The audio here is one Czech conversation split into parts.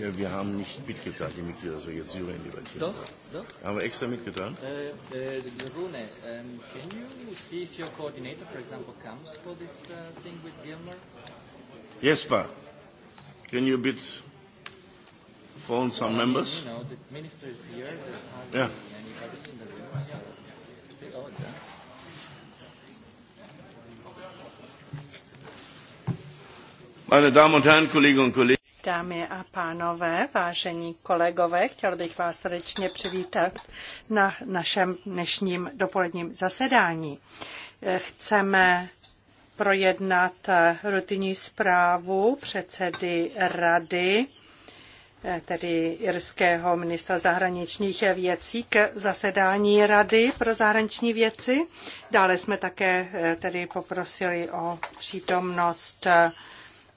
Ja, wir haben nicht mitgeteilt, die Mitglieder, dass wir jetzt Syrien debattieren. Doch, doch. Haben wir extra mitgeteilt? Uh, äh, uh, äh, Rune, um, can you see if your coordinator, for example, comes for this uh, thing with Gilmer? Jesper, can you bit phone some well, members? You know, the minister is here. There's hardly yeah. anybody in the room, so Meine Damen und Herren, Kolleginnen und Kollegen, Dámy a pánové, vážení kolegové, chtěl bych vás srdečně přivítat na našem dnešním dopoledním zasedání. Chceme projednat rutinní zprávu předsedy rady tedy irského ministra zahraničních věcí k zasedání Rady pro zahraniční věci. Dále jsme také eh, tedy poprosili o přítomnost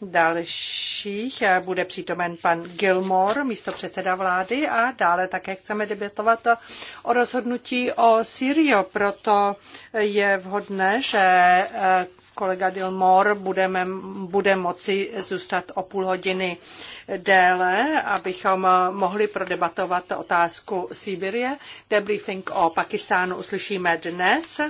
dalších eh, bude přítomen pan Gilmore, místo předseda vlády a dále také chceme debatovat o rozhodnutí o Syrio, proto je vhodné, že eh, kolega Dilmor budeme, bude moci zůstat o půl hodiny déle, abychom mohli prodebatovat otázku Sýbirie. Debriefing o Pakistánu uslyšíme dnes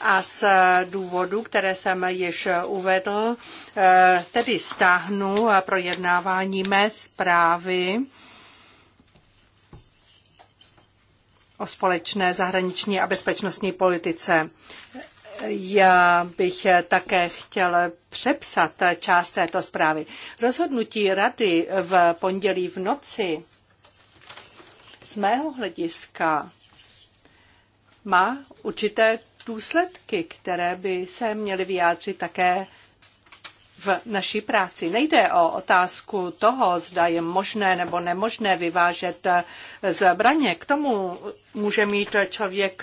a z důvodů, které jsem již uvedl, eh, tedy stáhnu projednávání mé zprávy o společné zahraniční a bezpečnostní politice. Já bych také chtěl přepsat část této zprávy. Rozhodnutí rady v pondělí v noci z mého hlediska má určité důsledky, které by se měly vyjádřit také v naší práci. Nejde o otázku toho, zda je možné nebo nemožné vyvážet eh, zbraně. K tomu může mít člověk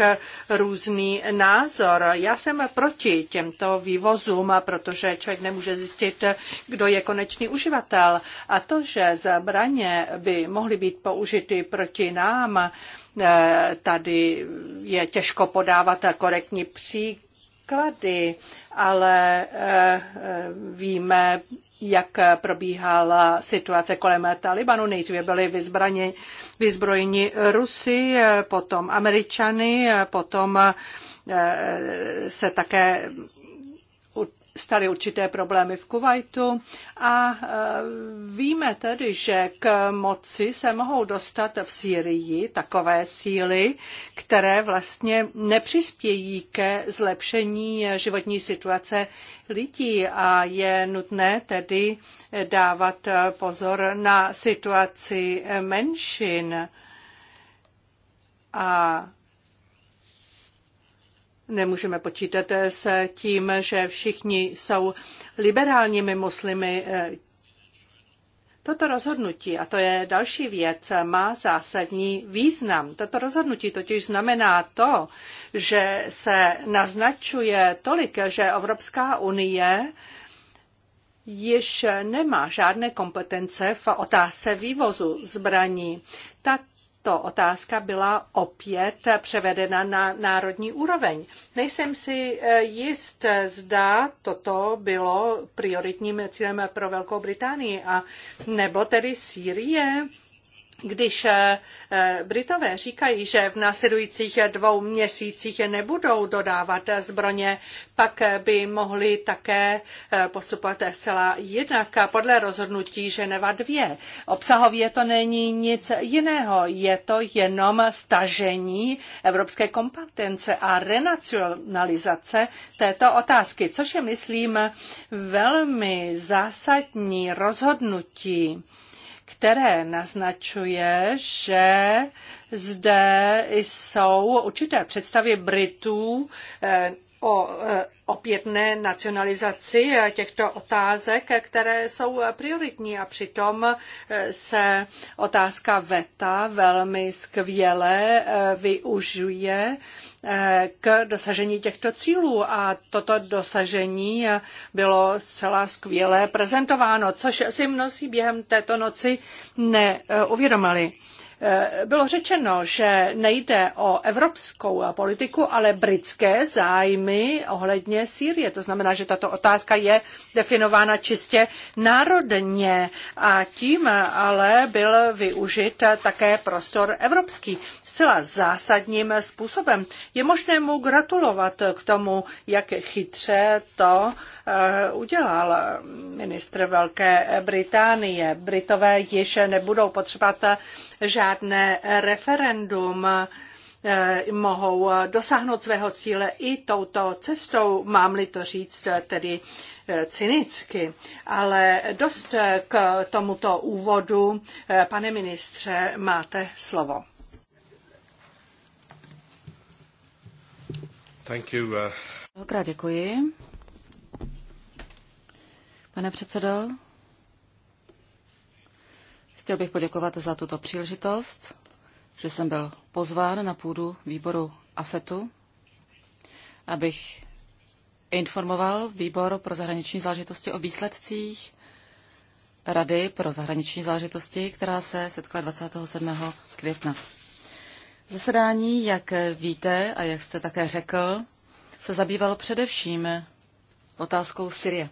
různý názor. Já jsem proti těmto vývozům, protože člověk nemůže zjistit, kdo je konečný uživatel. A to, že zbraně by mohly být použity proti nám, eh, tady je těžko podávat korektní příklad náklady, ale eh, víme, jak probíhala situace kolem Talibanu. Nejdříve byli vyzbrani, vyzbrojeni Rusy, eh, potom Američany, eh, potom se také staly určité problémy v Kuwaitu a e, víme tedy, že k moci se mohou dostat v Syrii takové síly, které vlastně nepřispějí ke zlepšení životní situace lidí a je nutné tedy dávat pozor na situaci menšin. A Nemůžeme počítat s tím, že všichni jsou liberálními muslimy. Toto rozhodnutí, a to je další věc, má zásadní význam. Toto rozhodnutí totiž znamená to, že se naznačuje tolik, že Evropská unie již nemá žádné kompetence v otázce vývozu zbraní. Tak tato otázka byla opět převedena na národní úroveň. Nejsem si eh, jist, zda toto bylo prioritním cílem pro Velkou Británii a nebo tedy Sýrie když eh, eh, Britové říkají, že v následujících dvou měsících nebudou dodávat zbraně, pak by mohli také eh, postupovat zcela jinak podle rozhodnutí Ženeva 2. Obsahově to není nic jiného, je to jenom stažení evropské kompetence a renacionalizace této otázky, což je, myslím, velmi zásadní rozhodnutí které naznačuje, že zde jsou určité představy Britů eh, eh, o opětné nacionalizaci těchto otázek, které jsou prioritní a přitom eh, se otázka VETA velmi skvěle využije k dosažení těchto cílů a toto dosažení bylo zcela skvěle prezentováno, což si mnozí během této noci neuvědomili. Eh, bylo řečeno, že nejde o evropskou politiku, ale britské zájmy ohledně Sýrie. To znamená, že tato otázka je definována čistě národně a tím ale byl využit také prostor evropský zcela zásadním způsobem. Je možné mu gratulovat k tomu, jak chytře to eh, udělal ministr Velké Británie. Britové již nebudou potřebovat žádné referendum eh, mohou dosáhnout svého cíle i touto cestou, mám-li to říct eh, tedy cynicky. Ale dost k tomuto úvodu. Pane ministře, máte slovo. Thank you. Uh, Mnohokrát děkuji. Pane předsedo, chtěl bych poděkovat za tuto příležitost, že jsem byl pozván na půdu výboru AFETu, abych informoval výbor pro zahraniční záležitosti o výsledcích Rady pro zahraniční záležitosti, která se setkala 27. května. Zasedání, jak víte a jak jste také řekl, se zabývalo především otázkou Syrie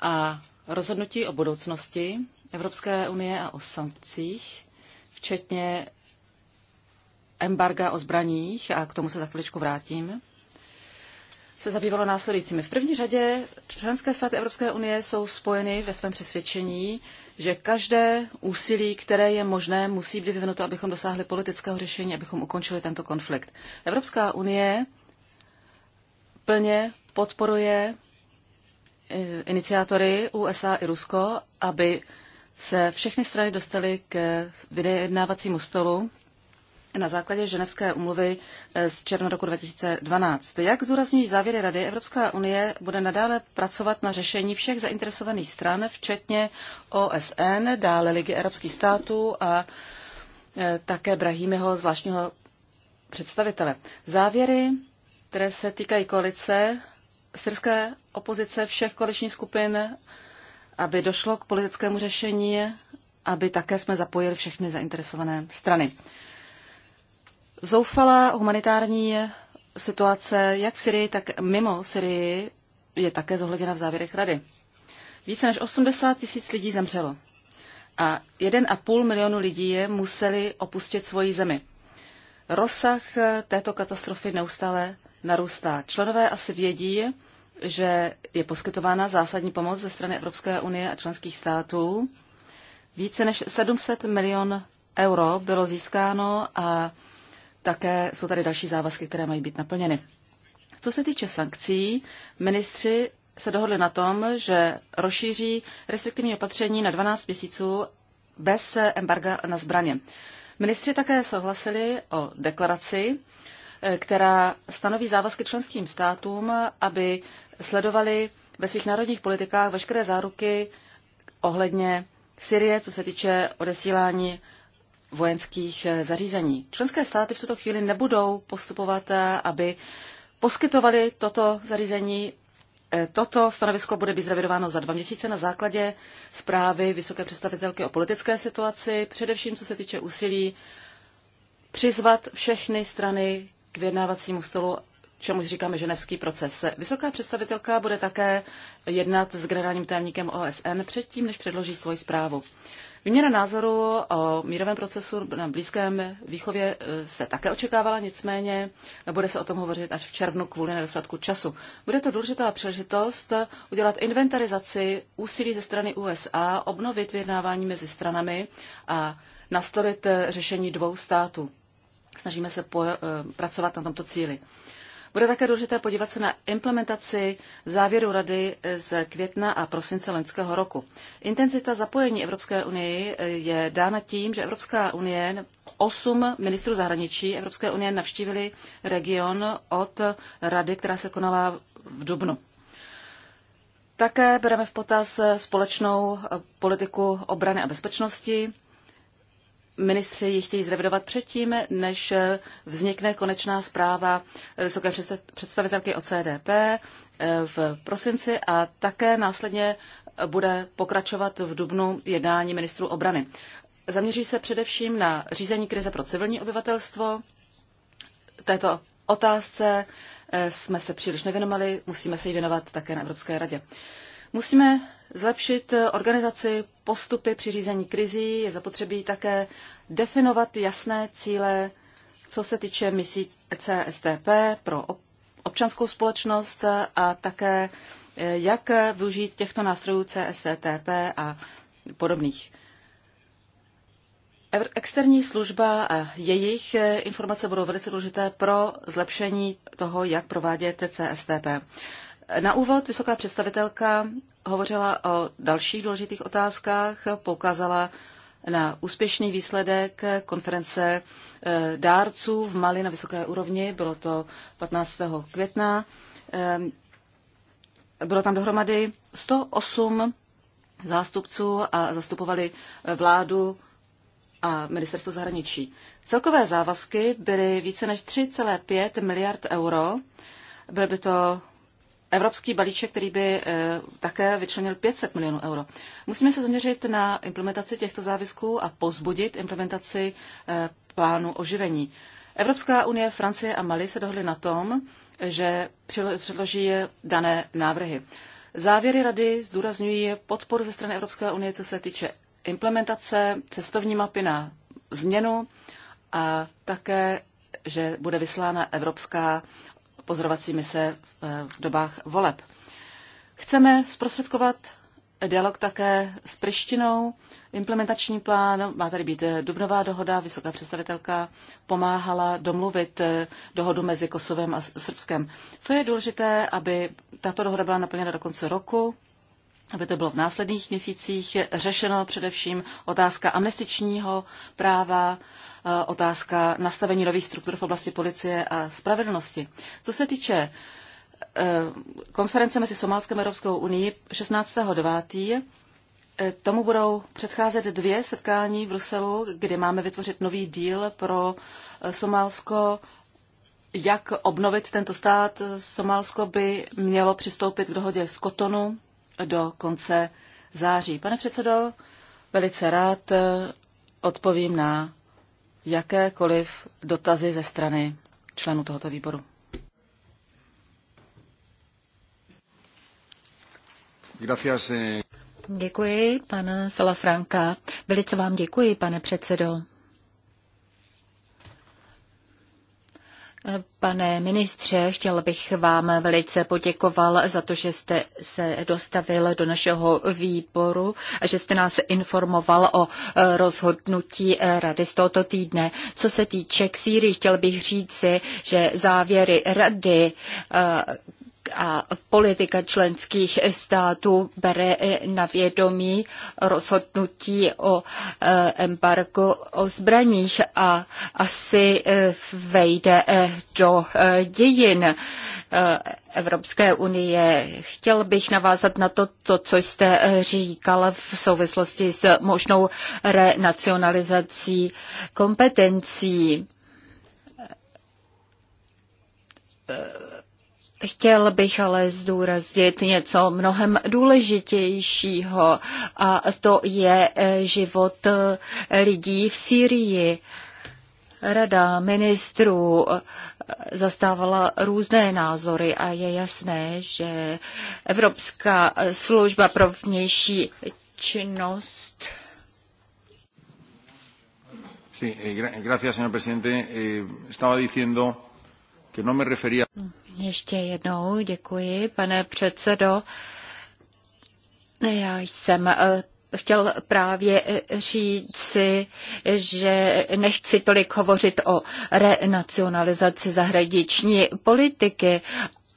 a rozhodnutí o budoucnosti Evropské unie a o sankcích, včetně embarga o zbraních, a k tomu se za chviličku vrátím se zabývalo následujícími. V první řadě členské státy Evropské unie jsou spojeny ve svém přesvědčení, že každé úsilí, které je možné, musí být vyvinuto, abychom dosáhli politického řešení, abychom ukončili tento konflikt. Evropská unie plně podporuje e, iniciátory USA i Rusko, aby se všechny strany dostaly k vyjednávacímu stolu na základě Ženevské umluvy eh, z června roku 2012. Jak zúrazňují závěry Rady, Evropská unie bude nadále pracovat na řešení všech zainteresovaných stran, včetně OSN, dále Ligy arabských států a eh, také Brahímiho zvláštního představitele. Závěry, které se týkají koalice, syrské opozice všech koaličních skupin, aby došlo k politickému řešení, aby také jsme zapojili všechny zainteresované strany. Zoufalá humanitární situace jak v Syrii, tak mimo Syrii je také zohledněna v závěrech rady. Více než 80 tisíc lidí zemřelo a 1,5 milionu lidí je museli opustit svoji zemi. Rozsah této katastrofy neustále narůstá. Členové asi vědí, že je poskytována zásadní pomoc ze strany Evropské unie a členských států. Více než 700 milion euro bylo získáno a také jsou tady další závazky, které mají být naplněny. Co se týče sankcí, ministři se dohodli na tom, že rozšíří restriktivní opatření na 12 měsíců bez embarga na zbraně. Ministři také souhlasili o deklaraci, která stanoví závazky členským státům, aby sledovali ve svých národních politikách veškeré záruky ohledně Syrie, co se týče odesílání vojenských eh, zařízení. Členské státy v tuto chvíli nebudou postupovat, eh, aby poskytovali toto zařízení. Eh, toto stanovisko bude být zrevidováno za dva měsíce na základě zprávy vysoké představitelky o politické situaci, především co se týče úsilí přizvat všechny strany k vyjednávacímu stolu, čemu říkáme ženevský proces. Vysoká představitelka bude také jednat s generálním tajemníkem OSN předtím, než předloží svoji zprávu. Výměna názoru o mírovém procesu na Blízkém výchově e, se také očekávala, nicméně bude se o tom hovořit až v červnu kvůli nedostatku času. Bude to důležitá příležitost udělat inventarizaci úsilí ze strany USA, obnovit vyjednávání mezi stranami a nastolit e, řešení dvou států. Snažíme se po, e, pracovat na tomto cíli. Bude také důležité podívat se na implementaci závěru Rady z května a prosince loňského roku. Intenzita zapojení Evropské unie eh, je dána tím, že Evropská unie, osm ministrů zahraničí Evropské unie navštívili region od Rady, která se konala v Dubnu. Také bereme v potaz společnou eh, politiku obrany a bezpečnosti, ministři ji chtějí zrevidovat předtím, než vznikne konečná zpráva vysoké představitelky o CDP eh, v prosinci a také následně bude pokračovat v dubnu jednání ministrů obrany. Zaměří se především na řízení krize pro civilní obyvatelstvo. Této otázce eh, jsme se příliš nevěnovali, musíme se jí věnovat také na Evropské radě. Musíme Zlepšit eh, organizaci postupy při řízení krizí je zapotřebí také definovat jasné cíle, co se týče misí CSTP pro občanskou společnost eh, a také eh, jak využít těchto nástrojů CSTP a podobných. Externí služba a jejich informace budou velice důležité pro zlepšení toho, jak provádět CSTP. Na úvod vysoká představitelka hovořila o dalších důležitých otázkách, poukázala na úspěšný výsledek konference eh, dárců v Mali na vysoké úrovni. Bylo to 15. května. Eh, bylo tam dohromady 108 zástupců a zastupovali vládu a ministerstvo zahraničí. Celkové závazky byly více než 3,5 miliard euro. Byl by to evropský balíček, který by eh, také vyčlenil 500 milionů euro. Musíme se zaměřit na implementaci těchto závisků a pozbudit implementaci eh, plánu oživení. Evropská unie, Francie a Mali se dohodly na tom, že předloží dané návrhy. Závěry rady zdůrazňují podporu ze strany Evropské unie, co se týče implementace cestovní mapy na změnu a také, že bude vyslána evropská pozorovací mise eh, v dobách voleb. Chceme zprostředkovat dialog také s Prištinou, implementační plán, má tady být eh, dubnová dohoda, vysoká představitelka pomáhala domluvit eh, dohodu mezi Kosovem a Srbskem. Co je důležité, aby tato dohoda byla naplněna do konce roku, aby to bylo v následných měsících řešeno především otázka amnestičního práva, eh, otázka nastavení nových struktur v oblasti policie a spravedlnosti. Co se týče eh, konference mezi Somálskem a Evropskou unii 16.9. Eh, tomu budou předcházet dvě setkání v Bruselu, kde máme vytvořit nový díl pro Somálsko, jak obnovit tento stát. Somálsko by mělo přistoupit k dohodě z Kotonu do konce září. Pane předsedo, velice rád eh, odpovím na jakékoliv dotazy ze strany členů tohoto výboru. Eh. Děkuji, pan Salafranka. Velice vám děkuji, pane předsedo. Pane ministře, chtěl bych vám velice poděkoval za to, že jste se dostavil do našeho výboru a že jste nás informoval o eh, rozhodnutí eh, rady z tohoto týdne. Co se týče k Sýrii, chtěl bych říci, že závěry rady eh, a politika členských států bere na vědomí rozhodnutí o eh, embargo o zbraních a asi eh, vejde eh, do dějin Evropské unie. Chtěl bych navázat na to, to, co jste říkal v souvislosti s možnou renacionalizací kompetencí Chtěl bych ale zdůraznit něco mnohem důležitějšího a to je eh, život eh, lidí v Sýrii. Rada ministrů eh, zastávala různé názory a je jasné, že Evropská služba pro vnější činnost Sí, gracias, señor presidente. Eh, estaba diciendo que no me refería. Hmm. Ještě jednou děkuji, pane předsedo. Já jsem eh, chtěl právě eh, říci, že nechci tolik hovořit o renacionalizaci zahraniční politiky,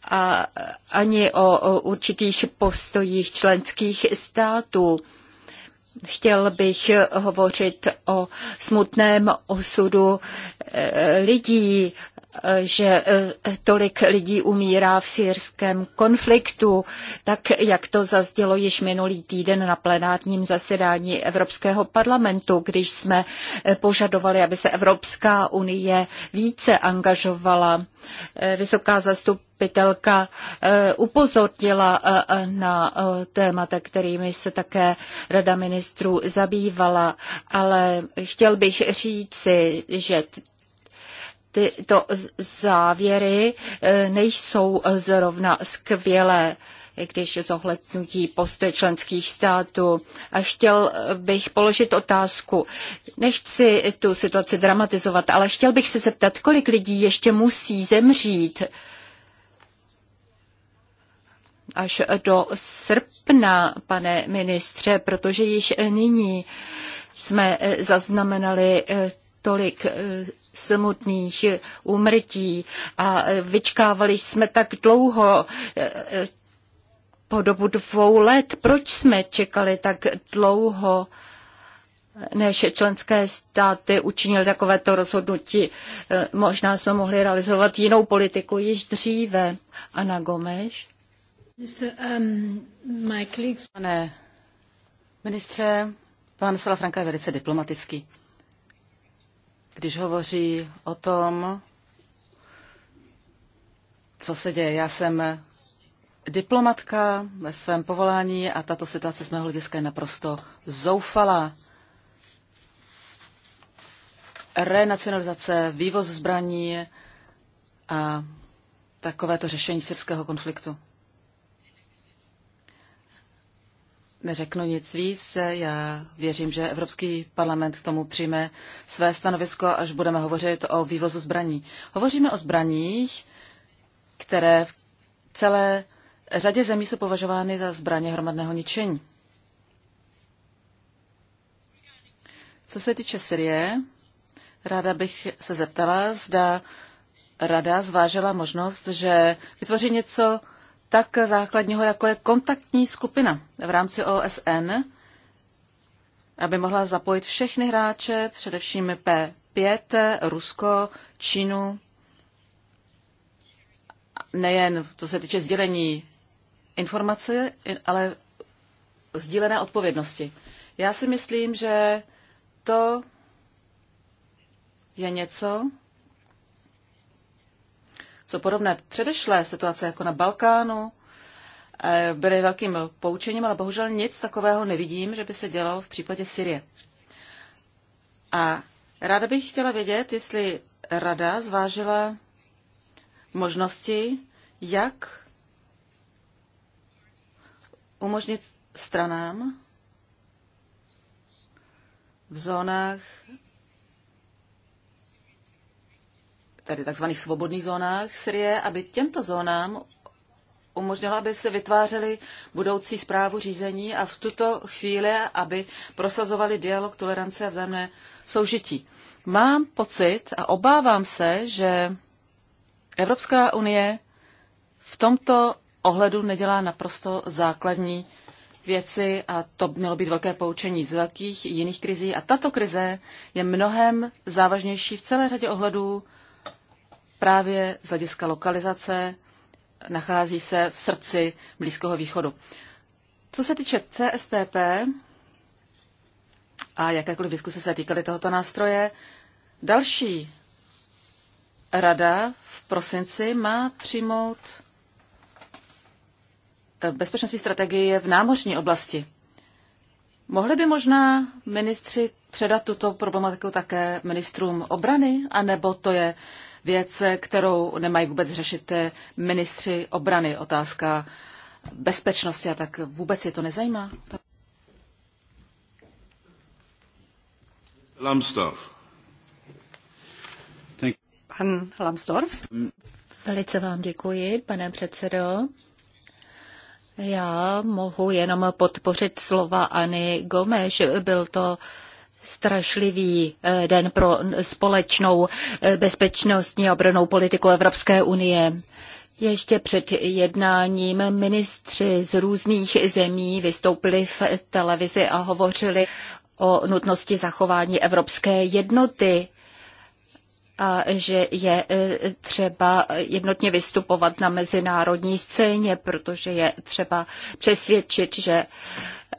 a ani o určitých postojích členských států. Chtěl bych hovořit o smutném osudu eh, lidí, že e, tolik lidí umírá v syrském konfliktu, tak jak to zazdělo již minulý týden na plenárním zasedání Evropského parlamentu, když jsme e, požadovali, aby se Evropská unie více angažovala. E, vysoká zastupitelka upozornila na témata, kterými se také Rada ministrů zabývala, ale chtěl bych říci, že tyto závěry e, nejsou e, zrovna skvělé když zohlednutí postoje členských států. A chtěl e, bych položit otázku. Nechci tu situaci dramatizovat, ale chtěl bych se zeptat, kolik lidí ještě musí zemřít až do srpna, pane ministře, protože již nyní jsme zaznamenali tolik smutných úmrtí a vyčkávali jsme tak dlouho, po dobu dvou let. Proč jsme čekali tak dlouho, než členské státy učinily takovéto rozhodnutí? Možná jsme mohli realizovat jinou politiku již dříve. Ana Gomeš? Um, Pane ministře, pan Salafranka je velice diplomatický když hovoří o tom, co se děje. Já jsem diplomatka ve svém povolání a tato situace z mého hlediska je naprosto zoufalá. Renacionalizace, vývoz zbraní a takovéto řešení syrského konfliktu. neřeknu nic víc. Já věřím, že Evropský parlament k tomu přijme své stanovisko, až budeme hovořit o vývozu zbraní. Hovoříme o zbraních, které v celé řadě zemí jsou považovány za zbraně hromadného ničení. Co se týče Syrie, ráda bych se zeptala, zda rada zvážila možnost, že vytvoří něco tak základního, jako je kontaktní skupina v rámci OSN, aby mohla zapojit všechny hráče, především P5, Rusko, Čínu, nejen to se týče sdělení informace, ale sdílené odpovědnosti. Já si myslím, že to je něco, co podobné předešlé situace jako na Balkánu eh, byly velkým poučením, ale bohužel nic takového nevidím, že by se dělalo v případě Syrie. A ráda bych chtěla vědět, jestli rada zvážila možnosti, jak umožnit stranám v zónách tedy tzv. svobodných zónách Syrie, aby těmto zónám umožnila, aby se vytvářely budoucí zprávu řízení a v tuto chvíli, aby prosazovali dialog, tolerance a vzájemné soužití. Mám pocit a obávám se, že Evropská unie v tomto ohledu nedělá naprosto základní věci a to mělo být velké poučení z velkých jiných krizí. A tato krize je mnohem závažnější v celé řadě ohledů právě z hlediska lokalizace nachází se v srdci Blízkého východu. Co se týče CSTP a jakékoliv diskuse se týkaly tohoto nástroje, další rada v prosinci má přijmout eh, bezpečnostní strategie v námořní oblasti. Mohli by možná ministři předat tuto problematiku také ministrům obrany, anebo to je věc, kterou nemají vůbec řešit eh, ministři obrany. Otázka bezpečnosti a tak vůbec je to nezajímá. Lambsdorff. Pan Lambsdorff. Velice vám děkuji, pane předsedo. Já mohu jenom podpořit slova Ani Gomeš. Byl to strašlivý eh, den pro společnou eh, bezpečnostní a obranou politiku Evropské unie. Ještě před jednáním ministři z různých zemí vystoupili v televizi a hovořili o nutnosti zachování evropské jednoty a že je eh, třeba jednotně vystupovat na mezinárodní scéně, protože je třeba přesvědčit, že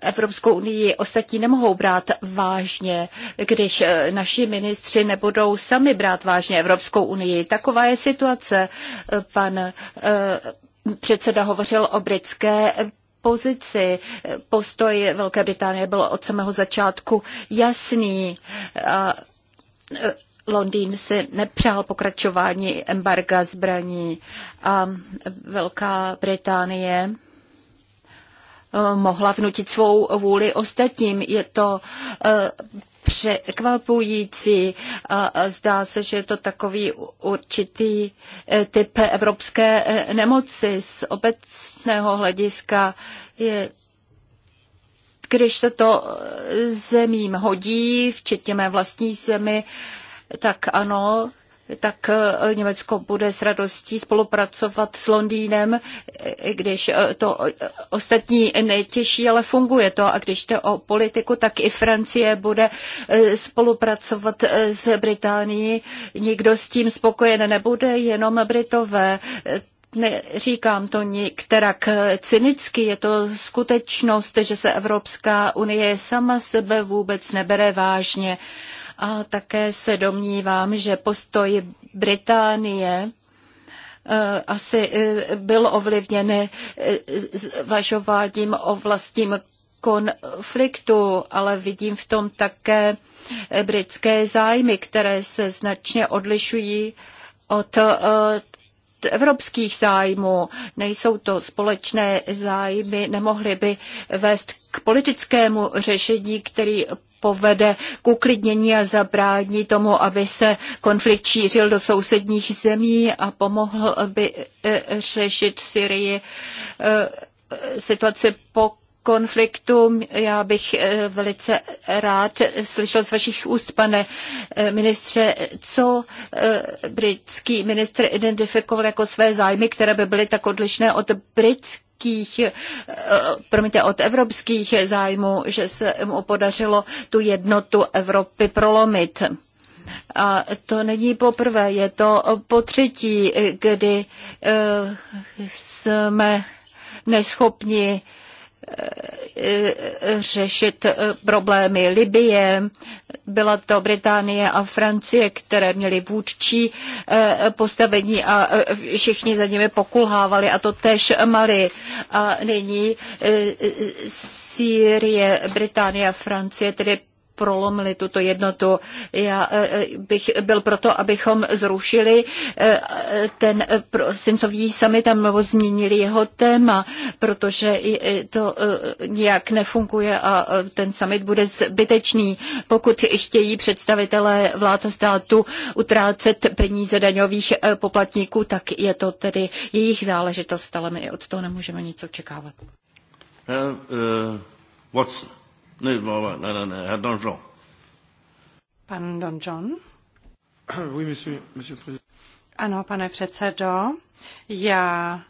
Evropskou unii ostatní nemohou brát vážně, když eh, naši ministři nebudou sami brát vážně Evropskou unii. Taková je situace. Eh, pan eh, předseda hovořil o britské pozici. Postoj Velké Británie byl od samého začátku jasný. Londýn si nepřál pokračování embarga zbraní a Velká Británie Eh, mohla vnutit svou vůli ostatním. Je to eh, překvapující zdá se, že je to takový určitý eh, typ evropské nemoci z obecného hlediska. Je když se to zemím hodí, včetně mé vlastní zemi, tak ano, tak eh, Německo bude s radostí spolupracovat s Londýnem, eh, když eh, to ostatní nejtěžší, ale funguje to. A když jde o politiku, tak i Francie bude spolupracovat s Británií. Nikdo s tím spokojen nebude, jenom Britové neříkám to nikterak cynicky, je to skutečnost, že se Evropská unie sama sebe vůbec nebere vážně a také se domnívám, že postoj Británie eh, asi eh, byl ovlivněn eh, zvažováním o vlastním konfliktu, ale vidím v tom také britské zájmy, které se značně odlišují od evropských zájmů. Nejsou to společné zájmy, nemohly by vést k politickému řešení, který povede k uklidnění a zabrání tomu, aby se konflikt šířil do sousedních zemí a pomohl by e, řešit Syrii e, situaci po konfliktu. Já bych e, velice rád slyšel z vašich úst, pane ministře, co britský ministr identifikoval jako své zájmy, které by byly tak odlišné od britských evropských, eh, promiňte, od evropských zájmů, že se mu podařilo tu jednotu Evropy prolomit. A to není poprvé, je to po třetí, kdy eh, jsme neschopni řešit eh, problémy Libie. Byla to Británie a Francie, které měly vůdčí eh, postavení a eh, všichni za nimi pokulhávali a to tež Mali. A nyní Sýrie, Británie a Francie tedy prolomili tuto jednotu. Já eh, eh, bych byl proto, abychom zrušili eh, ten prosincový summit a nebo změnili jeho téma, protože to nějak nefunguje a ten summit bude zbytečný, pokud chtějí představitelé vlád a státu utrácet peníze daňových poplatníků, tak je to tedy jejich záležitost, ale my od toho nemůžeme nic očekávat. Uh, uh, Watson. Ne, ne, ne, ne, herr Donjon. Pan Donjon. Oui, monsieur, monsieur Ano, pane předsedo, já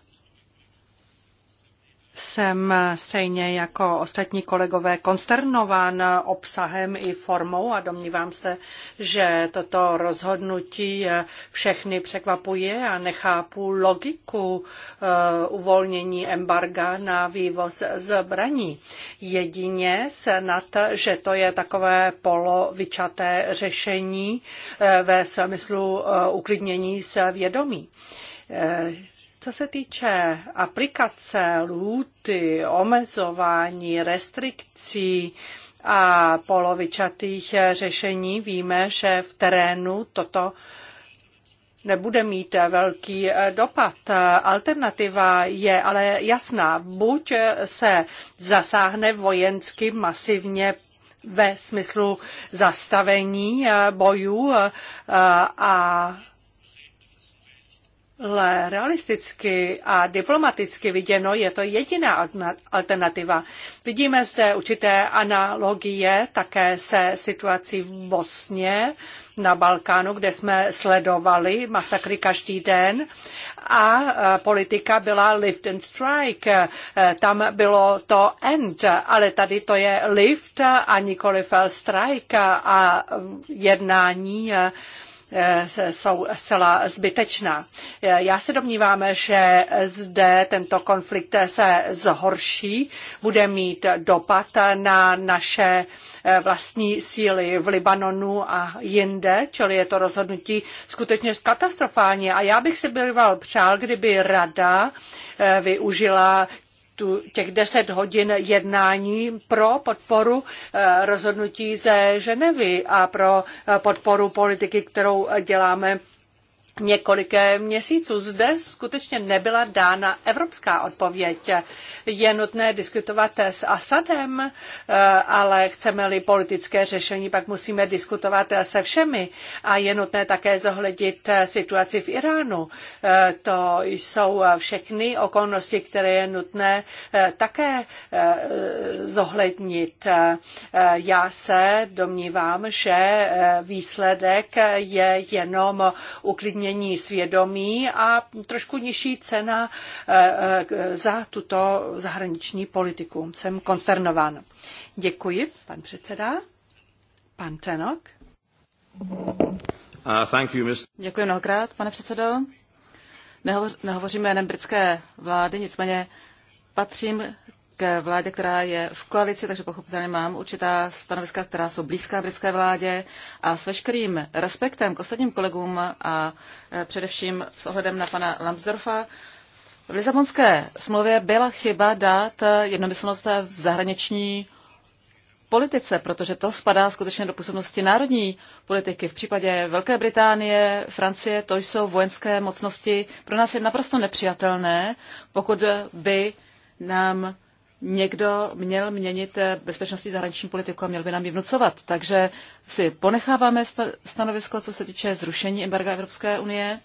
jsem stejně jako ostatní kolegové konsternován obsahem i formou a domnívám se, že toto rozhodnutí všechny překvapuje a nechápu logiku eh, uvolnění embarga na vývoz zbraní. Jedině se nad, že to je takové polovičaté řešení eh, ve smyslu eh, uklidnění svědomí co se týče aplikace lůty, omezování, restrikcí, a polovičatých řešení víme, že v terénu toto nebude mít velký dopad. Alternativa je ale jasná. Buď se zasáhne vojensky masivně ve smyslu zastavení bojů a ale realisticky a diplomaticky viděno je to jediná alternativa. Vidíme zde určité analogie také se situací v Bosně, na Balkánu, kde jsme sledovali masakry každý den a e, politika byla lift and strike. E, tam bylo to end, ale tady to je lift a nikoliv strike a e, jednání Eh, jsou zcela zbytečná. Eh, já se domnívám, že zde tento konflikt se zhorší, bude mít dopad na naše eh, vlastní síly v Libanonu a jinde, čili je to rozhodnutí skutečně katastrofální. A já bych si byl přál, kdyby rada využila tu, těch deset hodin jednání pro podporu eh, rozhodnutí ze Ženevy a pro eh, podporu politiky, kterou děláme několik měsíců. Zde skutečně nebyla dána evropská odpověď. Je nutné diskutovat s Asadem, eh, ale chceme-li politické řešení, pak musíme diskutovat se všemi. A je nutné také zohlednit situaci v Iránu. Eh, to jsou všechny okolnosti, které je nutné eh, také zohlednit. Já se domnívám, že výsledek je jenom uklidně mění svědomí a trošku nižší cena eh, eh, za tuto zahraniční politiku. Jsem konsternován. Děkuji, pan předseda. Pan Tenok. Uh, you, Děkuji mnohokrát, pane předsedo. Nehovoř, nehovořím jménem britské vlády, nicméně patřím k vládě, která je v koalici, takže pochopitelně mám určitá stanoviska, která jsou blízká britské vládě a s veškerým respektem k ostatním kolegům a e, především s ohledem na pana Lambsdorfa, v Lisabonské smlouvě byla chyba dát e, jednomyslnost v zahraniční politice, protože to spadá skutečně do působnosti národní politiky. V případě Velké Británie, Francie, to jsou vojenské mocnosti. Pro nás je naprosto nepřijatelné, pokud by nám někdo měl měnit eh, bezpečnostní zahraniční politiku a měl by nám ji vnucovat. Takže si ponecháváme stanovisko, co se týče zrušení embarga Evropské unie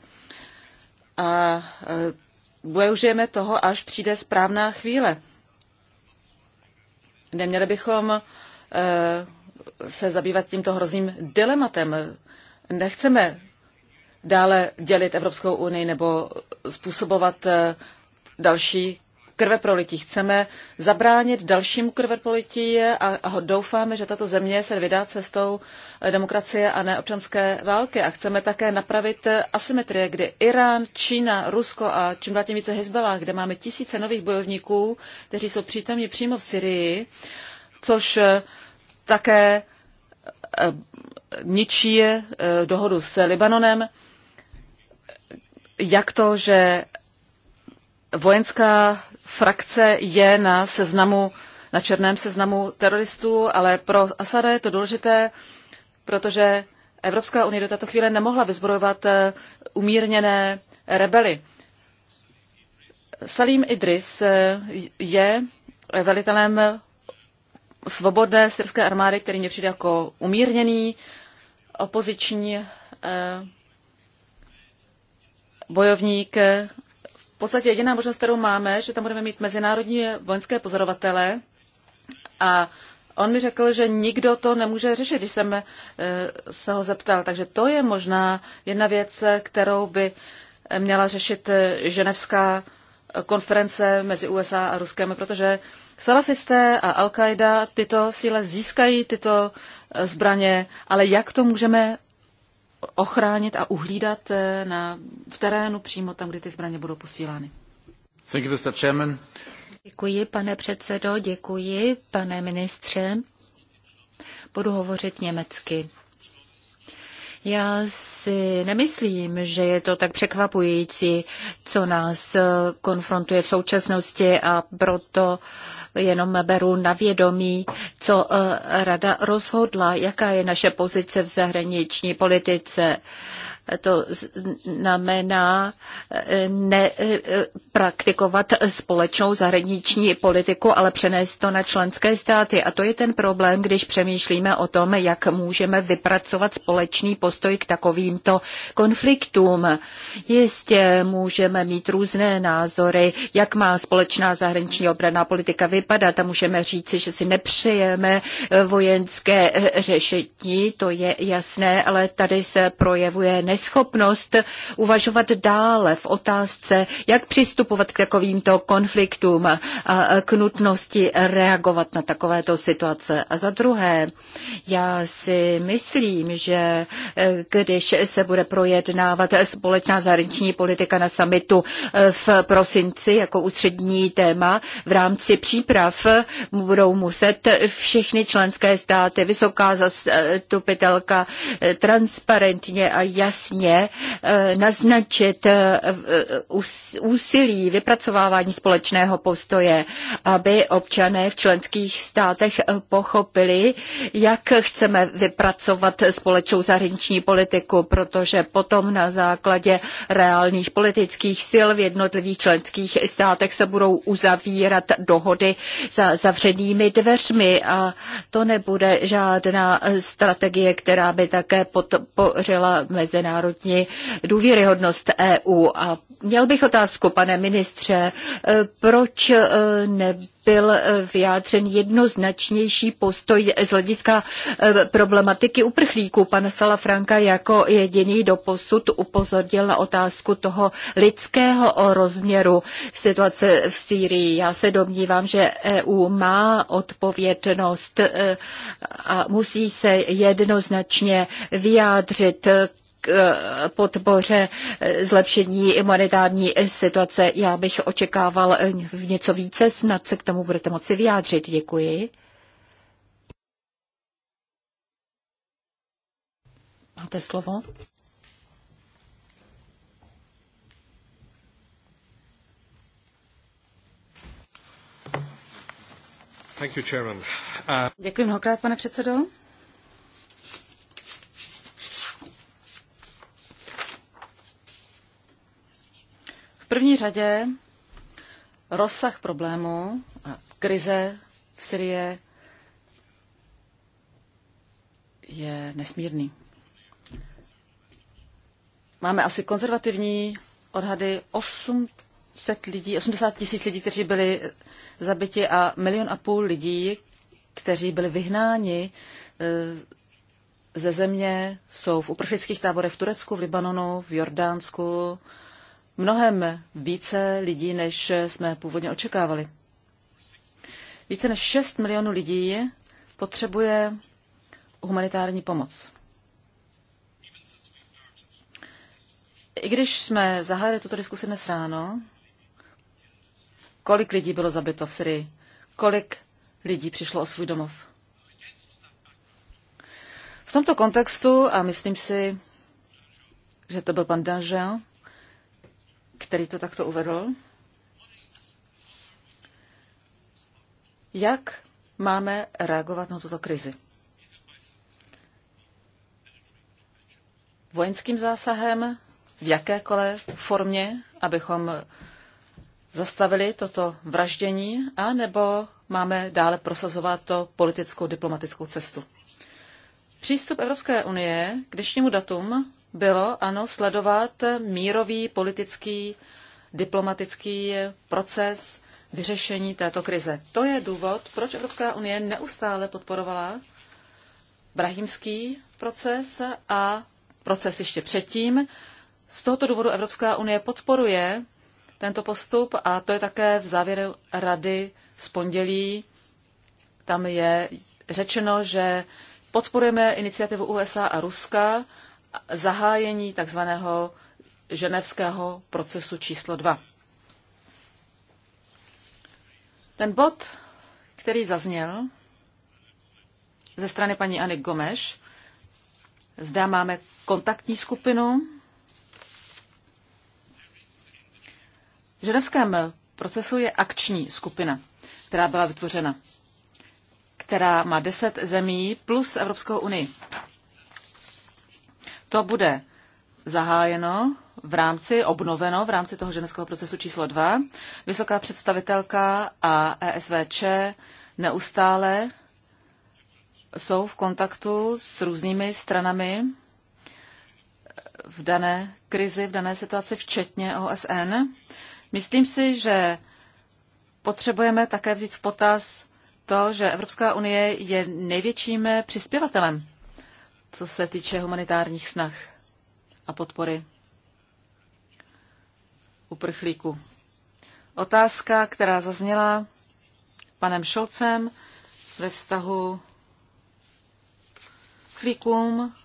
a eh, využijeme toho, až přijde správná chvíle. Neměli bychom eh, se zabývat tímto hrozným dilematem. Nechceme dále dělit Evropskou unii nebo způsobovat další krveprolití. Chceme zabránit dalšímu krveprolití a, a doufáme, že tato země se vydá cestou eh, demokracie a ne občanské války. A chceme také napravit eh, asymetrie, kdy Irán, Čína, Rusko a čím dál tím více Hezbollah, kde máme tisíce nových bojovníků, kteří jsou přítomní přímo v Syrii, což eh, také ničí dohodu s Libanonem. Jak to, že vojenská frakce je na seznamu, na černém seznamu teroristů, ale pro Asada je to důležité, protože Evropská unie do této chvíle nemohla vyzbrojovat eh, umírněné rebely. Salim Idris eh, je velitelem svobodné syrské armády, který mě přijde jako umírněný opoziční eh, bojovník, podstatě jediná možnost, kterou máme, že tam budeme mít mezinárodní vojenské pozorovatele a On mi řekl, že nikdo to nemůže řešit, když jsem eh, se ho zeptal. Takže to je možná jedna věc, kterou by měla řešit eh, ženevská eh, konference mezi USA a Ruskem, protože salafisté a Al-Qaida tyto síle získají tyto zbraně, ale jak to můžeme ochránit a uhlídat eh, na, v terénu přímo tam, kde ty zbraně budou posílány. Thank you, Mr. Chairman. Děkuji, pane předsedo, děkuji, pane ministře. Budu hovořit německy. Já si nemyslím, že je to tak překvapující, co nás eh, konfrontuje v současnosti a proto uh, jenom beru na vědomí, co eh, rada rozhodla, jaká je naše pozice v zahraniční politice. To znamená e, nepraktikovat e, společnou zahraniční politiku, ale přenést to na členské státy. A to je ten problém, když přemýšlíme o tom, jak můžeme vypracovat společný postoj k takovýmto konfliktům. Jistě můžeme mít různé názory, jak má společná zahraniční obraná politika vypadat a můžeme říci, že si nepřejeme vojenské řešení, to je jasné, ale tady se projevuje nes neschopnost uvažovat dále v otázce, jak přistupovat k takovýmto konfliktům a k nutnosti reagovat na takovéto situace. A za druhé, já si myslím, že e, když se bude projednávat společná zahraniční politika na samitu e, v prosinci jako ústřední téma, v rámci příprav budou muset všechny členské státy, vysoká zastupitelka e, transparentně a jasně jasně eh, naznačit eh, eh, úsilí vypracovávání společného postoje, aby občané v členských státech pochopili, jak chceme vypracovat společnou zahraniční politiku, protože potom na základě reálných politických sil v jednotlivých členských státech se budou uzavírat dohody za zavřenými dveřmi a to nebude žádná strategie, která by také podpořila mezinárodní mezinárodní důvěryhodnost EU. A měl bych otázku, pane ministře, eh, proč eh, nebyl eh, vyjádřen jednoznačnější postoj z hlediska problematiky uprchlíků. Pan Salafranka jako jediný doposud upozornil na otázku toho lidského rozměru situace v Sýrii. Já se domnívám, že EU má odpovědnost a musí se jednoznačně vyjádřit k eh, podpoře eh, zlepšení monetární situace. Já bych očekával eh, něco více, snad se k tomu budete moci vyjádřit. Děkuji. Máte slovo? Uh, Děkuji mnohokrát, pane předsedo. první řadě rozsah problému a krize v Syrie je nesmírný. Máme asi konzervativní odhady 800 lidí, 80 tisíc lidí, kteří byli zabiti a milion a půl lidí, kteří byli vyhnáni eh, ze země, jsou v uprchlických táborech v Turecku, v Libanonu, v Jordánsku, mnohem více lidí, než jsme původně očekávali. Více než 6 milionů lidí potřebuje humanitární pomoc. I když jsme zahájili tuto diskusi dnes ráno, kolik lidí bylo zabito v Syrii, kolik lidí přišlo o svůj domov. V tomto kontextu, a myslím si, že to byl pan Danjean, který to takto uvedl. Jak máme reagovat na tuto krizi? Vojenským zásahem, v jakékoliv formě, abychom zastavili toto vraždění, a nebo máme dále prosazovat to politickou diplomatickou cestu. Přístup Evropské unie k dnešnímu datum bylo, ano, sledovat mírový politický diplomatický proces vyřešení této krize. To je důvod, proč Evropská unie neustále podporovala brahimský proces a proces ještě předtím. Z tohoto důvodu Evropská unie podporuje tento postup a to je také v závěru rady z pondělí. Tam je řečeno, že podporujeme iniciativu USA a Ruska zahájení takzvaného ženevského procesu číslo 2. Ten bod, který zazněl ze strany paní Anny Gomeš, zde máme kontaktní skupinu. V ženevském procesu je akční skupina, která byla vytvořena, která má deset zemí plus Evropskou unii. To bude zahájeno v rámci, obnoveno v rámci toho ženského procesu číslo 2. Vysoká představitelka a ESVČ neustále jsou v kontaktu s různými stranami v dané krizi, v dané situaci, včetně OSN. Myslím si, že potřebujeme také vzít v potaz to, že Evropská unie je největším přispěvatelem co se týče humanitárních snah a podpory uprchlíků. Otázka, která zazněla panem Šolcem ve vztahu líkům,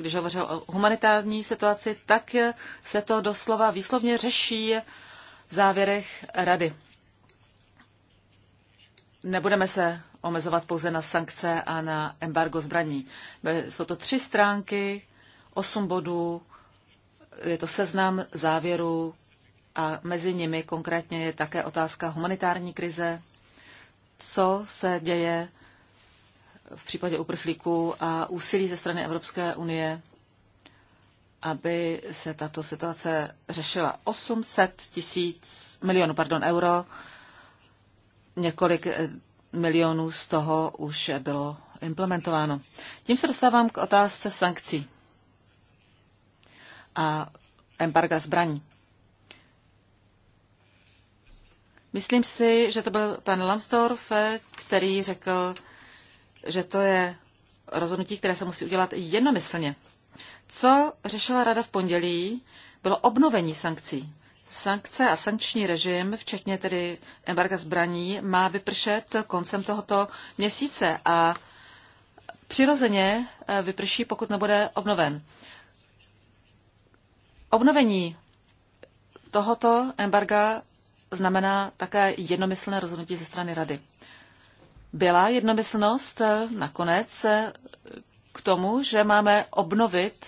když hovořil o humanitární situaci, tak se to doslova výslovně řeší v závěrech rady. Nebudeme se omezovat pouze na sankce a na embargo zbraní. Jsou to tři stránky, osm bodů, je to seznam závěrů a mezi nimi konkrétně je také otázka humanitární krize, co se děje v případě uprchlíků a úsilí ze strany Evropské unie, aby se tato situace řešila. 800 tisíc milionů pardon, euro, několik milionů z toho už bylo implementováno. Tím se dostávám k otázce sankcí a embarga zbraní. Myslím si, že to byl pan Lambsdorff, který řekl, že to je rozhodnutí, které se musí udělat jednomyslně. Co řešila rada v pondělí, bylo obnovení sankcí. Sankce a sankční režim, včetně tedy embarga zbraní, má vypršet koncem tohoto měsíce a přirozeně eh, vyprší, pokud nebude obnoven. Obnovení tohoto embarga znamená také jednomyslné rozhodnutí ze strany Rady. Byla jednomyslnost eh, nakonec eh, k tomu, že máme obnovit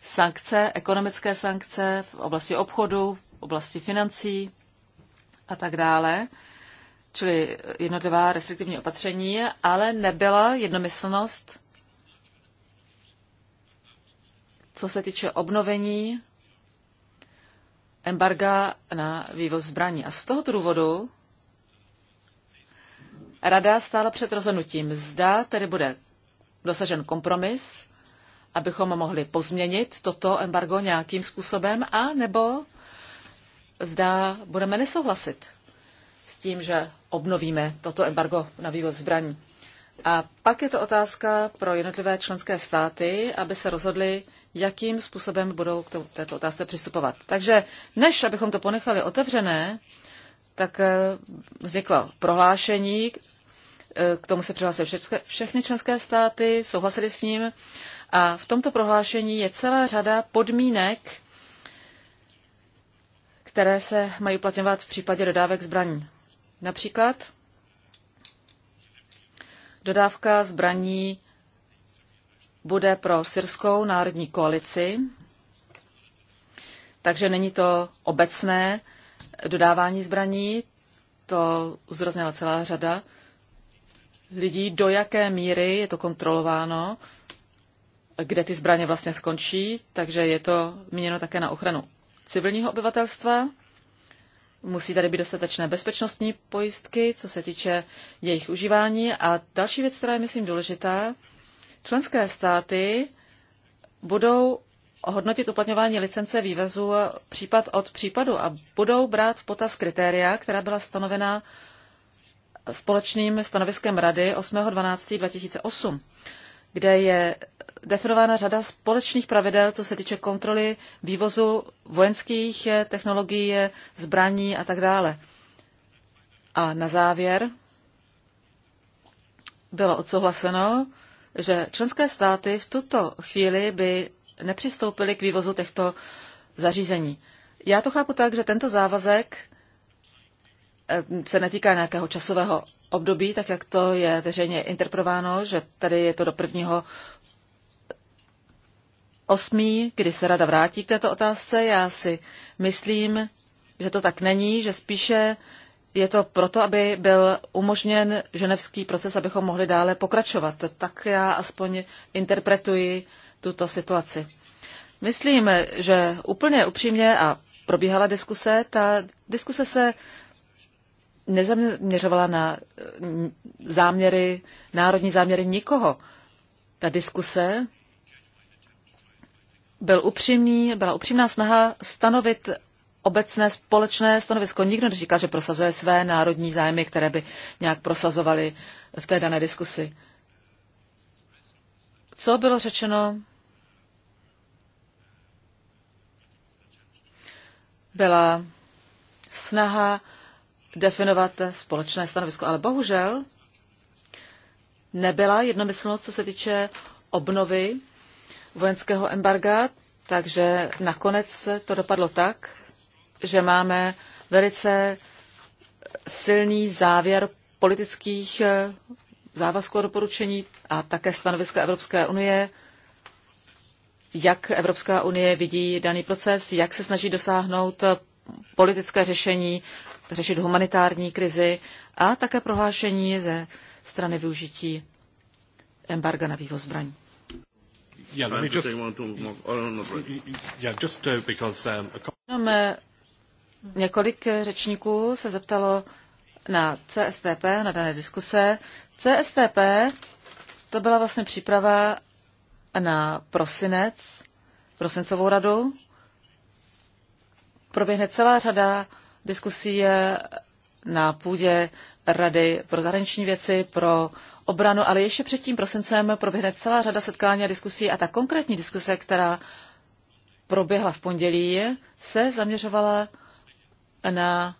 sankce, ekonomické sankce v oblasti obchodu, oblasti financí a tak dále, čili jednotlivá restriktivní opatření, ale nebyla jednomyslnost, co se týče obnovení embarga na vývoz zbraní. A z tohoto důvodu Rada stála před rozhodnutím, zda tedy bude dosažen kompromis, abychom mohli pozměnit toto embargo nějakým způsobem, a nebo zda budeme nesouhlasit s tím, že obnovíme toto embargo na vývoz zbraní. A pak je to otázka pro jednotlivé členské státy, aby se rozhodli, jakým způsobem budou k této otázce přistupovat. Takže než abychom to ponechali otevřené, tak eh, vzniklo prohlášení, eh, k tomu se přihlásily všechny členské státy, souhlasili s ním. A v tomto prohlášení je celá řada podmínek, které se mají uplatňovat v případě dodávek zbraní. Například dodávka zbraní bude pro syrskou národní koalici, takže není to obecné dodávání zbraní, to uzdroznila celá řada lidí, do jaké míry je to kontrolováno, kde ty zbraně vlastně skončí, takže je to míněno také na ochranu civilního obyvatelstva. Musí tady být dostatečné bezpečnostní pojistky, co se týče jejich užívání. A další věc, která je, myslím, důležitá, členské státy budou hodnotit uplatňování licence vývezu případ od případu a budou brát v potaz kritéria, která byla stanovena společným stanoviskem Rady 8.12.2008 kde je definována řada společných pravidel, co se týče kontroly vývozu vojenských eh, technologií, eh, zbraní a tak dále. A na závěr bylo odsouhlaseno, že členské státy v tuto chvíli by nepřistoupily k vývozu těchto zařízení. Já to chápu tak, že tento závazek Eh, se netýká nějakého časového období, tak jak to je veřejně interpretováno, že tady je to do prvního osmí, kdy se rada vrátí k této otázce. Já si myslím, že to tak není, že spíše je to proto, aby byl umožněn ženevský proces, abychom mohli dále pokračovat. Tak já aspoň interpretuji tuto situaci. Myslím, že úplně upřímně a probíhala diskuse, ta diskuse se nezaměřovala na eh, záměry, národní záměry nikoho. Ta diskuse byl upřímný, byla upřímná snaha stanovit obecné společné stanovisko. Nikdo neříkal, že prosazuje své národní zájmy, které by nějak prosazovali v té dané diskusi. Co bylo řečeno? Byla snaha definovat společné stanovisko. Ale bohužel nebyla jednomyslnost, co se týče obnovy vojenského embarga, takže nakonec to dopadlo tak, že máme velice silný závěr politických závazků a doporučení a také stanoviska Evropské unie, jak Evropská unie vidí daný proces, jak se snaží dosáhnout politické řešení řešit humanitární krizi a také prohlášení ze strany využití embarga na vývoz zbraní. Jenom několik řečníků se zeptalo na CSTP, na dané diskuse. CSTP to byla vlastně příprava na prosinec, prosincovou radu. Proběhne celá řada diskusí na půdě Rady pro zahraniční věci, pro obranu, ale ještě před tím prosincem proběhne celá řada setkání a diskusí a ta konkrétní diskuse, která proběhla v pondělí, se zaměřovala na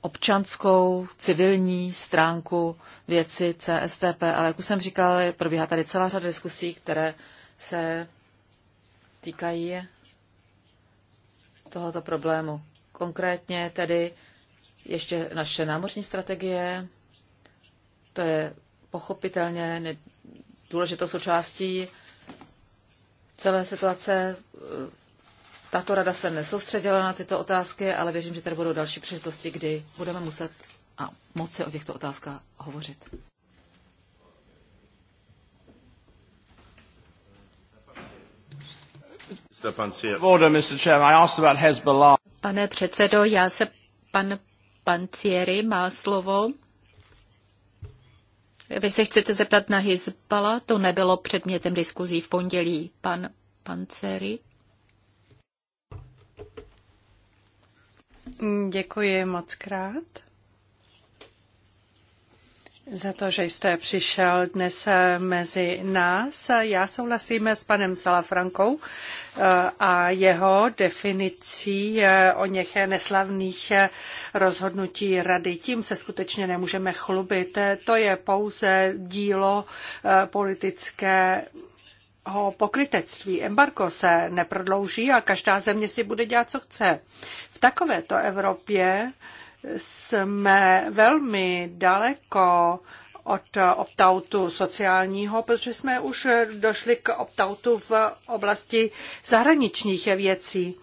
občanskou, civilní stránku věci CSTP, ale jak už jsem říkal, probíhá tady celá řada diskusí, které se týkají tohoto problému. Konkrétně tedy ještě naše námořní strategie, to je pochopitelně důležitou součástí celé situace. Tato rada se nesoustředila na tyto otázky, ale věřím, že tady budou další příležitosti, kdy budeme muset a moci o těchto otázkách hovořit. Mr. Chairman, I asked about Hezbollah. Pane předsedo, já se pan Pancieri má slovo. Vy se chcete zeptat na Hizbala? To nebylo předmětem diskuzí v pondělí. Pan Pancieri? Děkuji moc krát za to, že jste přišel dnes eh, mezi nás. Já souhlasím s panem Salafrankou eh, a jeho definicí eh, o něch neslavných rozhodnutí rady. Tím se skutečně nemůžeme chlubit. To je pouze dílo politické o pokrytectví. Embargo se neprodlouží a každá země si bude dělat, co chce. V takovéto Evropě jsme velmi daleko od optautu sociálního, protože jsme už došli k optautu v oblasti zahraničních věcí.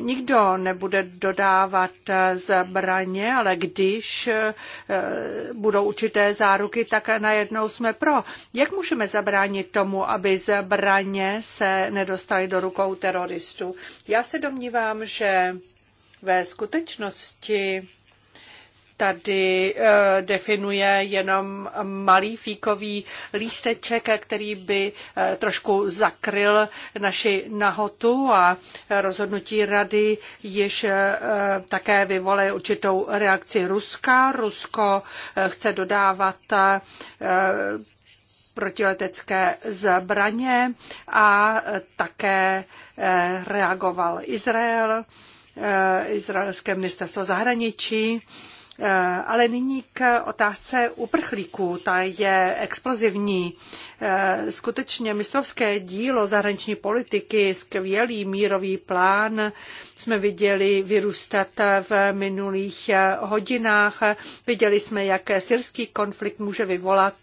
Nikdo nebude dodávat zbraně, ale když eh, budou určité záruky, tak najednou jsme pro. Jak můžeme zabránit tomu, aby zbraně se nedostaly do rukou teroristů? Já se domnívám, že ve skutečnosti tady eh, definuje jenom malý fíkový lísteček, který by eh, trošku zakryl naši nahotu a rozhodnutí rady již eh, také vyvolé určitou reakci Ruska. Rusko chce dodávat protiletecké zbraně a také reagoval Izrael, izraelské ministerstvo zahraničí Eh, ale nyní k otázce uprchlíků. Ta je explozivní. Eh, skutečně mistrovské dílo zahraniční politiky, skvělý mírový plán jsme viděli vyrůstat v minulých eh, hodinách. Viděli jsme, jak syrský konflikt může vyvolat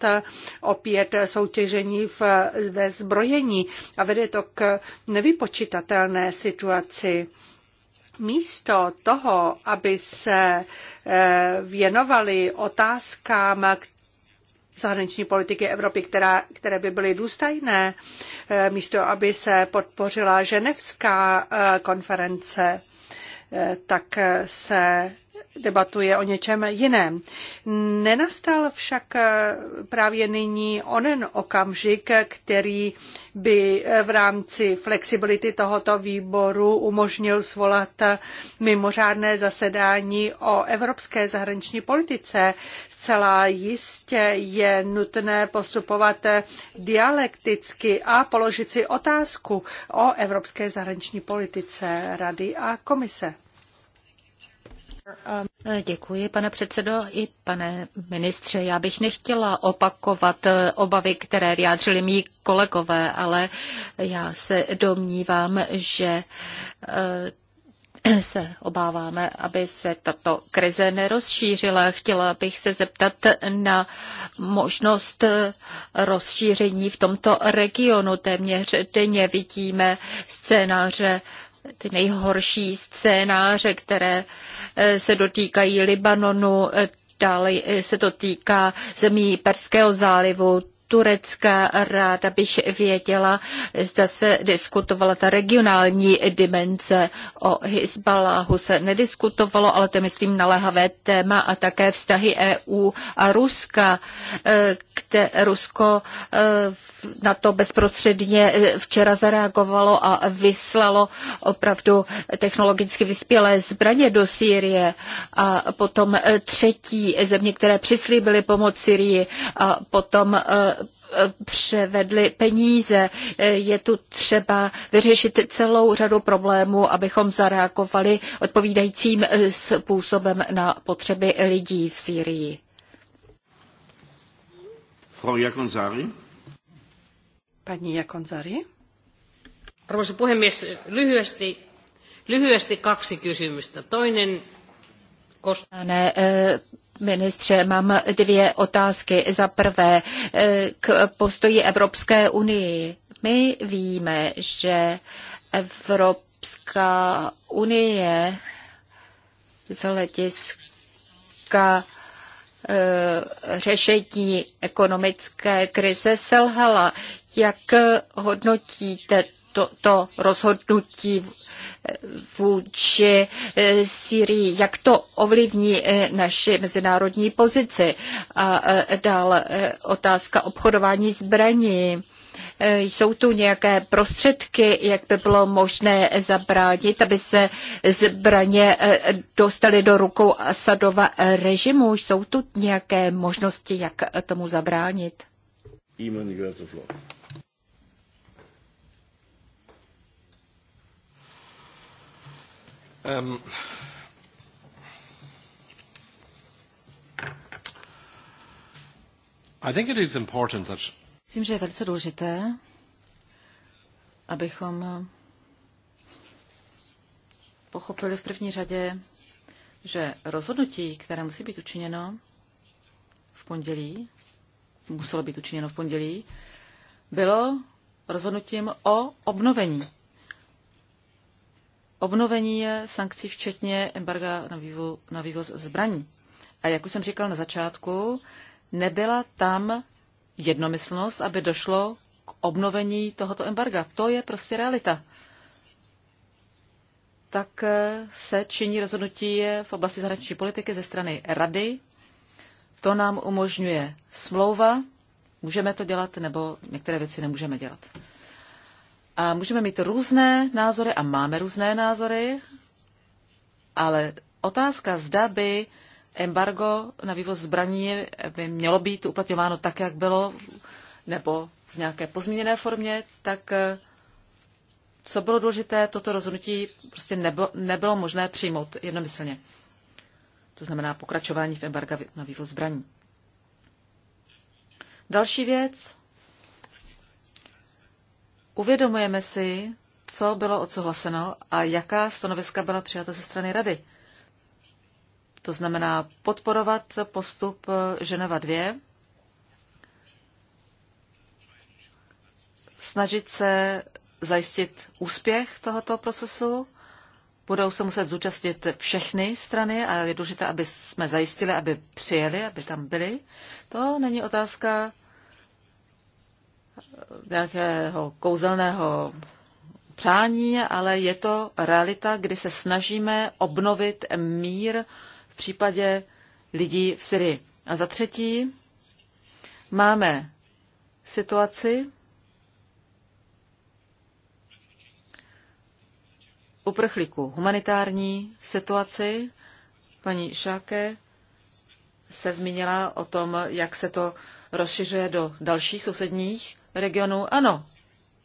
opět soutěžení v, ve zbrojení a vede to k nevypočitatelné situaci místo toho, aby se eh, věnovali otázkám, zahraniční politiky Evropy, která, které by byly důstajné, eh, místo aby se podpořila ženevská eh, konference, tak se debatuje o něčem jiném. Nenastal však eh, právě nyní onen okamžik, který by eh, v rámci flexibility tohoto výboru umožnil svolat eh, mimořádné zasedání o evropské zahraniční politice. Celá jistě je nutné postupovat dialekticky a položit si otázku o evropské zahraniční politice Rady a komise. Um, děkuji, pane předsedo i pane ministře. Já bych nechtěla opakovat eh, obavy, které vyjádřili mý kolegové, ale já se domnívám, že eh, se obáváme, aby se tato krize nerozšířila. Chtěla bych se zeptat na možnost eh, rozšíření v tomto regionu. Téměř denně vidíme scénáře ty nejhorší scénáře, které eh, se dotýkají Libanonu, eh, dále eh, se to týká zemí Perského zálivu, Turecka. Ráda bych věděla, zda se diskutovala ta regionální dimenze. O Hezbalahu se nediskutovalo, ale to je, myslím, naléhavé téma a také vztahy EU a Ruska, eh, kde Rusko eh, na to bezprostředně eh, včera zareagovalo a vyslalo opravdu technologicky vyspělé zbraně do Sýrie a potom třetí země, které přislíbily pomoc Syrii a potom převedli peníze. Je tu třeba vyřešit celou řadu problémů, abychom zareagovali odpovídajícím způsobem na potřeby lidí v Sýrii. Frau Jakonsaari. Paní Jakonsaari. Arvoisa puhemies, lyhyesti, lyhyesti kaksi kysymystä. Toinen koskee ministře, mám dvě otázky. Za prvé eh, k postoji Evropské unii. My víme, že Evropská unie z hlediska eh, řešení ekonomické krize selhala. Jak hodnotíte to, to rozhodnutí vůči eh, Syrii, jak to ovlivní eh, naši mezinárodní pozici. A eh, dál otázka obchodování zbraní. Jsou tu nějaké prostředky, jak by bylo možné zabránit, aby se zbraně dostaly do rukou Asadova režimu? Jsou tu nějaké možnosti, jak tomu zabránit? Um, I think it is important that... Myslím, že je velice důležité, abychom pochopili v první řadě, že rozhodnutí, které musí být učiněno v pondělí, muselo být učiněno v pondělí, bylo rozhodnutím o obnovení obnovení sankcí, včetně embarga na, vývo, na vývoz zbraní. A jak už jsem říkal na začátku, nebyla tam jednomyslnost, aby došlo k obnovení tohoto embarga. To je prostě realita. Tak eh, se činí rozhodnutí eh, v oblasti zahraniční politiky ze strany Rady. To nám umožňuje smlouva. Můžeme to dělat, nebo některé věci nemůžeme dělat. A můžeme mít různé názory a máme různé názory, ale otázka, zda by embargo na vývoz zbraní by mělo být uplatňováno tak, jak bylo, nebo v nějaké pozměněné formě, tak eh, co bylo důležité, toto rozhodnutí prostě nebylo, nebylo možné přijmout jednomyslně. To znamená pokračování v embarga na vývoz zbraní. Další věc, Uvědomujeme si, co bylo odsouhlaseno a jaká stanoviska byla přijata ze strany Rady. To znamená podporovat postup Ženeva 2, snažit se zajistit úspěch tohoto procesu. Budou se muset zúčastnit všechny strany a je důležité, aby jsme zajistili, aby přijeli, aby tam byli. To není otázka nějakého kouzelného přání, ale je to realita, kdy se snažíme obnovit mír v případě lidí v Syrii. A za třetí máme situaci uprchlíků, humanitární situaci. Paní Šáke se zmínila o tom, jak se to rozšiřuje do dalších sousedních regionu. Ano,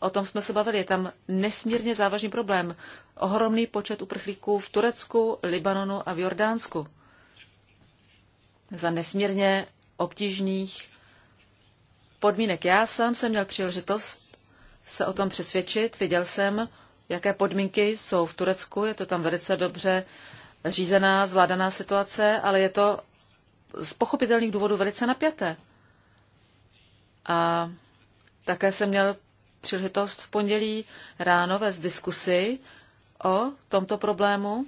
o tom jsme se bavili. Je tam nesmírně závažný problém. Ohromný počet uprchlíků v Turecku, Libanonu a v Jordánsku. Za nesmírně obtížných podmínek. Já sám jsem měl příležitost se o tom přesvědčit. Viděl jsem, jaké podmínky jsou v Turecku. Je to tam velice dobře řízená, zvládaná situace, ale je to z pochopitelných důvodů velice napjaté. A také jsem měl příležitost v pondělí ráno vést diskusi o tomto problému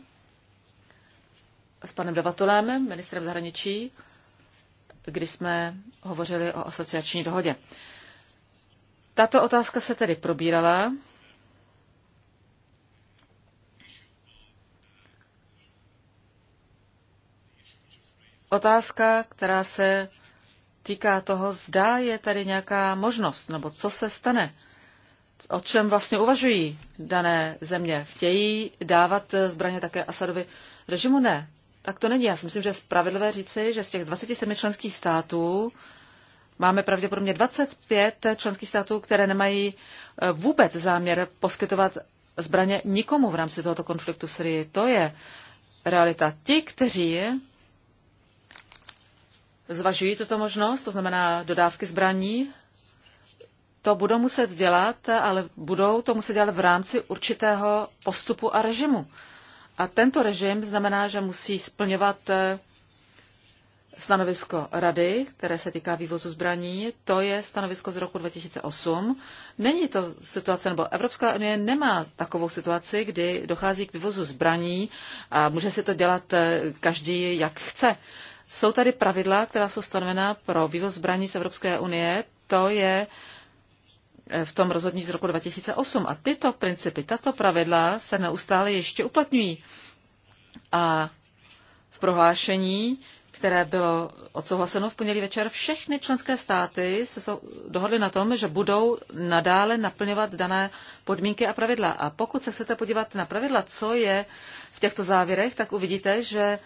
s panem Davatolem, ministrem zahraničí, kdy jsme hovořili o asociační dohodě. Tato otázka se tedy probírala. Otázka, která se týká toho, zda je tady nějaká možnost, nebo co se stane, o čem vlastně uvažují dané země. Chtějí dávat zbraně také Asadovi režimu? Ne. Tak to není. Já si myslím, že je spravedlivé říci, že z těch 27 členských států máme pravděpodobně 25 členských států, které nemají eh, vůbec záměr poskytovat zbraně nikomu v rámci tohoto konfliktu v Syrii. To je realita. Ti, kteří zvažují tuto možnost, to znamená dodávky zbraní. To budou muset dělat, ale budou to muset dělat v rámci určitého postupu a režimu. A tento režim znamená, že musí splňovat eh, stanovisko rady, které se týká vývozu zbraní. To je stanovisko z roku 2008. Není to situace, nebo Evropská unie nemá takovou situaci, kdy dochází k vývozu zbraní a může si to dělat eh, každý, jak chce. Jsou tady pravidla, která jsou stanovená pro vývoz zbraní z Evropské unie. To je eh, v tom rozhodnutí z roku 2008. A tyto principy, tato pravidla se neustále ještě uplatňují. A v prohlášení, které bylo odsouhlaseno v pondělí večer, všechny členské státy se jsou, dohodly na tom, že budou nadále naplňovat dané podmínky a pravidla. A pokud se chcete podívat na pravidla, co je v těchto závěrech, tak uvidíte, že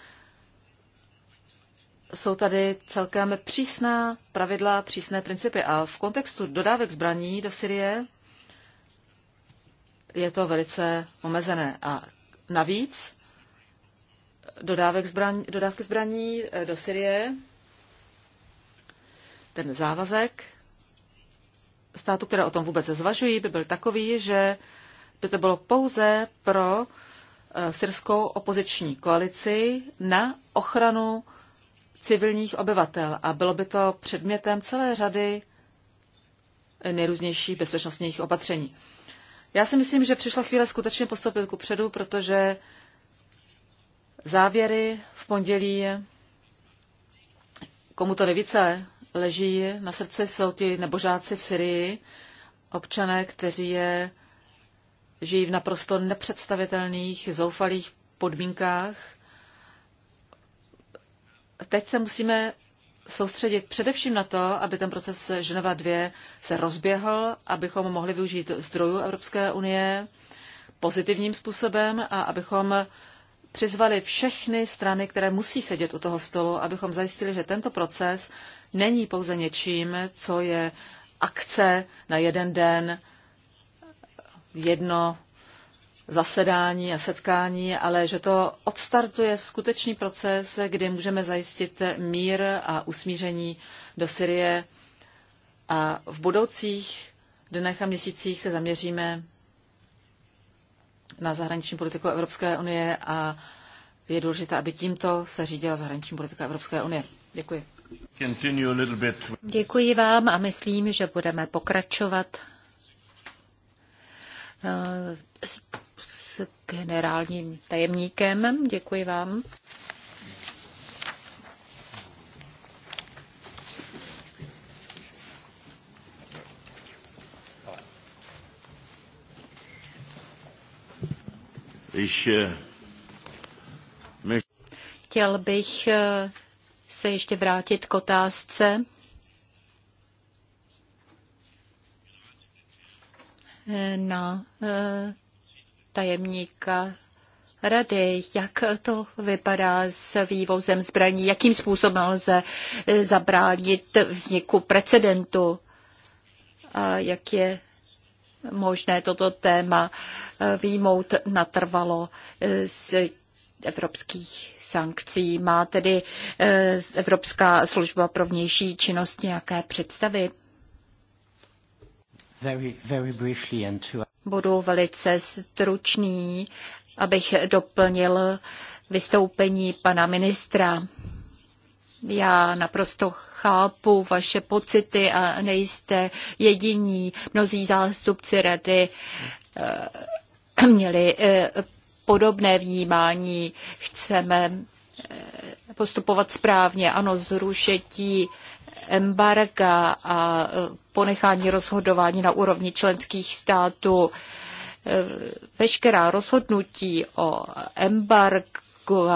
jsou tady celkem přísná pravidla, přísné principy. A v kontextu dodávek zbraní do Syrie je to velice omezené. A navíc dodávek zbraní, dodávky zbraní eh, do Syrie, ten závazek státu, které o tom vůbec zvažují, by byl takový, že by to bylo pouze pro eh, syrskou opoziční koalici na ochranu civilních obyvatel a bylo by to předmětem celé řady nejrůznějších bezpečnostních opatření. Já si myslím, že přišla chvíle skutečně postoupit ku předu, protože závěry v pondělí, komu to nejvíce leží na srdci, jsou ti nebožáci v Syrii, občané, kteří je, žijí v naprosto nepředstavitelných, zoufalých podmínkách – teď se musíme soustředit především na to, aby ten proces Ženeva 2 se rozběhl, abychom mohli využít zdrojů Evropské unie pozitivním způsobem a abychom přizvali všechny strany, které musí sedět u toho stolu, abychom zajistili, že tento proces není pouze něčím, co je akce na jeden den, jedno zasedání a setkání, ale že to odstartuje skutečný proces, kdy můžeme zajistit mír a usmíření do Syrie. A v budoucích dnech a měsících se zaměříme na zahraniční politiku Evropské unie a je důležité, aby tímto se řídila zahraniční politika Evropské unie. Děkuji. Děkuji vám a myslím, že budeme pokračovat eh, generálním tajemníkem. Děkuji vám. Ich, eh, my... Chtěl bych eh, se ještě vrátit k otázce. Eh, na tajemníka rady, jak to vypadá s vývozem zbraní, jakým způsobem lze e, zabránit vzniku precedentu a jak je možné toto téma e, výjmout natrvalo e, z evropských sankcí. Má tedy Evropská služba pro vnější činnost nějaké představy? Very, very briefly and to... Budu velice stručný, abych doplnil vystoupení pana ministra. Já naprosto chápu vaše pocity a nejste jediní. Mnozí zástupci rady eh, měli eh, podobné vnímání. Chceme eh, postupovat správně. Ano, zrušetí embarga a e, ponechání rozhodování na úrovni členských států. E, veškerá rozhodnutí o embargu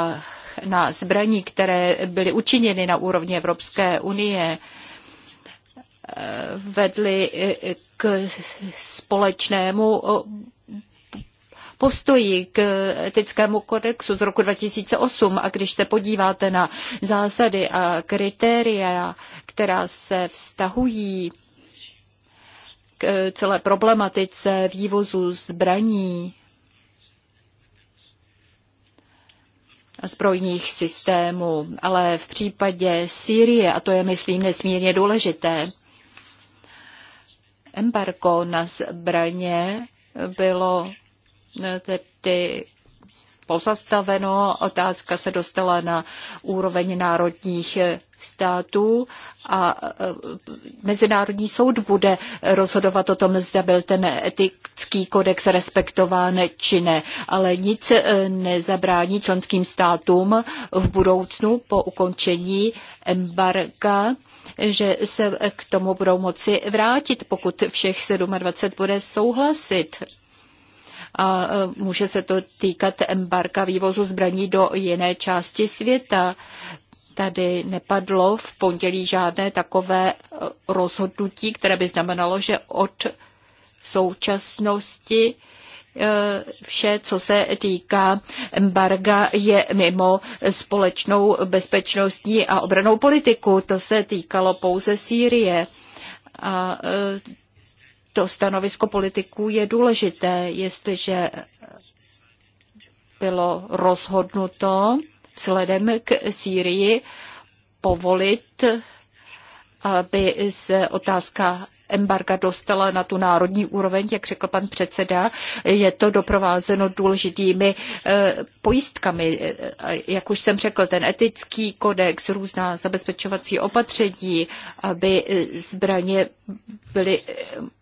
na zbraní, které byly učiněny na úrovni Evropské unie, e, vedly k společnému postoji k eh, etickému kodexu z roku 2008 a když se podíváte na zásady a kritéria, která se vztahují k eh, celé problematice vývozu zbraní a zbrojních systémů, ale v případě Sýrie, a to je, myslím, nesmírně důležité, embargo na zbraně bylo tedy pozastaveno. Otázka se dostala na úroveň národních států a e, Mezinárodní soud bude rozhodovat o tom, zda byl ten etický kodex respektován či ne. Ale nic e, nezabrání členským státům v budoucnu po ukončení embarga že se k tomu budou moci vrátit, pokud všech 27 bude souhlasit a e, může se to týkat embarka vývozu zbraní do jiné části světa. Tady nepadlo v pondělí žádné takové e, rozhodnutí, které by znamenalo, že od současnosti e, vše, co se týká embarga, je mimo společnou bezpečnostní a obranou politiku. To se týkalo pouze Sýrie. A to stanovisko politiků je důležité, jestliže bylo rozhodnuto vzhledem k Sýrii povolit, aby se otázka embarga dostala na tu národní úroveň, jak řekl pan předseda, je to doprovázeno důležitými eh, pojistkami. Eh, jak už jsem řekl, ten etický kodex, různá zabezpečovací opatření, aby eh, zbraně byly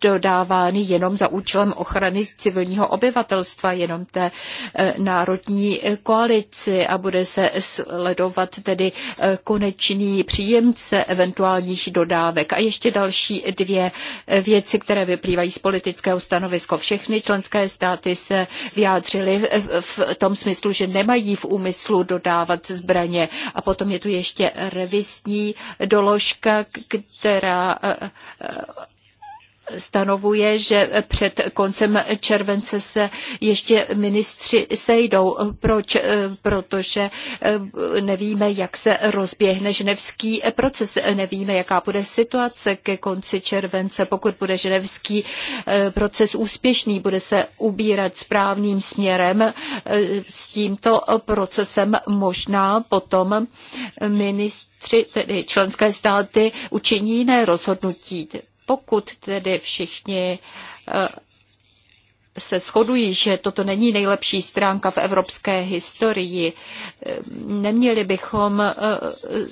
dodávány jenom za účelem ochrany civilního obyvatelstva, jenom té e, národní e, koalici a bude se sledovat tedy e, konečný příjemce eventuálních dodávek. A ještě další dvě věci, které vyplývají z politického stanovisko. Všechny členské státy se vyjádřily v tom smyslu, že nemají v úmyslu dodávat zbraně. A potom je tu ještě revizní doložka, která stanovuje, že před koncem července se ještě ministři sejdou. Proč? Protože eh, nevíme, jak se rozběhne ženevský proces, nevíme, jaká bude situace ke konci července. Pokud bude ženevský eh, proces úspěšný, bude se ubírat správným směrem eh, s tímto procesem možná potom ministři, tedy členské státy, učiní jiné rozhodnutí pokud tedy všichni eh, se shodují, že toto není nejlepší stránka v evropské historii. Eh, neměli bychom eh,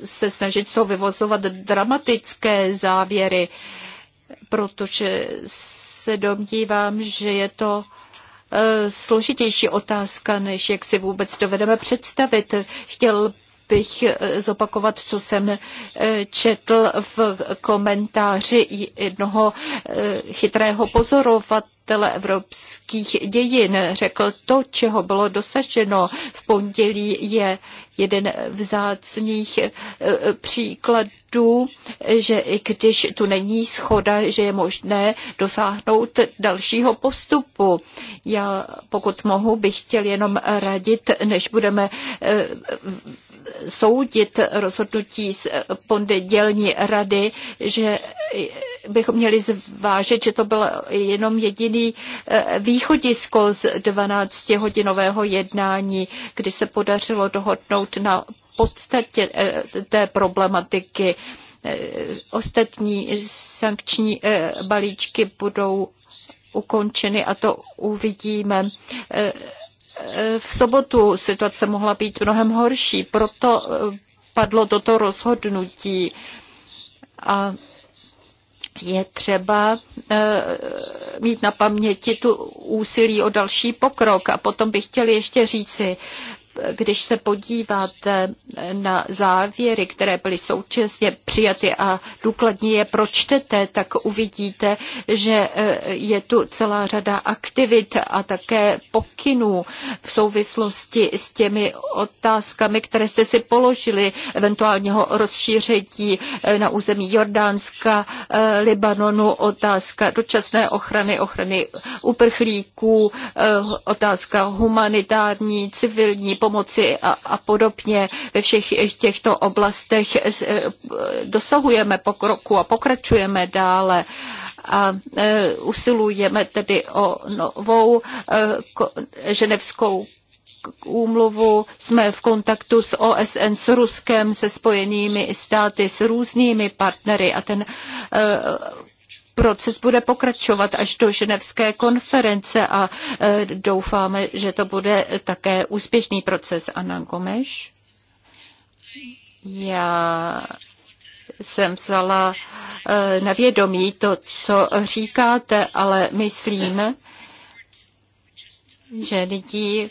se snažit jsou vyvozovat dramatické závěry, protože se domnívám, že je to složitější otázka, než jak si vůbec dovedeme představit. Chtěl bych eh, zopakovat, co jsem eh, četl v komentáři jednoho eh, chytrého pozorovatele evropských dějin. Řekl to, čeho bylo dosaženo v pondělí, je jeden vzácných příkladů, že i když tu není schoda, že je možné dosáhnout dalšího postupu. Já, pokud mohu, bych chtěl jenom radit, než budeme soudit rozhodnutí z pondělní rady, že bychom měli zvážit, že to byl jenom jediný eh, východisko z 12-hodinového jednání, kdy se podařilo dohodnout na podstatě eh, té problematiky. Eh, ostatní sankční balíčky budou ukončeny a to uvidíme E, v sobotu situace mohla být mnohem horší, proto e, padlo toto rozhodnutí. A je třeba e, mít na paměti tu úsilí o další pokrok. A potom bych chtěl ještě říci, když se podíváte na závěry, které byly současně přijaty a důkladně je pročtete, tak uvidíte, že e, je tu celá řada aktivit a také pokynů v souvislosti s těmi otázkami, které jste si položili, eventuálního rozšíření e, na území Jordánska, e, Libanonu, otázka dočasné ochrany, ochrany uprchlíků, otázka humanitární, civilní, pomoci a, a podobně. Ve všech těchto oblastech eh, dosahujeme pokroku a pokračujeme dále a eh, usilujeme tedy o novou eh, ženevskou úmluvu, jsme v kontaktu s OSN, s Ruskem, se spojenými státy, s různými partnery a ten proces bude pokračovat až do ženevské konference a e, doufáme, že to bude také úspěšný proces. Anna Gomeš? Já jsem vzala e, na vědomí to, co říkáte, ale myslím, že lidi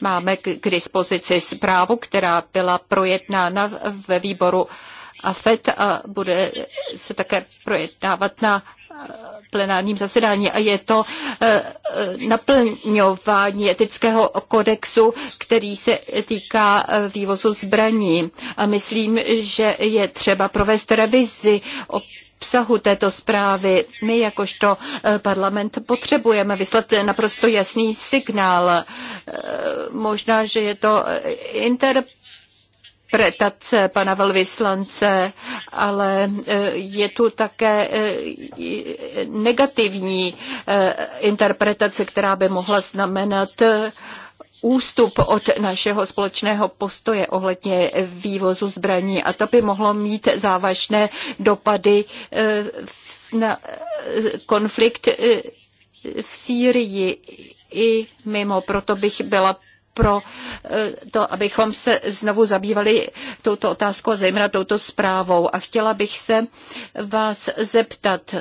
máme k dispozici zprávu, která byla projednána ve výboru FED a bude se také projednávat na eh, plenárním zasedání a je to eh, naplňování etického kodexu, který se týká eh, vývozu zbraní. A myslím, že je třeba provést revizi o obsahu této zprávy. My jakožto parlament potřebujeme vyslat naprosto jasný signál. Možná, že je to interpretace interpretace pana velvyslance, ale e, je tu také e, negativní e, interpretace, která by mohla znamenat ústup od našeho společného postoje ohledně vývozu zbraní a to by mohlo mít závažné dopady na konflikt v Sýrii i mimo. Proto bych byla pro eh, to, abychom se znovu zabývali touto otázkou, zejména touto zprávou. A chtěla bych se vás zeptat,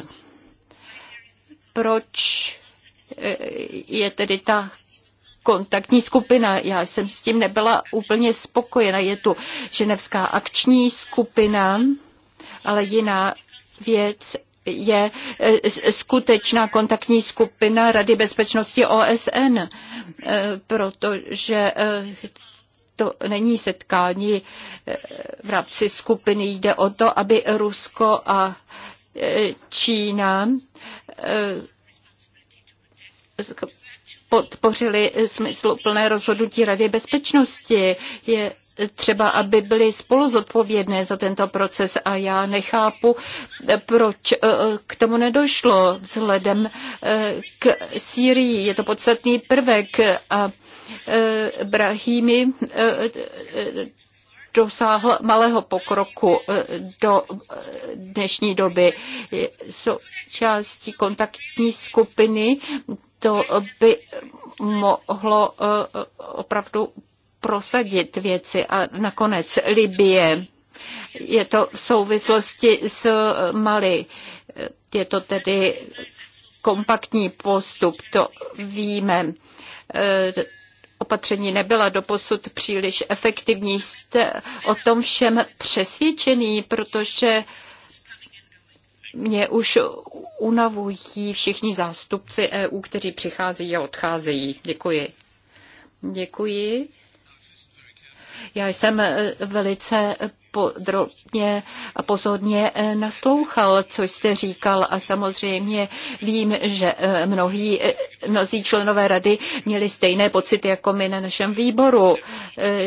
proč eh, je tedy ta kontaktní skupina. Já jsem s tím nebyla úplně spokojena. Je tu ženevská akční skupina, ale jiná věc je eh, skutečná kontaktní skupina Rady bezpečnosti OSN, eh, protože eh, to není setkání v rámci skupiny. Jde o to, aby Rusko a Čína podpořili smysluplné rozhodnutí Rady bezpečnosti. Je třeba, aby byly spolu zodpovědné za tento proces a já nechápu, proč eh, k tomu nedošlo vzhledem eh, k Sýrii. Je to podstatný prvek a eh, Brahimi dosáhl malého pokroku do dnešní doby. Součástí kontaktní skupiny to by mohlo eh, opravdu prosadit věci. A nakonec Libie. Je to v souvislosti s Mali. Je to tedy kompaktní postup, to víme. Eh, opatření nebyla doposud příliš efektivní. Jste o tom všem přesvědčený, protože mě už unavují všichni zástupci EU, kteří přicházejí a odcházejí. Děkuji. Děkuji. Já jsem eh, velice podrobně a pozorně eh, naslouchal, co jste říkal a samozřejmě vím, že eh, mnohí, eh, mnozí členové rady měli stejné pocity jako my na našem výboru.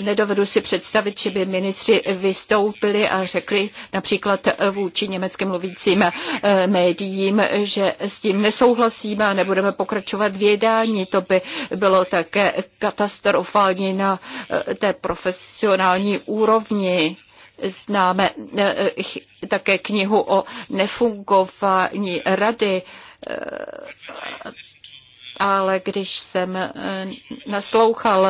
Nedovedu si představit, že by ministři vystoupili a řekli například vůči německým mluvícím médiím, že s tím nesouhlasíme a nebudeme pokračovat v jednání. To by bylo také katastrofální na té profesionální úrovni. Známe eh, eh, také knihu o nefungování rady, eh, ale když jsem naslouchal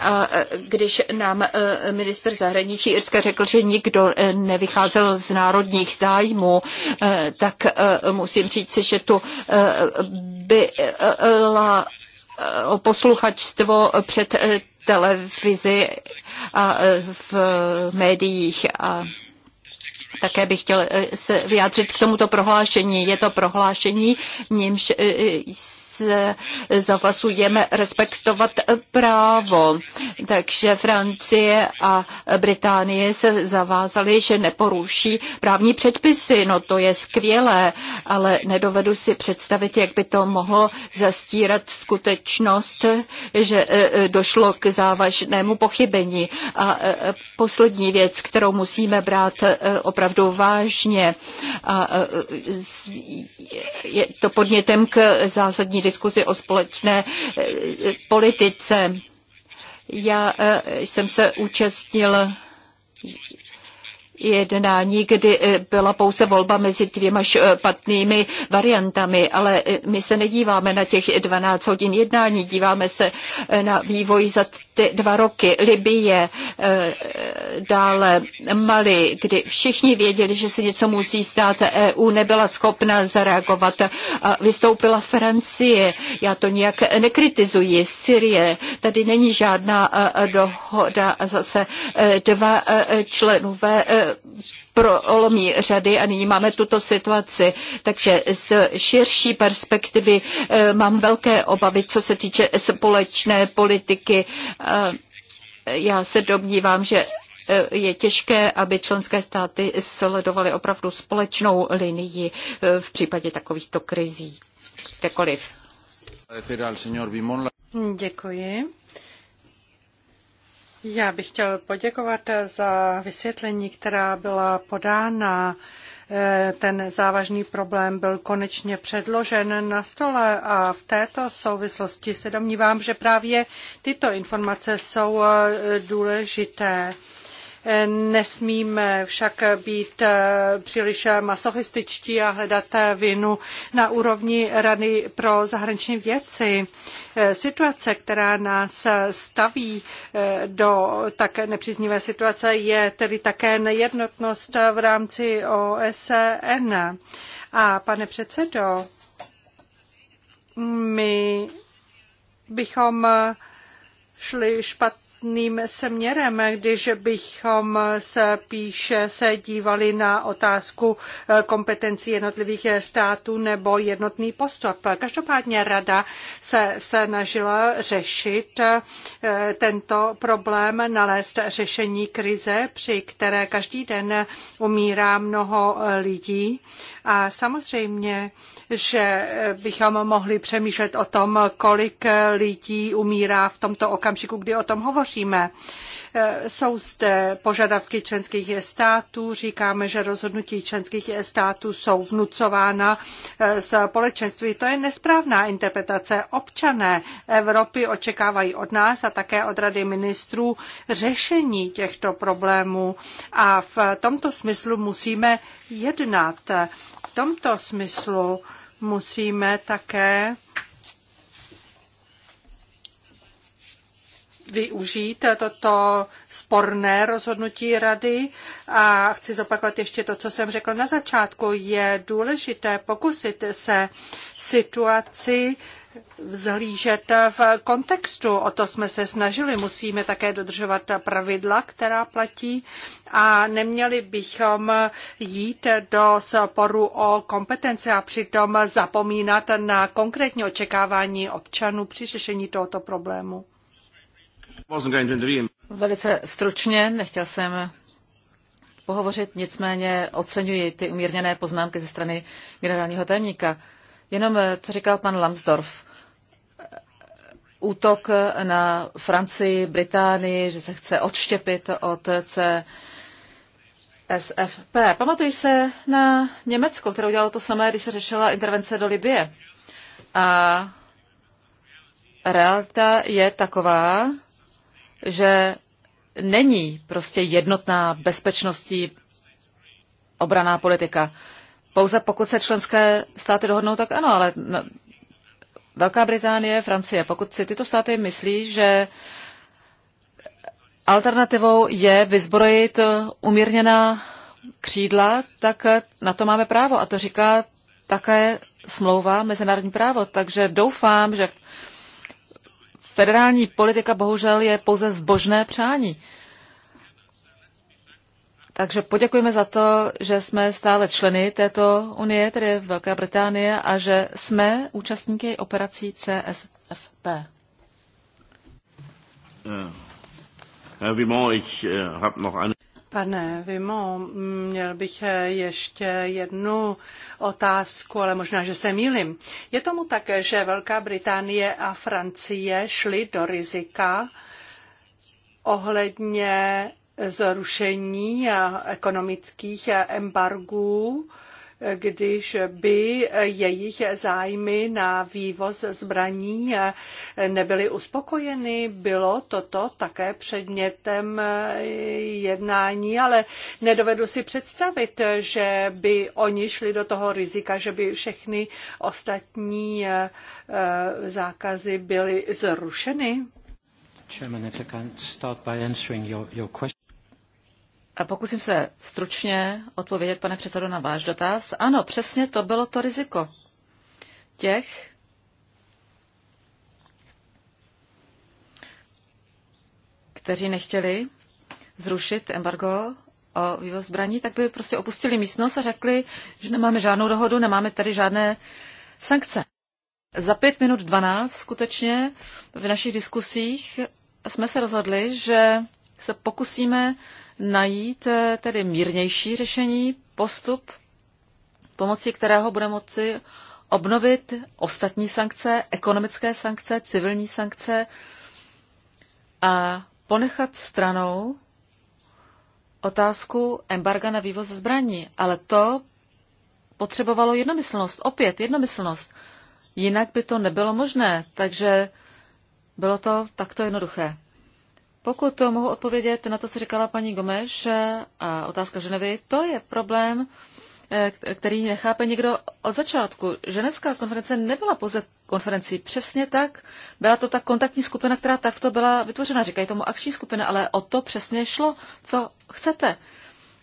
a když nám minister zahraničí Irska řekl, že nikdo nevycházel z národních zájmů, tak musím říct, že tu byla posluchačstvo před televizi a e, v médiích. A také bych chtěl e, se vyjádřit k tomuto prohlášení. Je to prohlášení, nímž e, se zavazujeme respektovat právo. Takže Francie a Británie se zavázaly, že neporuší právní předpisy. No to je skvělé, ale nedovedu si představit, jak by to mohlo zastírat skutečnost, že e, e, došlo k závažnému pochybení. A e, poslední věc, kterou musíme brát opravdu vážně, a je to podnětem k zásadní diskuzi o společné eh, politice. Já eh, jsem se účastnil jednání, kdy eh, byla pouze volba mezi dvěma špatnými variantami, ale my se nedíváme na těch 12 hodin jednání, díváme se na vývoj za ty dva roky, Libie, eh, dále Mali, kdy všichni věděli, že se něco musí stát, EU nebyla schopna zareagovat a vystoupila Francie. Já to nijak nekritizuji. Syrie, tady není žádná eh, dohoda. Zase eh, dva členové prolomí řady a nyní máme tuto situaci. Takže z širší perspektivy eh, mám velké obavy, co se týče společné politiky. Eh, já se domnívám, že eh, je těžké, aby členské státy sledovaly opravdu společnou linii v případě takovýchto krizí. Kdekoliv. Děkuji. Já bych chtěl poděkovat za vysvětlení, která byla podána. E, ten závažný problém byl konečně předložen na stole a v této souvislosti se domnívám, že právě tyto informace jsou e, důležité. Nesmíme však být eh, příliš eh, masochističtí a hledat eh, vinu na úrovni Rady pro zahraniční věci. Situace, která nás staví do tak nepříznivé situace, je tedy také nejednotnost v rámci OSN. A pane předsedo, my bychom šli špatně špatným směrem, když bychom spíše se dívali na otázku eh, kompetencí jednotlivých států nebo jednotný postup. Každopádně rada se snažila řešit eh, tento problém, nalézt řešení krize, při které každý den umírá mnoho eh, lidí. A samozřejmě, že bychom mohli přemýšlet o tom, kolik lidí umírá v tomto okamžiku, kdy o tom hovoří nepřijme. Eh, jsou zde požadavky členských států, říkáme, že rozhodnutí členských států jsou vnucována eh, společenství. To je nesprávná interpretace. Občané Evropy očekávají od nás a také od Rady ministrů řešení těchto problémů a v tomto smyslu musíme jednat. V tomto smyslu musíme také využít toto sporné rozhodnutí rady. A chci zopakovat ještě to, co jsem řekl na začátku. Je důležité pokusit se situaci vzhlížet v kontextu. O to jsme se snažili. Musíme také dodržovat pravidla, která platí a neměli bychom jít do sporu o kompetence a přitom zapomínat na konkrétní očekávání občanů při řešení tohoto problému. Velice stručně, nechtěl jsem pohovořit, nicméně oceňuji ty umírněné poznámky ze strany generálního tajemníka. Jenom, co říkal pan Lambsdorff, útok na Francii, Británii, že se chce odštěpit od CSFP. Pamatuji se na Německo, které udělalo to samé, když se řešila intervence do Libie. A realita je taková, že není prostě jednotná bezpečnostní obraná politika. Pouze pokud se členské státy dohodnou, tak ano, ale Velká Británie, Francie, pokud si tyto státy myslí, že alternativou je vyzbrojit umírněná křídla, tak na to máme právo. A to říká také smlouva mezinárodní právo. Takže doufám, že v federální politika bohužel je pouze zbožné přání. Takže poděkujeme za to, že jsme stále členy této unie, tedy Velké Británie, a že jsme účastníky operací CSFP. Uh, eh, Herr ich, uh, hab noch eine... Pane Vimo, měl bych ještě jednu otázku, ale možná, že se mýlim. Je tomu tak, že Velká Británie a Francie šly do rizika ohledně zrušení ekonomických embargů když by jejich zájmy na vývoz zbraní nebyly uspokojeny. Bylo toto také předmětem jednání, ale nedovedu si představit, že by oni šli do toho rizika, že by všechny ostatní eh, eh, zákazy byly zrušeny. Chairman, if I can start by answering your, your question. A pokusím se stručně odpovědět, pane předsedo, na váš dotaz. Ano, přesně to bylo to riziko těch, kteří nechtěli zrušit embargo o vývoz zbraní, tak by prostě opustili místnost a řekli, že nemáme žádnou dohodu, nemáme tady žádné sankce. Za pět minut dvanáct skutečně v našich diskusích jsme se rozhodli, že se pokusíme najít eh, tedy mírnější řešení, postup, pomocí kterého bude moci obnovit ostatní sankce, ekonomické sankce, civilní sankce a ponechat stranou otázku embarga na vývoz zbraní. Ale to potřebovalo jednomyslnost, opět jednomyslnost. Jinak by to nebylo možné, takže bylo to takto jednoduché. Pokud to mohu odpovědět na to, co říkala paní Gomeš eh, a otázka Ženevy, to je problém, eh, který nechápe někdo od začátku. Ženevská konference nebyla pouze konferencí přesně tak, byla to ta kontaktní skupina, která takto byla vytvořena, říkají tomu akční skupina, ale o to přesně šlo, co chcete.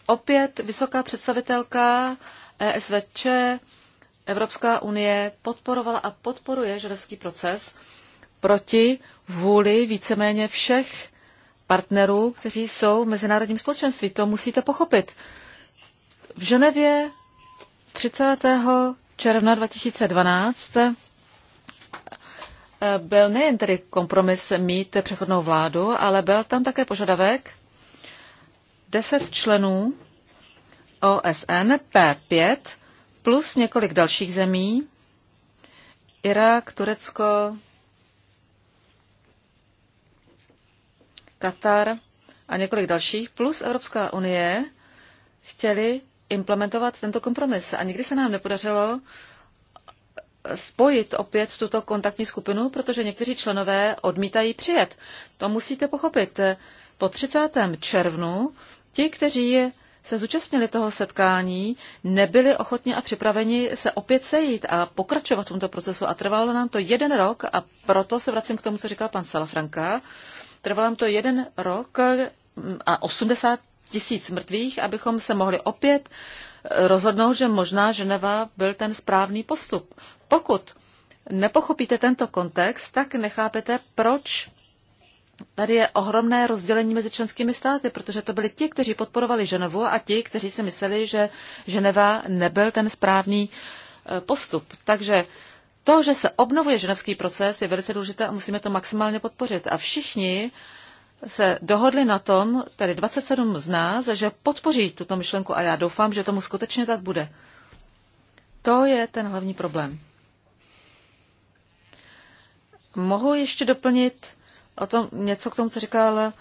Opět vysoká představitelka ESVČ, eh, Evropská unie podporovala a podporuje ženevský proces proti vůli víceméně všech partnerů, kteří jsou v mezinárodním společenství. To musíte pochopit. V Ženevě 30. června 2012 eh, byl nejen tedy kompromis mít přechodnou vládu, ale byl tam také požadavek 10 členů OSN P5 plus několik dalších zemí, Irák, Turecko, Katar a několik dalších, plus Evropská unie, chtěli implementovat tento kompromis. A nikdy se nám nepodařilo spojit opět tuto kontaktní skupinu, protože někteří členové odmítají přijet. To musíte pochopit. Po 30. červnu ti, kteří se zúčastnili toho setkání, nebyli ochotni a připraveni se opět sejít a pokračovat v tomto procesu. A trvalo nám to jeden rok a proto se vracím k tomu, co říkal pan Salafranka. Trvalo nám to jeden rok mm, a 80 tisíc mrtvých, abychom se mohli opět eh, rozhodnout, že možná Ženeva byl ten správný postup. Pokud nepochopíte tento kontext, tak nechápete, proč tady je ohromné rozdělení mezi členskými státy, protože to byli ti, kteří podporovali Ženevu a ti, kteří si mysleli, že Ženeva nebyl ten správný eh, postup. Takže to, že se obnovuje ženevský proces, je velice důležité a musíme to maximálně podpořit. A všichni se dohodli na tom, tedy 27 z nás, že podpoří tuto myšlenku a já doufám, že tomu skutečně tak bude. To je ten hlavní problém. Mohu ještě doplnit o tom něco k tomu, co říkal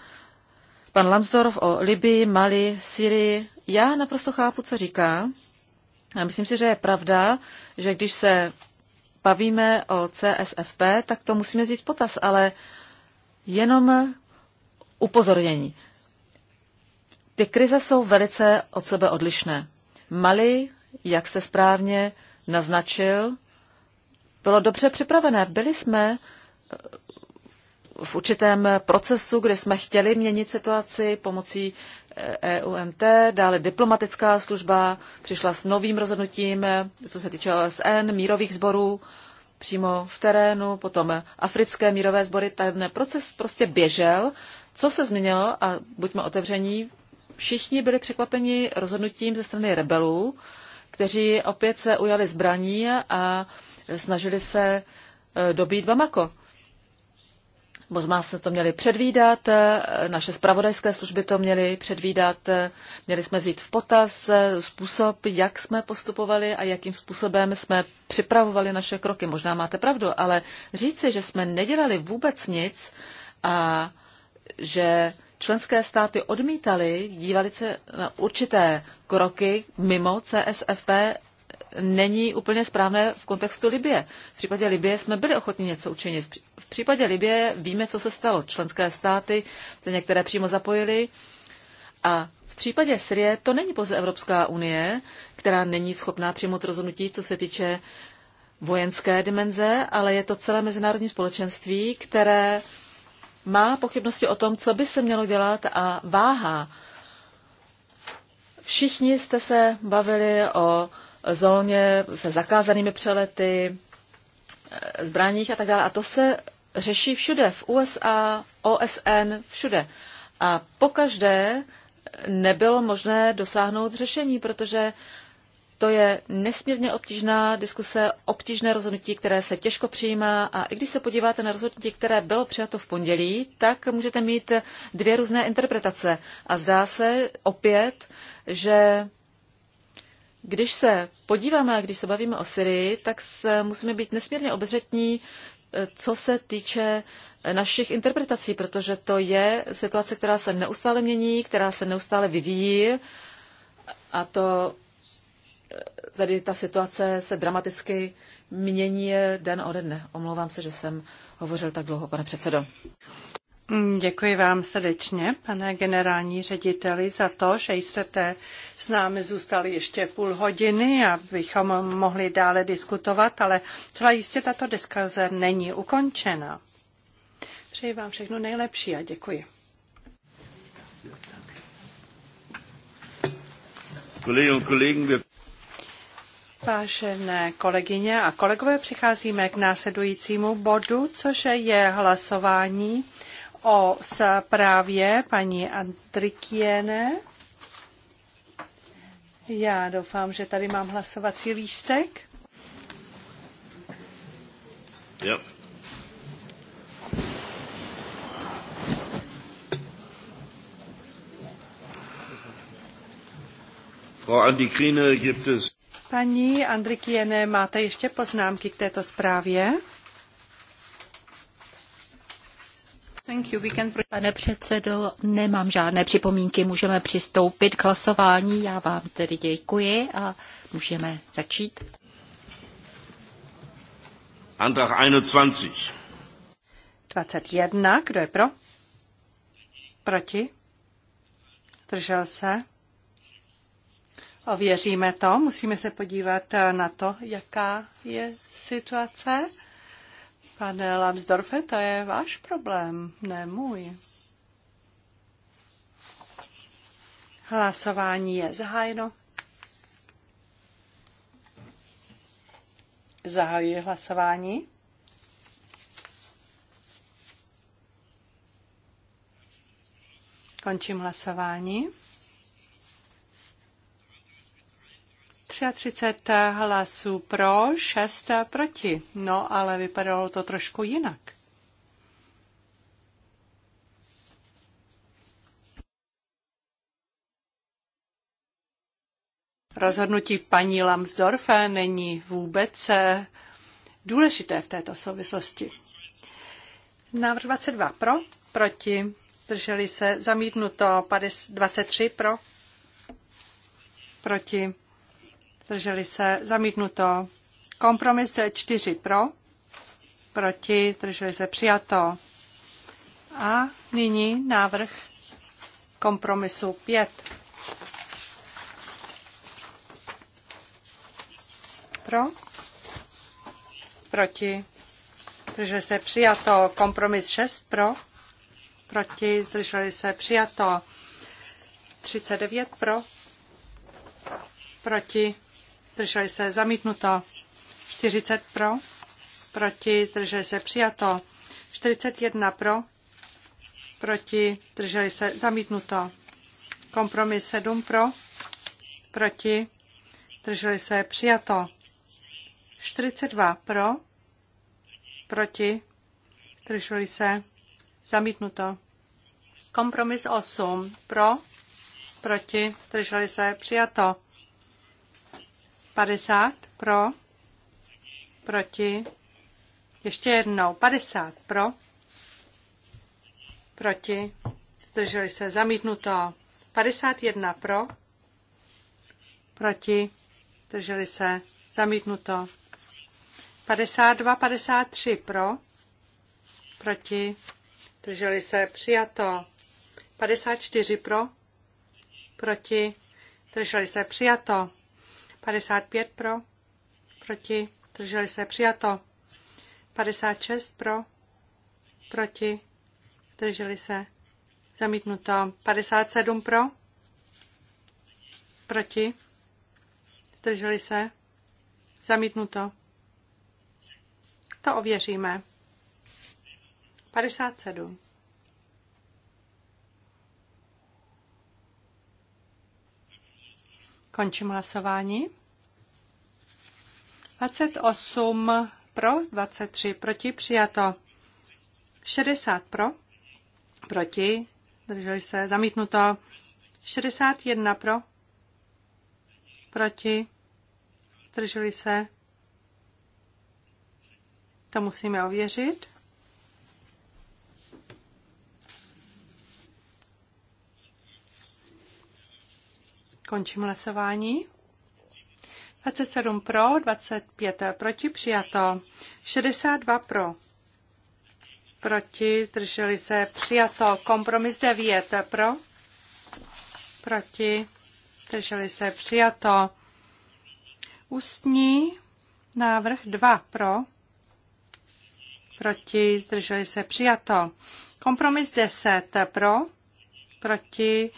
pan Lambsdorff o Libii, Mali, Syrii. Já naprosto chápu, co říká. A myslím si, že je pravda, že když se bavíme o CSFP, tak to musíme vzít potaz, ale jenom upozornění. Ty krize jsou velice od sebe odlišné. Mali, jak se správně naznačil, bylo dobře připravené. Byli jsme eh, v určitém procesu, kde jsme chtěli měnit situaci pomocí EUMT, e dále diplomatická služba přišla s novým rozhodnutím, co se týče OSN, mírových sborů přímo v terénu, potom africké mírové sbory, ten proces prostě běžel. Co se změnilo, a buďme otevření, všichni byli překvapeni rozhodnutím ze strany rebelů, kteří opět se ujali zbraní a snažili se e, dobít Bamako. Možná se to měli předvídat, eh, naše spravodajské služby to měly předvídat, eh, měli jsme vzít v potaz eh, způsob, jak jsme postupovali a jakým způsobem jsme připravovali naše kroky. Možná máte pravdu, ale říci, že jsme nedělali vůbec nic a že členské státy odmítali dívali se na určité kroky mimo CSFP, není úplně správné v kontextu Libie. V případě Libie jsme byli ochotni něco učinit. V případě Libie víme, co se stalo. Členské státy se některé přímo zapojily. A v případě Syrie to není pouze Evropská unie, která není schopná přijmout rozhodnutí, co se týče vojenské dimenze, ale je to celé mezinárodní společenství, které má pochybnosti o tom, co by se mělo dělat a váhá. Všichni jste se bavili o zóně se zakázanými přelety, eh, zbraních a tak dále. A to se řeší všude, v USA, OSN, všude. A pokaždé nebylo možné dosáhnout řešení, protože to je nesmírně obtížná diskuse, obtížné rozhodnutí, které se těžko přijímá a i když se podíváte na rozhodnutí, které bylo přijato v pondělí, tak můžete mít dvě různé interpretace. A zdá se opět, že když se podíváme a když se bavíme o Syrii, tak se musíme být nesmírně obezřetní, eh, co se týče eh, našich interpretací, protože to je situace, která se neustále mění, která se neustále vyvíjí a to eh, tady ta situace se dramaticky mění den ode dne. Omlouvám se, že jsem hovořil tak dlouho, pane předsedo. Mm, děkuji vám srdečně, pane generální řediteli, za to, že jste s námi zůstali ještě půl hodiny, abychom mohli dále diskutovat, ale celá jistě tato diskuze není ukončena. Přeji vám všechno nejlepší a děkuji. Vážené kolegyně a kolegové, přicházíme k následujícímu bodu, což je hlasování o zprávě paní Andrikiene. Já doufám, že tady mám hlasovací lístek. Yep. Paní Andrikiene, máte ještě poznámky k této zprávě? Thank you. We can... Pane předsedo, nemám žádné připomínky, můžeme přistoupit k hlasování. Já vám tedy děkuji a můžeme začít. Antrag 21. 21. Kdo je pro? Proti? Držel se? Ověříme to. Musíme se podívat na to, jaká je situace. Pane Lambsdorfe, to je váš problém, ne můj. Hlasování je zahájeno. Zahajuji hlasování. Končím hlasování. 33 hlasů pro, 6 proti. No, ale vypadalo to trošku jinak. Rozhodnutí paní Lambsdorfe není vůbec eh, důležité v této souvislosti. Návrh 22 pro, proti, drželi se, zamítnuto 23 pro, proti, zdrželi se, zamítnuto. Kompromis 4 pro, proti, zdrželi se, přijato. A nyní návrh kompromisu 5. Pro, proti, zdrželi se, přijato. Kompromis 6 pro, proti, zdrželi se, přijato. 39 pro, proti, zdrželi se zamítnuto. 40 pro, proti, zdrželi se přijato. 41 pro, proti, zdrželi se zamítnuto. Kompromis 7 pro, proti, zdrželi se přijato. 42 pro, proti, zdrželi se zamítnuto. Kompromis 8 pro, proti, zdrželi se přijato. 50 pro, proti, ještě jednou, 50 pro, proti, zdrželi se, zamítnuto, 51 pro, proti, zdrželi se, zamítnuto, 52, 53 pro, proti, zdrželi se, přijato, 54 pro, proti, zdrželi se, přijato, 55 pro, proti, drželi se přijato. 56 pro, proti, drželi se zamítnuto. 57 pro, proti, drželi se zamítnuto. To ověříme. 57. Končím hlasování. 28 pro, 23 proti, přijato 60 pro, proti, drželi se, zamítnuto 61 pro, proti, drželi se, to musíme ověřit. Končím hlasování. 27 pro, 25 proti, přijato. 62 pro, proti, zdrželi se, přijato. Kompromis 9 pro, proti, zdrželi se, přijato. Ústní návrh 2 pro, proti, zdrželi se, přijato. Kompromis 10 pro, proti,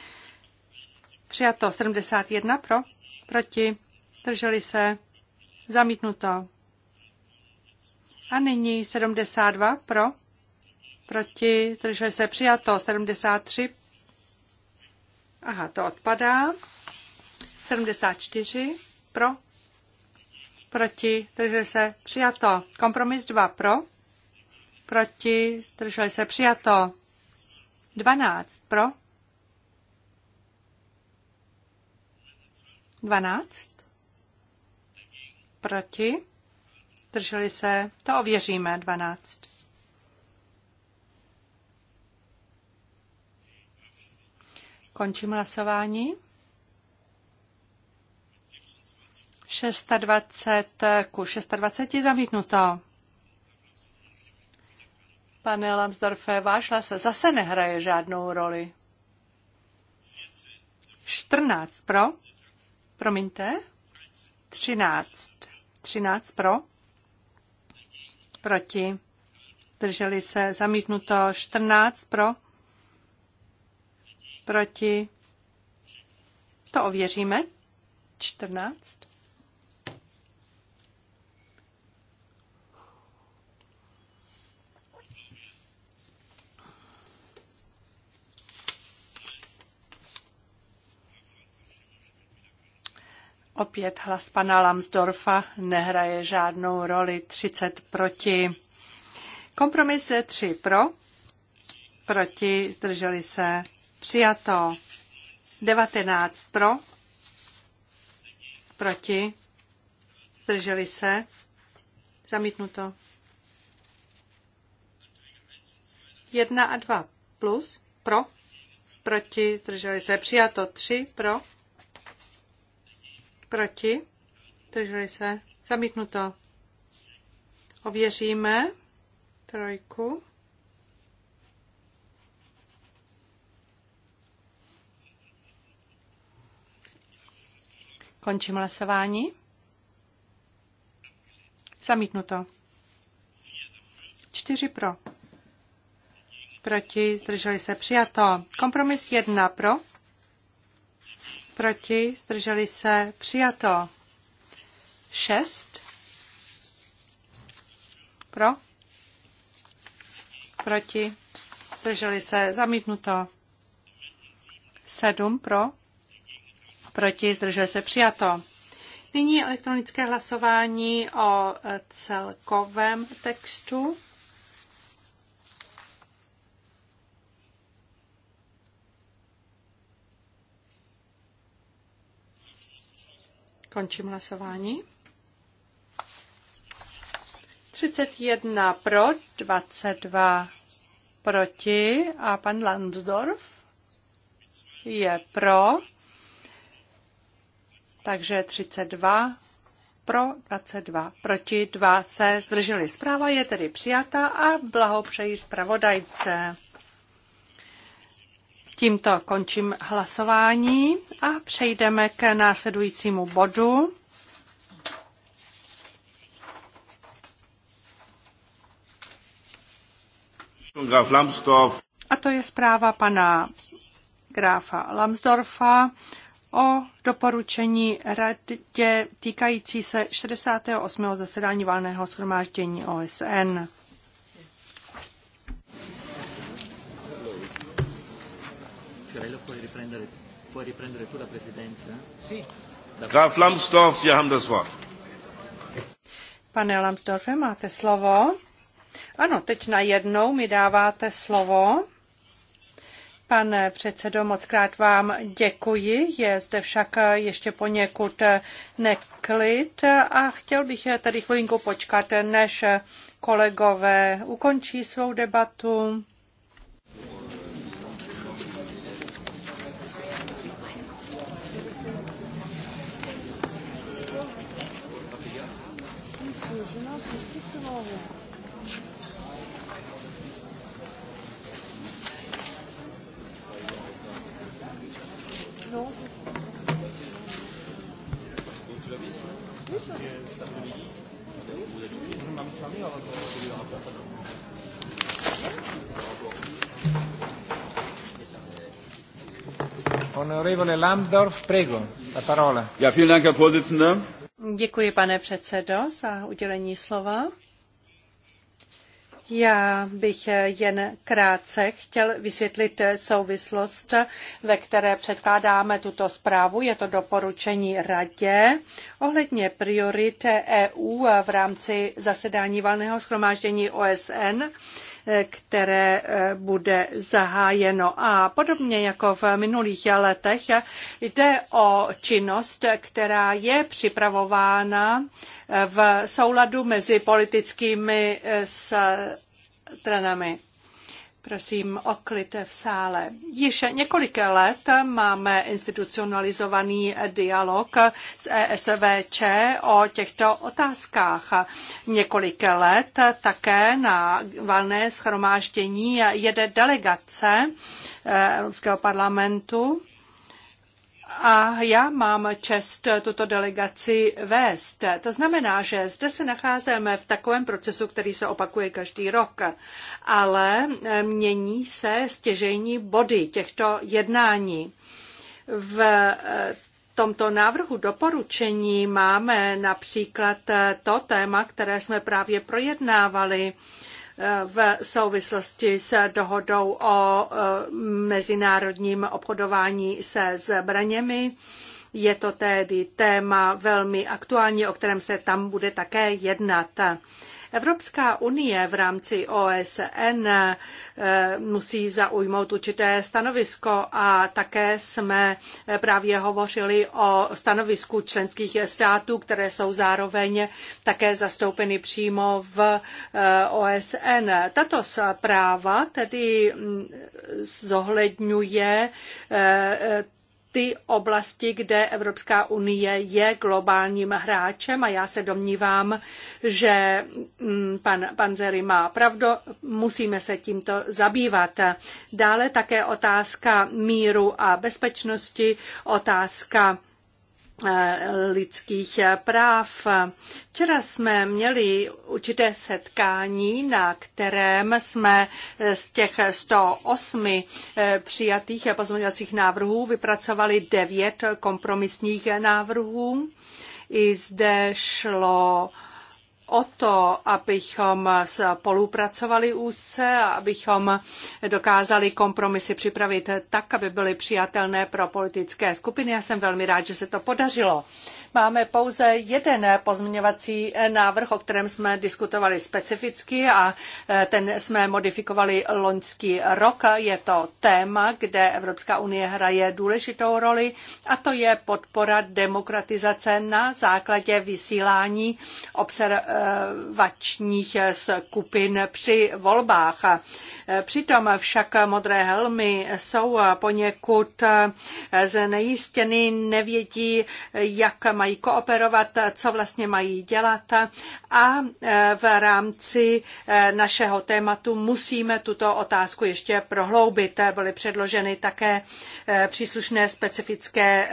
Přijato 71 pro, proti, drželi se, zamítnuto. A nyní 72 pro, proti, drželi se, přijato 73. Aha, to odpadá. 74 pro, proti, drželi se, přijato. Kompromis 2 pro, proti, drželi se, přijato. 12 pro, 12. Proti. Drželi se. To ověříme. 12. Končím hlasování. 620 ku 26 zamítnuto. Pane Lambsdorfe, váš hlas zase nehraje žádnou roli. 14 pro. Promiňte. 13. 13 pro. Proti. Drželi se. Zamítnuto 14 pro. Proti. To ověříme. 14. Opět hlas pana Lambsdorfa nehraje žádnou roli 30 proti. Kompromis je 3 pro, proti, zdrželi se, přijato 19 pro, proti, zdrželi se, zamítnuto 1 a 2 plus, pro, proti, zdrželi se, přijato 3 pro, Proti? Drželi se. Zamítnuto. Ověříme. Trojku. Končím hlasování. Zamítnuto. Čtyři pro. Proti, zdrželi se, přijato. Kompromis jedna pro proti, zdrželi se, přijato. šest pro, proti, zdrželi se, zamítnuto. sedm pro, proti, zdrželi se, přijato. Nyní elektronické hlasování o eh, celkovém textu. Končím hlasování. 31 pro, 22 proti a pan Lambsdorff je pro, takže 32 pro, 22 proti, 2 se zdrželi. Zpráva je tedy přijata a blahopřeji zpravodajce. Tímto končím hlasování a přejdeme k následujícímu bodu. A to je zpráva pana gráfa Lambsdorfa o doporučení radě týkající se 68. zasedání valného shromáždění OSN. riprendere, puoi riprendere tu la presidenza? Sì. Graf Lambsdorff, Sie haben das Wort. Pane Lambsdorffe, máte slovo. Ano, teď najednou mi dáváte slovo. Pane předsedo, moc krát vám děkuji. Je zde však ještě poněkud neklid a chtěl bych tady chvilinku počkat, než kolegové ukončí svou debatu. Non, Onorevole Lambdorf, prego, la parola. Ja, vielen Dank, Herr Vorsitzender. Děkuji, pane předsedo, za udělení slova. Já bych jen krátce chtěl vysvětlit souvislost, ve které předkládáme tuto zprávu. Je to doporučení radě ohledně priorit EU v rámci zasedání valného schromáždění OSN které eh, bude zahájeno. A podobně jako v minulých letech jde o činnost, která je připravována eh, v souladu mezi politickými eh, stranami. Prosím o klid v sále. Již několik let máme institucionalizovaný dialog s ESVČ o těchto otázkách. Několik let také na valné schromáždění jede delegace eh, Evropského parlamentu a já mám čest tuto delegaci vést. To znamená, že zde se nacházíme v takovém procesu, který se opakuje každý rok, ale eh, mění se stěžejní body těchto jednání. V eh, tomto návrhu doporučení máme například eh, to téma, které jsme právě projednávali, v souvislosti s dohodou o e, mezinárodním obchodování se zbraněmi je to tedy téma velmi aktuální, o kterém se tam bude také jednat. Evropská unie v rámci OSN eh, musí zaujmout určité stanovisko a také jsme eh, právě hovořili o stanovisku členských států, které jsou zároveň také zastoupeny přímo v eh, OSN. Tato zpráva tedy mm, zohledňuje ty oblasti, kde Evropská unie je globálním hráčem a já se domnívám, že mm, pan Panzeri má pravdu, musíme se tímto zabývat. Dále také otázka míru a bezpečnosti, otázka Eh, lidských eh, práv. Včera jsme měli určité setkání, na kterém jsme eh, z těch 108 přijatých pozměňovacích návrhů vypracovali 9 kompromisních návrhů. I zde šlo o to, abychom spolupracovali úzce a abychom dokázali kompromisy připravit tak, aby byly přijatelné pro politické skupiny. Já jsem velmi rád, že se to podařilo. Máme pouze jeden pozměňovací návrh, o kterém jsme diskutovali specificky a e, ten jsme modifikovali loňský rok. Je to téma, kde Evropská unie hraje důležitou roli a to je podpora demokratizace na základě vysílání observačních skupin při volbách. E, přitom však modré helmy jsou poněkud e, znejistěny, nevědí, jak mají mají kooperovat, co vlastně mají dělat a e, v rámci e, našeho tématu musíme tuto otázku ještě prohloubit. Byly předloženy také e, příslušné specifické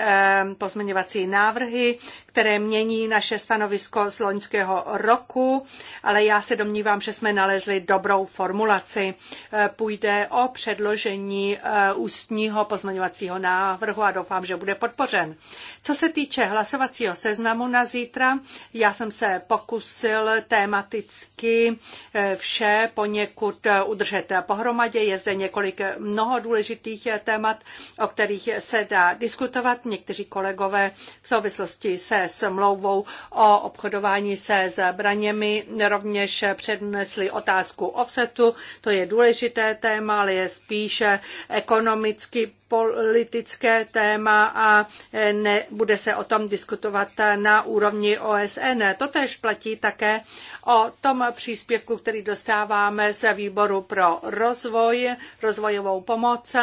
pozměňovací návrhy, které mění naše stanovisko z loňského roku, ale já se domnívám, že jsme nalezli dobrou formulaci. E, půjde o předložení e, ústního pozměňovacího návrhu a doufám, že bude podpořen. Co se týče hlasovacího seznamu na zítra, já jsem se pokusil tématicky e, vše poněkud udržet pohromadě. Je zde několik mnoho důležitých témat, o kterých se dá diskutovat. Někteří kolegové v souvislosti se smlouvou o obchodování se zbraněmi rovněž přednesli otázku offsetu. To je důležité téma, ale je spíše ekonomicky politické téma a e, nebude se o tom diskutovat na úrovni OSN. Totež platí také o tom příspěvku, který dostáváme z výboru pro rozvoj, rozvojovou pomoc.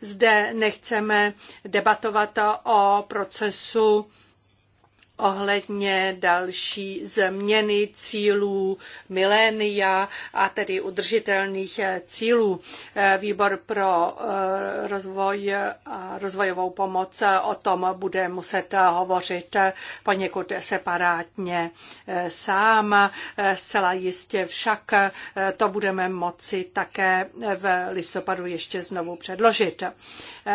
Zde nechceme debatovat o procesu ohledně další změny cílů milénia a tedy udržitelných eh, cílů. Eh, výbor pro eh, rozvoj a rozvojovou pomoc o tom bude muset hovořit poněkud separátně sám. Zcela jistě však to budeme moci také v listopadu ještě znovu předložit.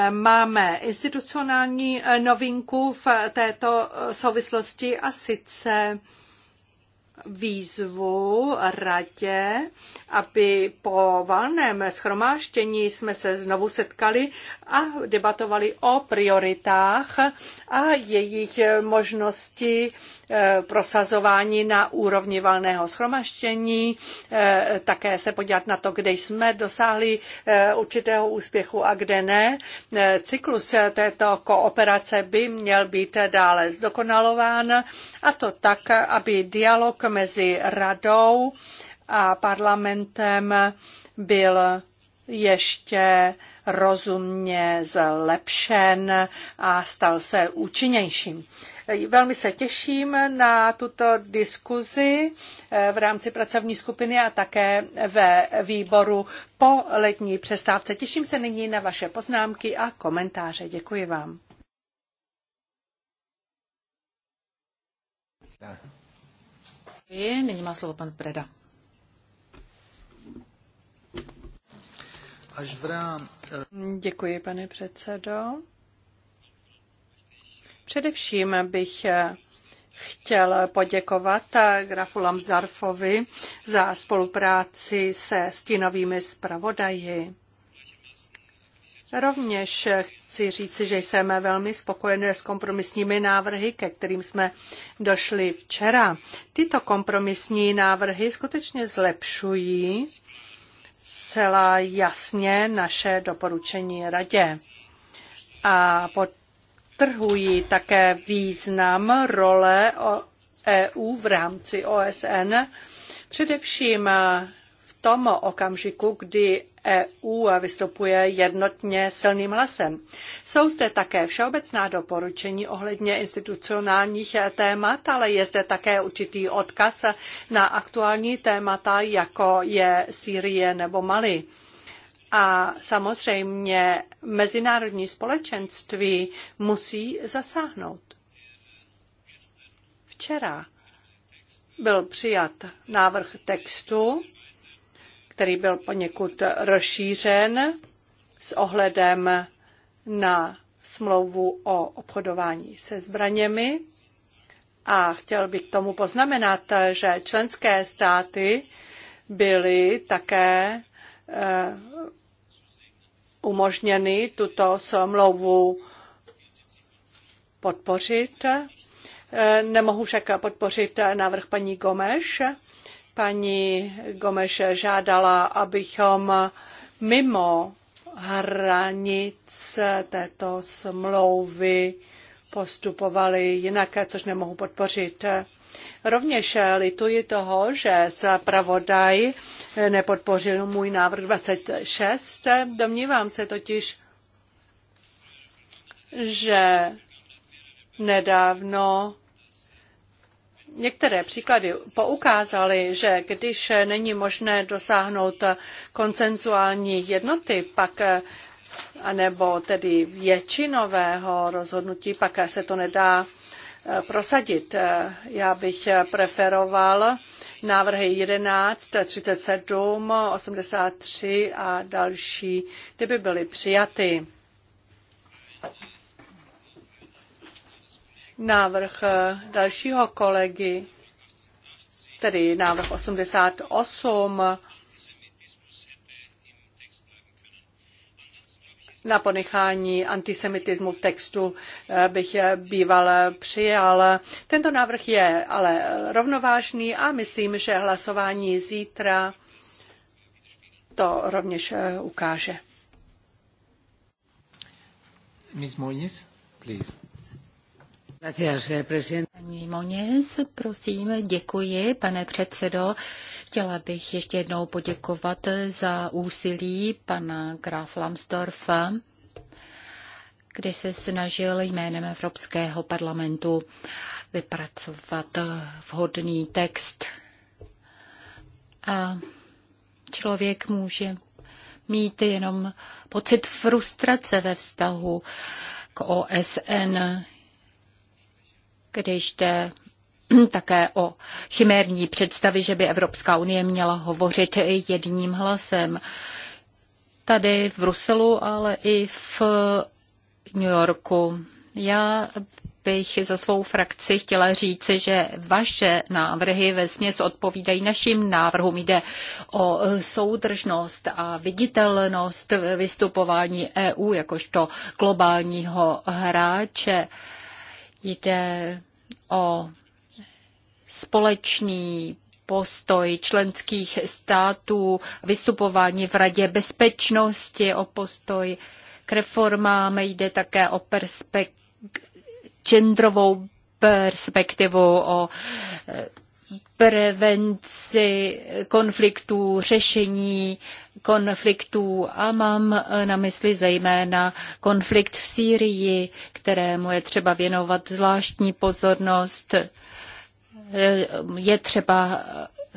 Máme institucionální novinku v této souvislosti souvislosti a sice výzvu radě, aby po valném schromáždění jsme se znovu setkali a debatovali o prioritách a jejich možnosti Eh, prosazování na úrovni valného schromaštění, eh, také se podívat na to, kde jsme dosáhli eh, určitého úspěchu a kde ne. Cyklus této kooperace by měl být dále zdokonalován a to tak, aby dialog mezi radou a parlamentem byl ještě rozumně zlepšen a stal se účinnějším. Velmi se těším na tuto diskuzi eh, v rámci pracovní skupiny a také ve výboru po letní přestávce. Těším se nyní na vaše poznámky a komentáře. Děkuji vám. Nyní má slovo pan Preda. Až Děkuji, pane předsedo. Především bych eh, chtěl poděkovat eh, grafu Lamsdarfovi za spolupráci se stínovými zpravodaji. Rovněž chci říci, že jsem velmi spokojen s kompromisními návrhy, ke kterým jsme došli včera. Tyto kompromisní návrhy skutečně zlepšují celá jasně naše doporučení radě. A pod podtrhují také význam role EU v rámci OSN, především v tom okamžiku, kdy EU vystupuje jednotně silným hlasem. Jsou zde také všeobecná doporučení ohledně institucionálních témat, ale je zde také určitý odkaz na aktuální témata, jako je Sýrie nebo Mali. A samozřejmě mezinárodní společenství musí zasáhnout. Včera byl přijat návrh textu, který byl poněkud rozšířen s ohledem na smlouvu o obchodování se zbraněmi. A chtěl bych k tomu poznamenat, že členské státy byly také eh, umožněny tuto smlouvu podpořit. Nemohu však podpořit návrh paní Gomeš. Paní Gomeš žádala, abychom mimo hranic této smlouvy postupovali jinak, což nemohu podpořit. Rovněž lituji toho, že zpravodaj nepodpořil můj návrh 26. Domnívám se totiž, že nedávno Některé příklady poukázaly, že když není možné dosáhnout koncenzuální jednoty, pak anebo tedy většinového rozhodnutí, pak se to nedá prosadit. Já bych preferoval návrhy 11, 37, 83 a další, kdyby byly přijaty. Návrh dalšího kolegy, tedy návrh 88, na ponechání antisemitismu v textu eh, bych býval přijal. Tento návrh je ale rovnovážný a myslím, že hlasování zítra to rovněž eh, ukáže. Ms. Moniz, please. Gracias, eh, Paní Moněz, prosím, děkuji, pane předsedo. Chtěla bych ještě jednou poděkovat za úsilí pana Graf Lambsdorffa, kdy se snažil jménem Evropského parlamentu vypracovat vhodný text. A člověk může mít jenom pocit frustrace ve vztahu k OSN když jde také o chimérní představy, že by Evropská unie měla hovořit jedním hlasem. Tady v Bruselu, ale i v New Yorku. Já bych za svou frakci chtěla říct, že vaše návrhy ve směs odpovídají našim návrhům. Jde o soudržnost a viditelnost vystupování EU jakožto globálního hráče. Jde o společný postoj členských států, vystupování v Radě bezpečnosti, o postoj k reformám, jde také o perspek- genderovou perspektivu, o prevenci konfliktů, řešení konfliktů a mám eh, na mysli zejména konflikt v Sýrii, kterému je třeba věnovat zvláštní pozornost. Eh, je třeba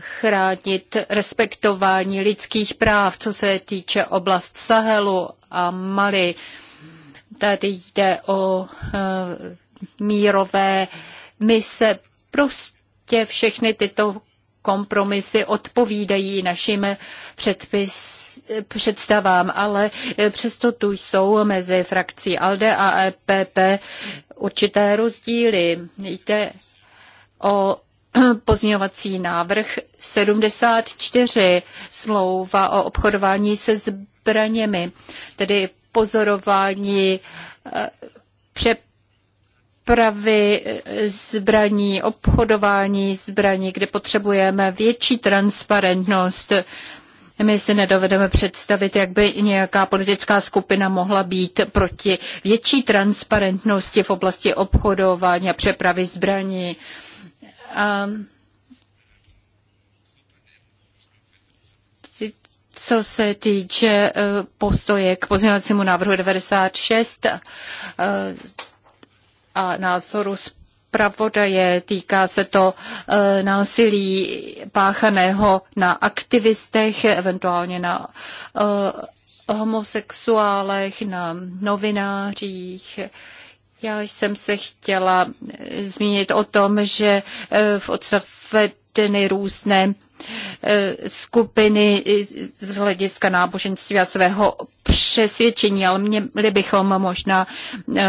chránit respektování lidských práv, co se týče oblast Sahelu a Mali. Tady jde o eh, mírové mise. Prostě podstatě všechny tyto kompromisy odpovídají našim předpis, představám, ale e, přesto tu jsou mezi frakcí ALDE a EPP určité rozdíly. Jde o pozměňovací návrh 74 smlouva o obchodování se zbraněmi, tedy pozorování e, přep dopravy zbraní, obchodování zbraní, kde potřebujeme větší transparentnost. My si nedovedeme představit, jak by nějaká politická skupina mohla být proti větší transparentnosti v oblasti obchodování a přepravy zbraní. A co se týče eh, postoje k pozměňovacímu návrhu 96, eh, a názoru zpravodaje. Týká se to e, násilí páchaného na aktivistech, eventuálně na e, homosexuálech, na novinářích. Já jsem se chtěla e, zmínit o tom, že v odstavci uvedeny různé eh, skupiny z hlediska náboženství a svého přesvědčení, ale měli bychom možná eh,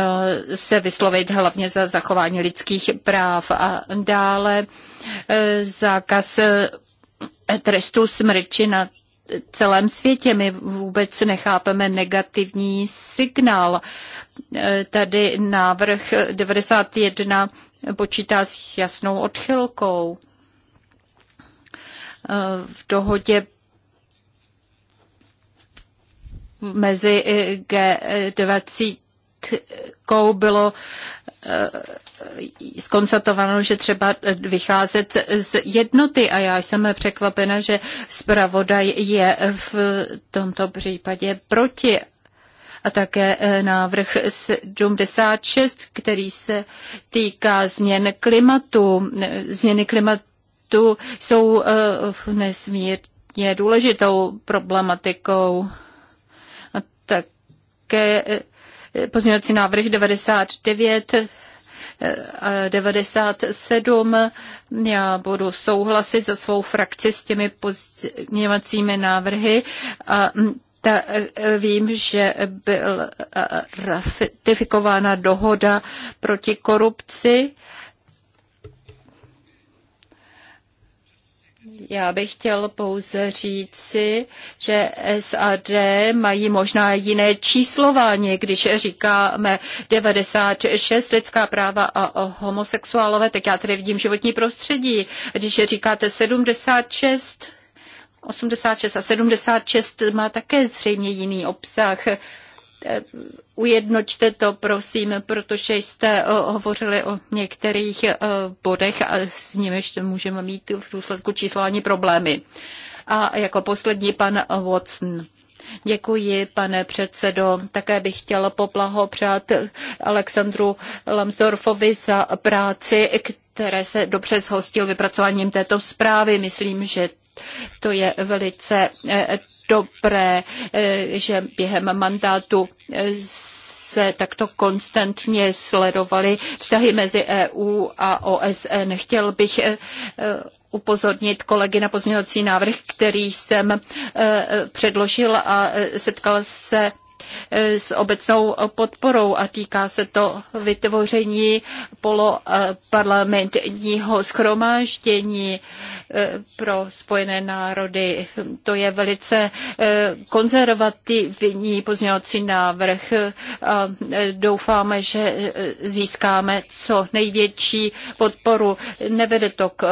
se vyslovit hlavně za zachování lidských práv a dále eh, zákaz trestu smrti na celém světě. My vůbec nechápeme negativní signál. Tady návrh 91 počítá s jasnou odchylkou. Eh, v dohodě mezi G20 bylo eh, skonstatováno, že třeba vycházet z jednoty a já jsem překvapena, že zpravodaj je v tomto případě proti a také eh, návrh 76, který se týká změn klimatu. Změny klimatu tu jsou eh, nesmírně důležitou problematikou. A také eh, pozměňovací návrh 99 97. Eh, Já budu souhlasit za svou frakci s těmi pozměňovacími návrhy. A mm, ta, vím, že byla ratifikována dohoda proti korupci Já bych chtěl pouze říci, že SAD mají možná jiné číslování, když říkáme 96 lidská práva a homosexuálové, tak já tady vidím životní prostředí. Když říkáte 76, 86 a 76 má také zřejmě jiný obsah. Eh, ujednoťte to, prosím, protože jste eh, hovořili o některých eh, bodech a s nimiž můžeme mít v důsledku číslování problémy. A jako poslední pan Watson. Děkuji, pane předsedo. Také bych chtěla poblahopřát Alexandru Lamsdorfovi za práci, které se dobře zhostil vypracováním této zprávy. Myslím, že to je velice eh, dobré, eh, že během mandátu eh, se takto konstantně sledovaly vztahy mezi EU a OSN. Chtěl bych upozornit kolegy na pozměňovací návrh, který jsem předložil a setkal se Eh, s obecnou podporou a týká se to vytvoření poloparlamentního eh, schromáždění eh, pro Spojené národy. To je velice konzervativní pozměňovací návrh. A doufáme, že získáme co největší podporu. Nevede to k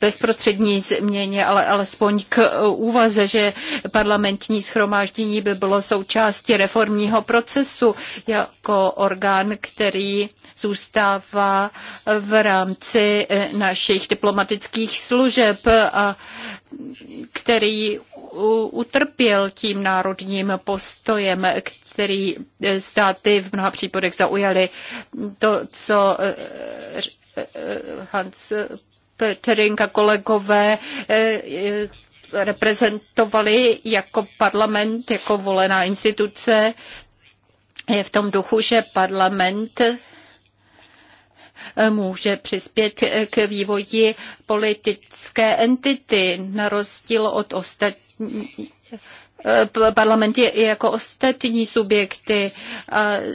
bezprostřední změně, ale alespoň k úvaze, že parlamentní schromáždění by bylo součástí reformy reformního procesu jako orgán, který zůstává v rámci eh, našich diplomatických služeb a který utrpěl tím národním postojem, který eh, státy v mnoha případech zaujaly. To, co eh, Hans Petering a kolegové reprezentovali jako parlament, jako volená instituce. Je v tom duchu, že parlament může přispět k vývoji politické entity, na rozdíl od ostatní parlament je jako ostatní subjekty,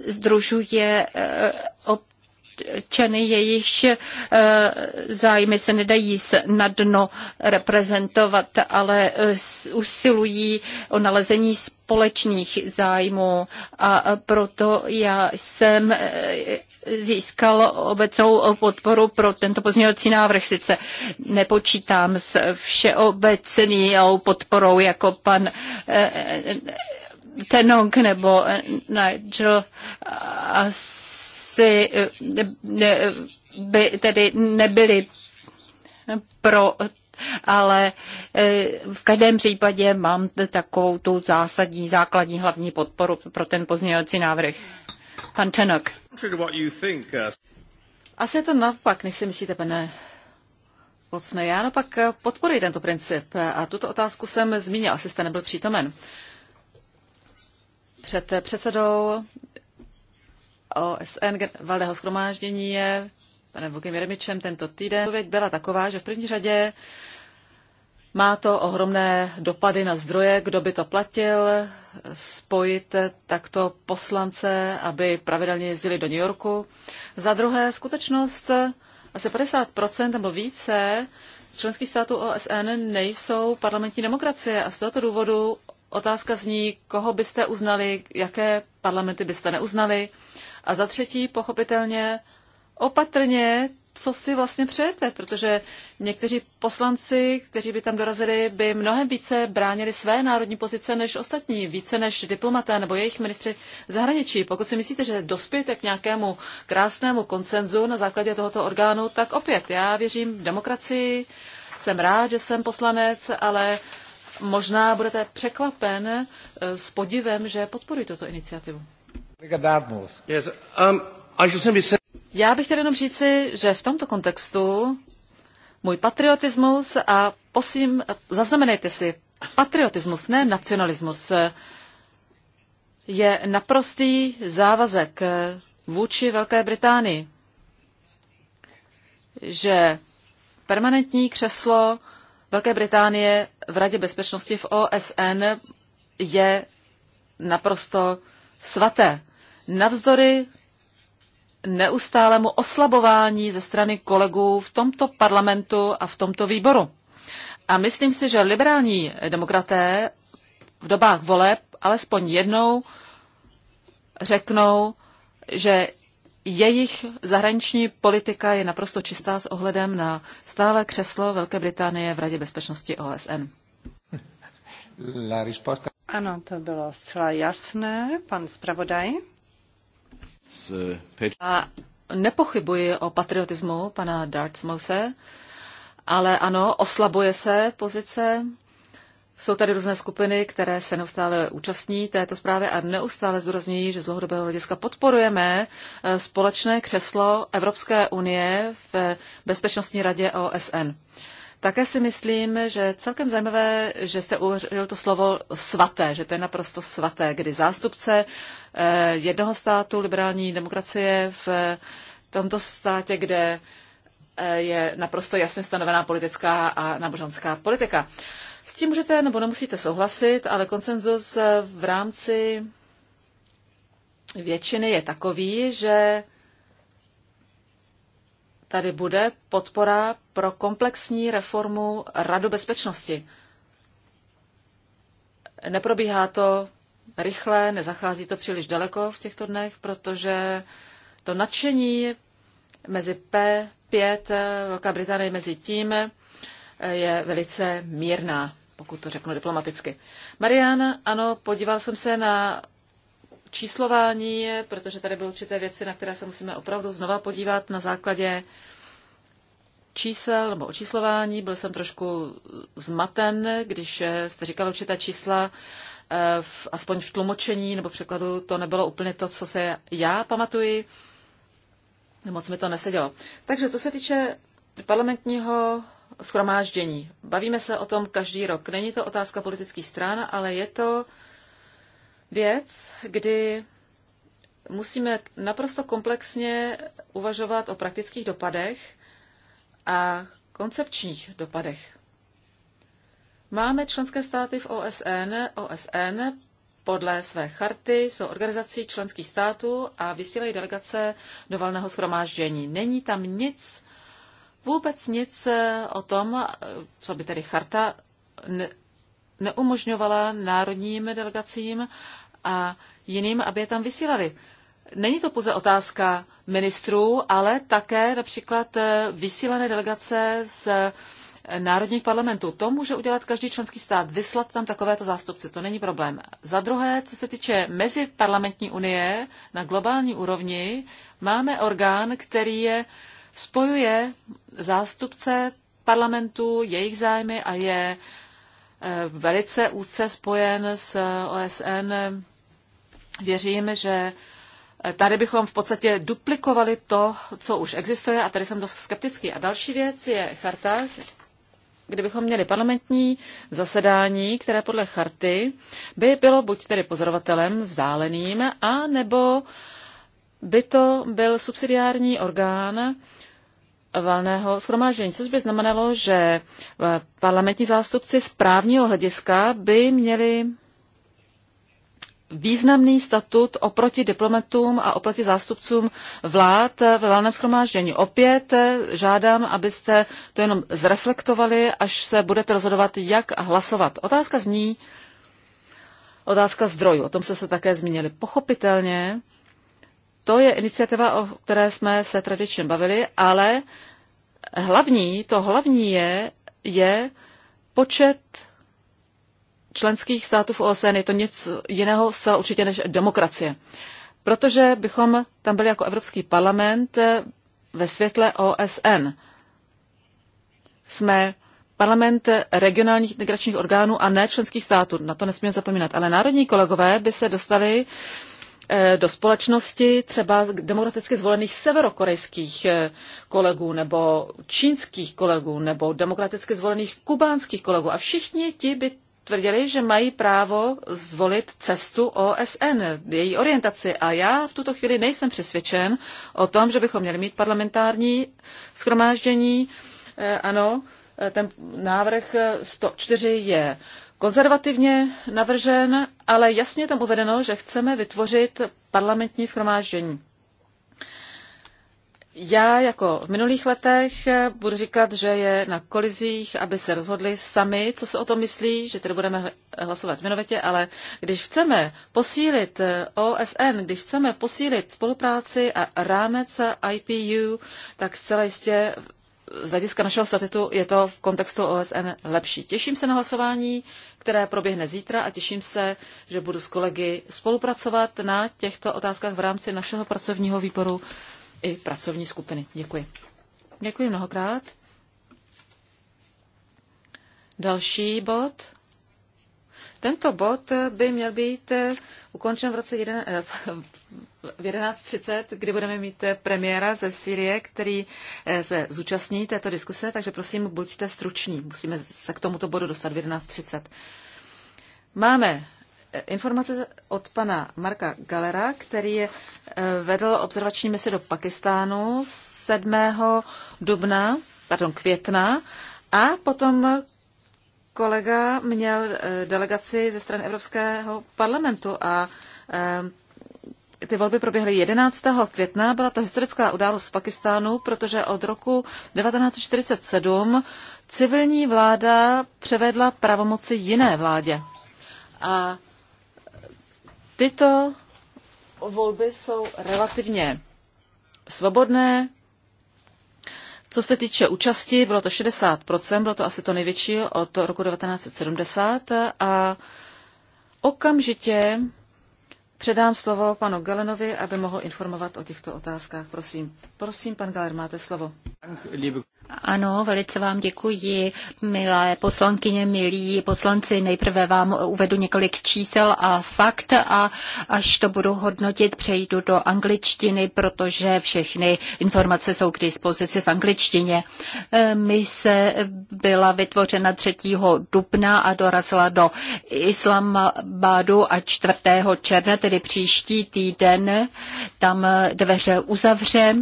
združuje eh, občany, jejichž eh, zájmy se nedají snadno reprezentovat, ale eh, usilují o nalezení společných zájmů a proto já jsem eh, získal obecnou podporu pro tento pozměňovací návrh. Sice nepočítám s všeobecnou podporou jako pan Tenong nebo Nigel. As si eh, eh, by tedy nebyli pro ale eh, v každém případě mám takovou tu zásadní, základní hlavní podporu pro ten pozměňovací návrh. Pan Tenok. Asi je to naopak, než si myslíte, pane Pocne. Já naopak podporuji tento princip a tuto otázku jsem zmínil, asi jste nebyl přítomen. Před předsedou OSN valného schromáždění je panem Vukem Jeremičem tento týden. Odpověď byla taková, že v první řadě má to ohromné dopady na zdroje, kdo by to platil, spojit takto poslance, aby pravidelně jezdili do New Yorku. Za druhé, skutečnost, asi 50% nebo více členských států OSN nejsou parlamentní demokracie a z tohoto důvodu otázka zní, koho byste uznali, jaké parlamenty byste neuznali. A za třetí, pochopitelně, opatrně, co si vlastně přejete, protože někteří poslanci, kteří by tam dorazili, by mnohem více bránili své národní pozice než ostatní, více než diplomaté nebo jejich ministři zahraničí. Pokud si myslíte, že dospějete k nějakému krásnému konsenzu na základě tohoto orgánu, tak opět, já věřím v demokracii, jsem rád, že jsem poslanec, ale možná budete překvapen eh, s podivem, že podporuji tuto iniciativu. Um, Já bych chtěl jenom říci, že v tomto kontextu můj patriotismus a posím, zaznamenejte si, patriotismus, ne nacionalismus, je naprostý závazek vůči Velké Británii, že permanentní křeslo Velké Británie v Radě bezpečnosti v OSN je naprosto svaté navzdory neustálému oslabování ze strany kolegů v tomto parlamentu a v tomto výboru. A myslím si, že liberální demokraté v dobách voleb alespoň jednou řeknou, že jejich zahraniční politika je naprosto čistá s ohledem na stále křeslo Velké Británie v Radě bezpečnosti OSN. Ano, to bylo zcela jasné, pan zpravodaj. Eh, a nepochybuji o patriotismu pana Dartmouthe, ale ano, oslabuje se pozice. Jsou tady různé skupiny, které se neustále účastní této zprávy a neustále zdůrazňují, že z dlouhodobého hlediska podporujeme eh, společné křeslo Evropské unie v Bezpečnostní radě OSN. Také si myslím, že celkem zajímavé, že jste uvařil to slovo svaté, že to je naprosto svaté, kdy zástupce eh, jednoho státu liberální demokracie v eh, tomto státě, kde eh, je naprosto jasně stanovená politická a náboženská politika. S tím můžete nebo nemusíte souhlasit, ale konsenzus v rámci většiny je takový, že tady bude podpora pro komplexní reformu Radu bezpečnosti. Neprobíhá to rychle, nezachází to příliš daleko v těchto dnech, protože to nadšení mezi P5 Velká Británie mezi tím je velice mírná, pokud to řeknu diplomaticky. Marian, ano, podíval jsem se na číslování, protože tady byly určité věci, na které se musíme opravdu znova podívat na základě čísel nebo očíslování. Byl jsem trošku zmaten, když jste říkal určité čísla, eh, v, aspoň v tlumočení nebo v překladu, to nebylo úplně to, co se já pamatuji. Moc mi to nesedělo. Takže co se týče parlamentního schromáždění, bavíme se o tom každý rok. Není to otázka politických stran, ale je to věc, kdy musíme naprosto komplexně uvažovat o praktických dopadech a koncepčních dopadech. Máme členské státy v OSN. OSN podle své charty jsou organizací členských států a vysílají delegace do valného schromáždění. Není tam nic, vůbec nic eh, o tom, eh, co by tedy charta neumožňovala národním delegacím, a jiným, aby je tam vysílali. Není to pouze otázka ministrů, ale také například eh, vysílané delegace z eh, národních parlamentů. To může udělat každý členský stát, vyslat tam takovéto zástupce, to není problém. Za druhé, co se týče meziparlamentní unie na globální úrovni, máme orgán, který je spojuje zástupce parlamentů, jejich zájmy a je Eh, velice úzce spojen s OSN. Věřím, že eh, tady bychom v podstatě duplikovali to, co už existuje a tady jsem dost skeptický. A další věc je charta, kdybychom měli parlamentní zasedání, které podle charty by bylo buď tedy pozorovatelem vzdáleným, a nebo by to byl subsidiární orgán, valného schromáždění, což by znamenalo, že eh, parlamentní zástupci z právního hlediska by měli významný statut oproti diplomatům a oproti zástupcům vlád eh, ve valném schromáždění. Opět eh, žádám, abyste to jenom zreflektovali, až se budete rozhodovat, jak hlasovat. Otázka zní, otázka zdrojů, o tom jste se také zmínili. Pochopitelně to je iniciativa, o které jsme se tradičně bavili, ale hlavní, to hlavní je, je počet členských států v OSN. Je to nic jiného zcela určitě než demokracie. Protože bychom tam byli jako Evropský parlament ve světle OSN. Jsme parlament regionálních integračních orgánů a ne členských států. Na to nesmíme zapomínat. Ale národní kolegové by se dostali uh, Eh, do společnosti třeba demokraticky zvolených severokorejských eh, kolegů nebo čínských kolegů nebo demokraticky zvolených kubánských kolegů. A všichni ti by tvrdili, že mají právo zvolit cestu OSN, její orientaci. A já v tuto chvíli nejsem přesvědčen o tom, že bychom měli mít parlamentární schromáždění. Eh, ano, ten návrh 104 je konzervativně navržen, ale jasně je tam uvedeno, že chceme vytvořit parlamentní schromáždění. Já jako v minulých letech budu říkat, že je na kolizích, aby se rozhodli sami, co se o tom myslí, že tedy budeme hlasovat jmenovitě, ale když chceme posílit eh, OSN, když chceme posílit spolupráci a rámec IPU, tak zcela jistě z hlediska našeho statutu je to v kontextu OSN lepší. Těším se na hlasování, které proběhne zítra a těším se, že budu s kolegy spolupracovat na těchto otázkách v rámci našeho pracovního výboru i pracovní skupiny. Děkuji. Děkuji mnohokrát. Další bod. Tento bod by měl být ukončen v roce 11, eh, v 11.30, kdy budeme mít eh, premiéra ze Syrie, který eh, se zúčastní této diskuse, takže prosím, buďte struční. Musíme se k tomuto bodu dostat v 11.30. Máme eh, informace od pana Marka Galera, který vedl observační misi do Pakistánu 7. dubna, pardon, května a potom kolega měl delegaci ze strany Evropského parlamentu a ty volby proběhly 11. května. Byla to historická událost v Pakistánu, protože od roku 1947 civilní vláda převedla pravomoci jiné vládě. A tyto volby jsou relativně svobodné. Co se týče účasti, bylo to 60%, bylo to asi to největší od roku 1970 a okamžitě Předám slovo panu Galenovi, aby mohl informovat o těchto otázkách. Prosím. Prosím, pan Galer, máte slovo. Ano, velice vám děkuji, milé poslankyně, milí poslanci. Nejprve vám uvedu několik čísel a fakt a až to budu hodnotit, přejdu do angličtiny, protože všechny informace jsou k dispozici v angličtině. E, Mise byla vytvořena 3. dubna a dorazila do Islamabadu a 4. června, tedy příští týden. Tam dveře uzavře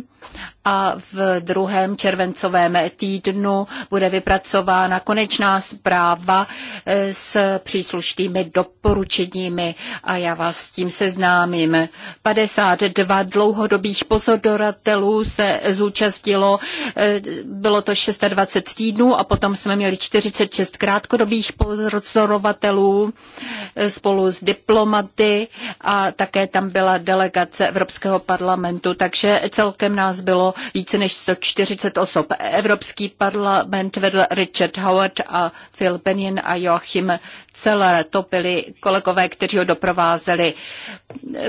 a v druhém červencovém týdnu bude vypracována konečná zpráva e, s příslušnými doporučeními a já vás s tím seznámím. 52 dlouhodobých pozorovatelů se zúčastnilo, e, bylo to 26 týdnů a potom jsme měli 46 krátkodobých pozorovatelů e, spolu s diplomaty a také tam byla delegace Evropského parlamentu, takže celkem nás nás bylo více než 140 osob. Evropský parlament vedl Richard Howard a Phil Benin a Joachim Celer. To byli kolegové, kteří ho doprovázeli.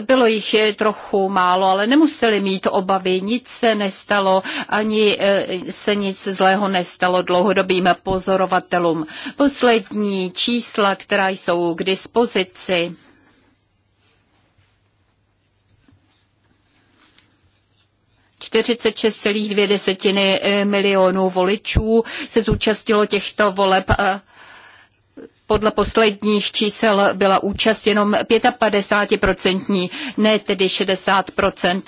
Bylo jich trochu málo, ale nemuseli mít obavy. Nic se nestalo, ani eh, se nic zlého nestalo dlouhodobým pozorovatelům. Poslední čísla, která jsou k dispozici, 46,2 eh, milionů voličů se zúčastnilo těchto voleb. Eh, podle posledních čísel byla účast jenom 55%, ne tedy 60%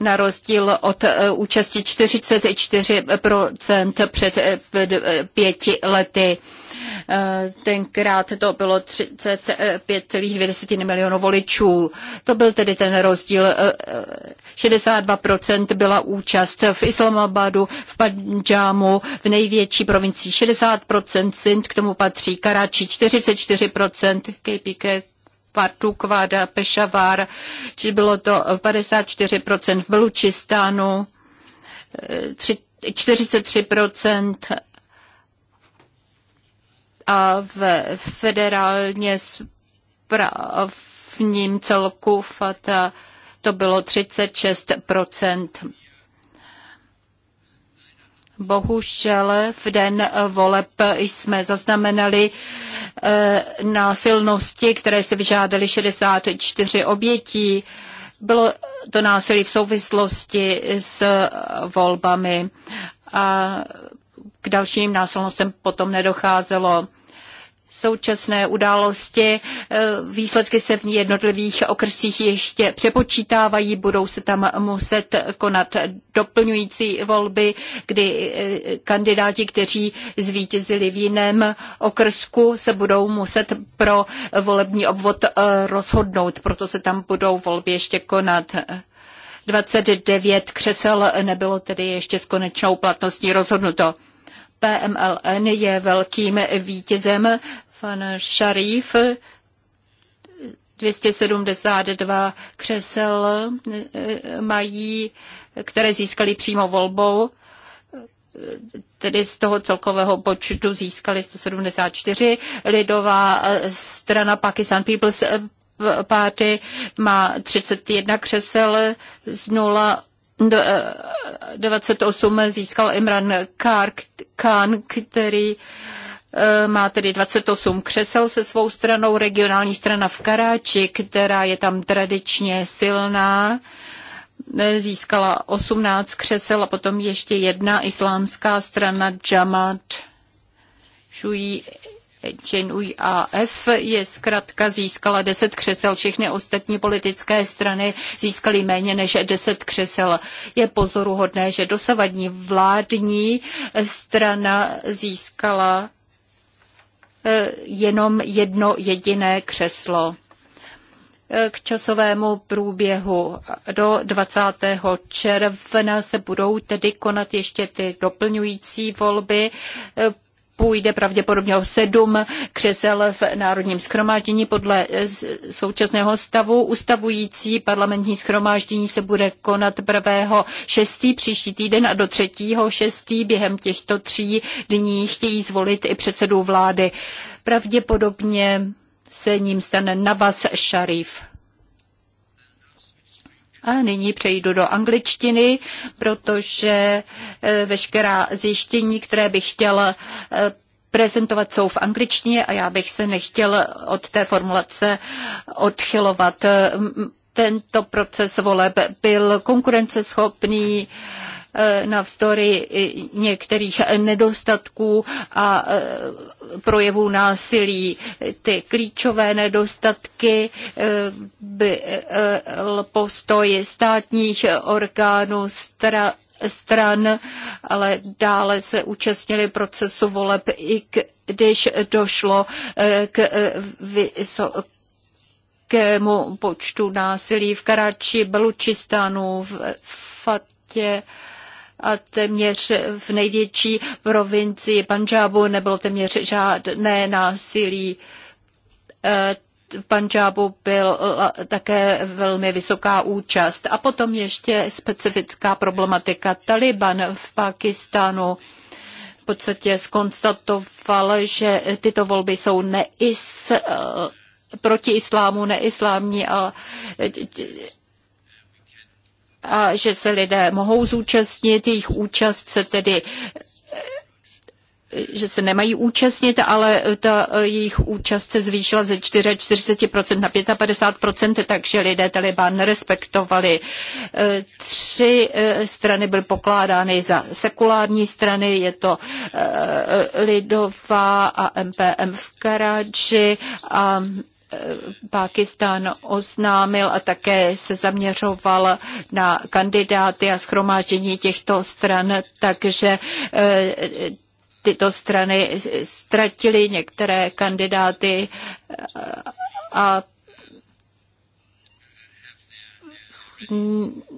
na rozdíl od eh, účasti 44% před eh, eh, pěti lety. Tenkrát to bylo 35,2 milionů voličů. To byl tedy ten rozdíl. 62% byla účast v Islamabadu, v Panjámu, v největší provincii 60%, Sint k tomu patří, Karachi 44%, KPK Partu, Kváda, Pešavar, či bylo to 54% v Belučistánu, 43% a v federálně správním celku FATA to bylo 36 Bohužel v den voleb jsme zaznamenali eh, násilnosti, které se vyžádaly 64 obětí. Bylo to násilí v souvislosti s volbami a k dalším násilnostem potom nedocházelo současné události. E, výsledky se v jednotlivých okrscích ještě přepočítávají, budou se tam muset konat doplňující volby, kdy e, kandidáti, kteří zvítězili v jiném okrsku, se budou muset pro volební obvod e, rozhodnout, proto se tam budou volby ještě konat. 29 křesel nebylo tedy ještě s konečnou platností rozhodnuto. PMLN je velkým vítězem. Pan Šarif 272 křesel eh, mají, které získali přímo volbou tedy z toho celkového počtu získali 174. Lidová eh, strana Pakistan People's eh, Party má 31 křesel z 0 28 eh, získal Imran Khan, který eh, má tedy 28 křesel se svou stranou, regionální strana v Karáči, která je tam tradičně silná, eh, získala 18 křesel a potom ještě jedna islámská strana Jamat. Šují AF je zkrátka získala 10 křesel, všechny ostatní politické strany získaly méně než 10 křesel. Je pozoruhodné, že dosavadní vládní strana získala eh, jenom jedno jediné křeslo eh, k časovému průběhu. Do 20. června se budou tedy konat ještě ty doplňující volby. Eh, půjde pravděpodobně o sedm křesel v Národním schromáždění. Podle současného stavu ustavující parlamentní schromáždění se bude konat 1. šestý příští týden a do třetího šestý během těchto tří dní chtějí zvolit i předsedu vlády. Pravděpodobně se ním stane navas Sharif. A nyní přejdu do angličtiny, protože eh, veškerá zjištění, které bych chtěl eh, prezentovat jsou v angličtině a já bych se nechtěl od té formulace odchylovat. Tento proces voleb byl konkurenceschopný, Eh, navzdory eh, některých nedostatků a eh, projevů násilí. Ty klíčové nedostatky byl postoj státních orgánů, stra, stran, ale dále se účastnili procesu voleb, i když došlo k vysokému počtu násilí v Karači, Belučistánu, v Fatě a téměř v největší provincii Panžábu nebylo téměř žádné násilí. E, v Panžábu byla také velmi vysoká účast. A potom ještě specifická problematika Taliban v Pakistánu v podstatě skonstatoval, že tyto volby jsou neis, e, proti islámu, neislámní ale a že se lidé mohou zúčastnit, jejich účast se tedy že se nemají účastnit, ale ta jejich účast se zvýšila ze 44% na 55%, takže lidé Taliban respektovali. Tři eh, strany byly pokládány za sekulární strany, je to eh, Lidová a MPM v Karadži a Pákistán oznámil a také se zaměřoval na kandidáty a schromáždění těchto stran, takže e, tyto strany ztratily některé kandidáty e, a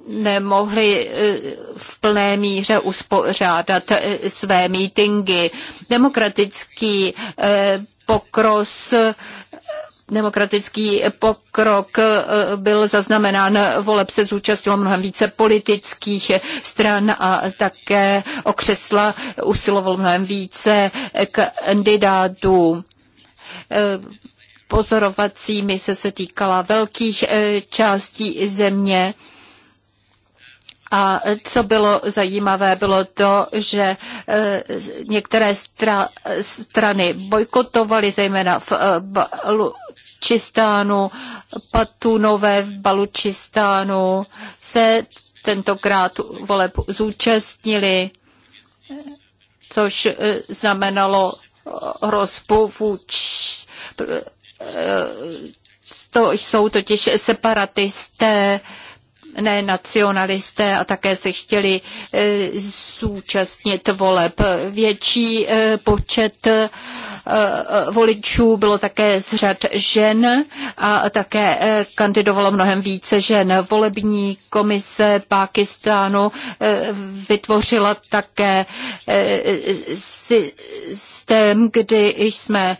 nemohli e, v plné míře uspořádat své mítingy. Demokratický pokros demokratický pokrok eh, byl zaznamenán. Voleb se zúčastnilo mnohem více politických stran a také o křesla usiloval mnohem více kandidátů eh, pozorovací mise se týkala velkých eh, částí země. A co bylo zajímavé, bylo to, že některé stra, strany bojkotovaly, zejména v Tadžikistánu, Patunové v Balučistánu se tentokrát voleb zúčastnili, což eh, znamenalo eh, hrozbu vůč. Eh, to jsou totiž separatisté, ne nacionalisté a také se chtěli e, zúčastnit voleb. Větší e, počet e, voličů bylo také z řad žen a také kandidovalo mnohem více žen. Volební komise Pákistánu vytvořila také systém, kdy jsme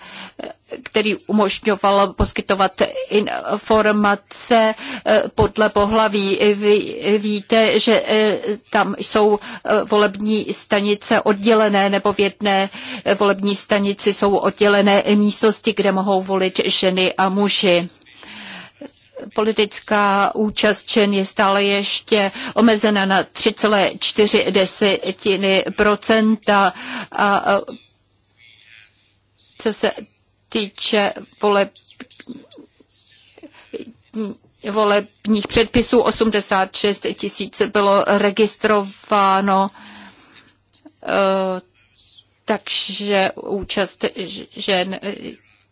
který umožňoval poskytovat informace eh, podle pohlaví. Vy víte, že eh, tam jsou eh, volební stanice oddělené nebo v jedné volební stanici jsou oddělené místnosti, kde mohou volit ženy a muži politická účast žen je stále ještě omezena na 3,4 procenta. A co se týče voleb volebních předpisů 86 tisíc bylo registrováno, eh, takže účast žen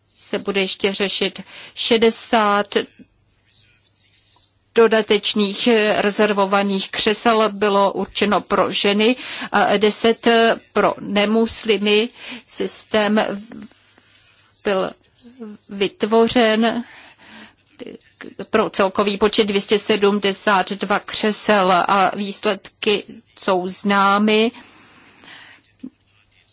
se bude ještě řešit 60 dodatečných rezervovaných křesel bylo určeno pro ženy a 10 pro nemuslimy. Systém byl vytvořen pro celkový počet 272 křesel a výsledky jsou známy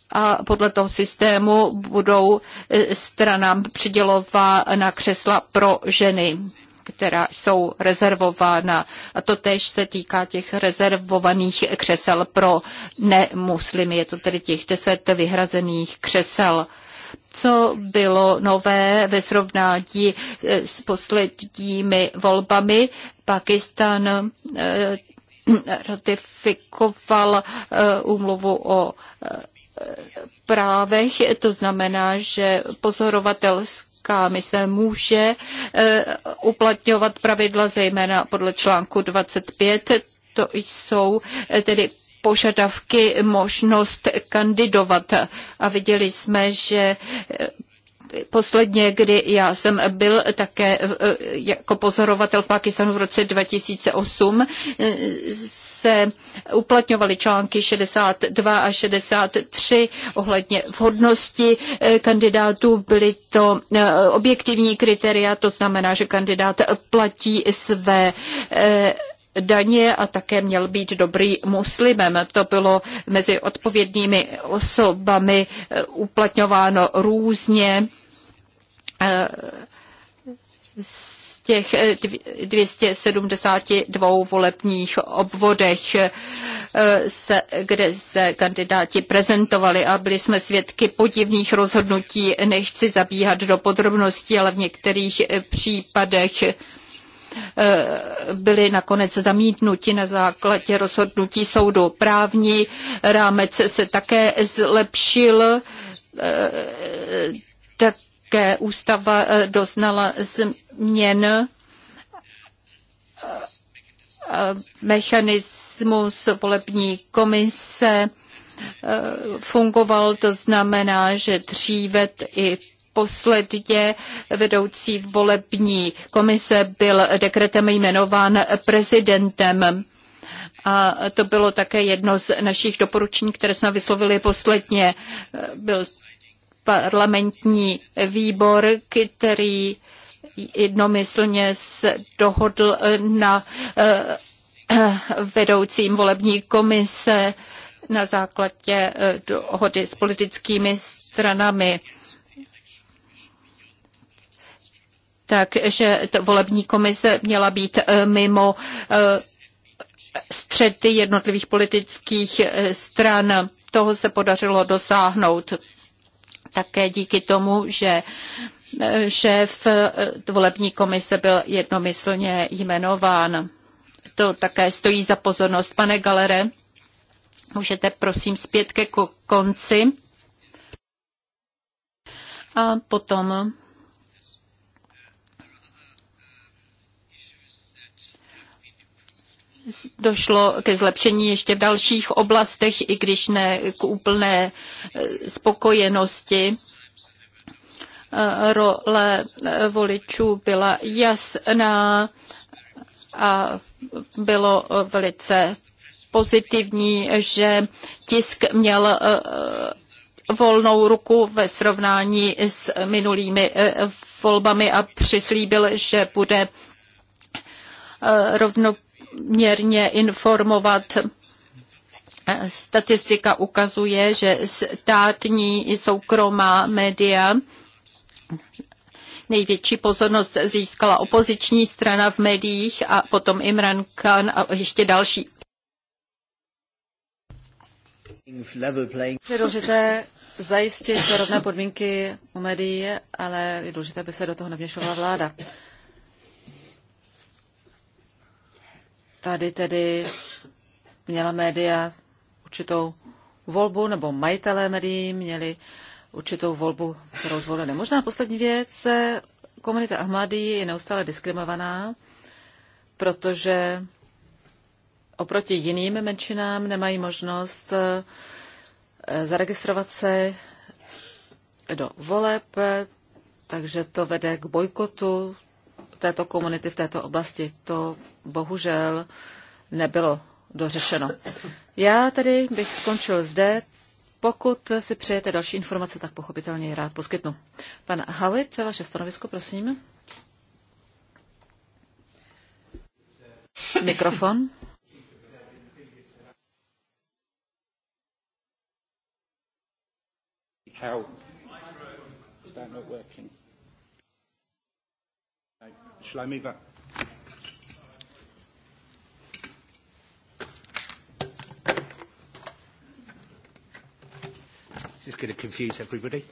a podle toho systému budou eh, stranám přidělována křesla pro ženy, která jsou rezervována. A to tež se týká těch rezervovaných křesel pro nemuslimy. Je to tedy těch deset vyhrazených křesel co bylo nové ve srovnání eh, s posledními volbami. Pakistan eh, ratifikoval eh, úmluvu o právech, to znamená, že pozorovatelská mise může uplatňovat pravidla zejména podle článku 25. To jsou tedy požadavky možnost kandidovat. A viděli jsme, že posledně, kdy já jsem byl také eh, jako pozorovatel v Pakistanu v roce 2008, eh, se uplatňovaly články 62 a 63 ohledně vhodnosti eh, kandidátů. Byly to objektivní kritéria, to znamená, že kandidát platí své daně a také měl být dobrý muslimem. To bylo mezi odpovědnými osobami eh, uplatňováno různě eh, z těch 272 eh, volebních obvodech, se, kde se kandidáti prezentovali a byli jsme svědky podivných rozhodnutí. Nechci zabíhat do podrobností, ale v některých případech Eh, byli nakonec zamítnuti na základě rozhodnutí soudu. Právní rámec se také zlepšil, eh, také ústava eh, doznala změn mechanismus volební komise fungoval, to znamená, že dříve i Posledně vedoucí volební komise byl dekretem jmenován prezidentem. A to bylo také jedno z našich doporučení, které jsme vyslovili posledně. Byl parlamentní výbor, který jednomyslně se dohodl na eh, vedoucím volební komise na základě eh, dohody s politickými stranami. takže volební komise měla být eh, mimo eh, střety jednotlivých politických eh, stran. Toho se podařilo dosáhnout také díky tomu, že šéf volební komise byl jednomyslně jmenován. To také stojí za pozornost. Pane Galere, můžete prosím zpět ke konci. A potom došlo ke zlepšení ještě v dalších oblastech, i když ne k úplné eh, spokojenosti. Eh, role eh, voličů byla jasná a bylo velice pozitivní, že tisk měl volnou ruku ve srovnání s minulými volbami a přislíbil, že bude rovno poměrně informovat. Statistika ukazuje, že státní i soukromá média Největší pozornost získala opoziční strana v médiích a potom Imran Khan a ještě další. Je důležité zajistit rovné podmínky u médií, ale je důležité, aby se do toho nevněšovala vláda. Tady tedy měla média určitou volbu, nebo majitelé médií měli určitou volbu, kterou zvolili. Možná poslední věc, komunita Ahmadí je neustále diskriminovaná, protože oproti jiným menšinám nemají možnost eh, zaregistrovat se do voleb, takže to vede k bojkotu této komunity v této oblasti. To bohužel nebylo dořešeno. Já tady bych skončil zde. Pokud si přejete další informace, tak pochopitelně ji rád poskytnu. Pan Hawit, vaše stanovisko, prosím. Mikrofon. How? Is that not working? Shall I move up? This is going to confuse everybody.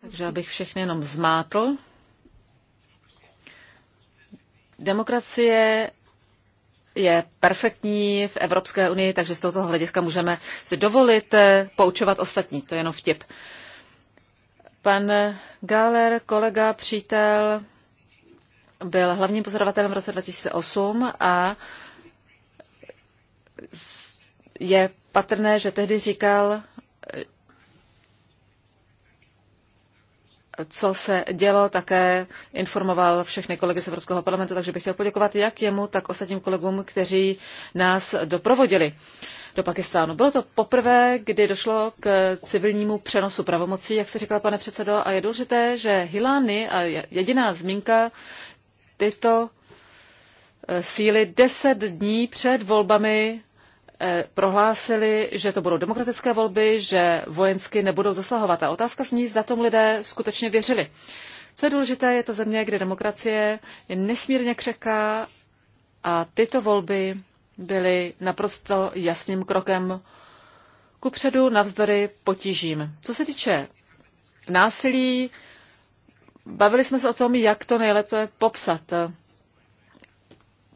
Takže abych všechny jenom zmátl. Demokracie je perfektní v Evropské unii, takže z tohoto hlediska můžeme si dovolit eh, poučovat ostatní. To je jenom vtip. Pan Galer, kolega, přítel, byl hlavním pozorovatelem v roce 2008 a je patrné, že tehdy říkal, co se dělo, také informoval všechny kolegy z Evropského parlamentu, takže bych chtěl poděkovat jak jemu, tak ostatním kolegům, kteří nás doprovodili do Pakistánu. Bylo to poprvé, kdy došlo k civilnímu přenosu pravomocí, jak se říkal pane předsedo, a je důležité, že Hilany a jediná zmínka tyto eh, síly deset dní před volbami Eh, prohlásili, že to budou demokratické volby, že vojensky nebudou zasahovat. A otázka zní, zda tomu lidé skutečně věřili. Co je důležité, je to země, kde demokracie je nesmírně křeká a tyto volby byly naprosto jasným krokem kupředu navzdory potížím. Co se týče násilí, bavili jsme se o tom, jak to nejlépe popsat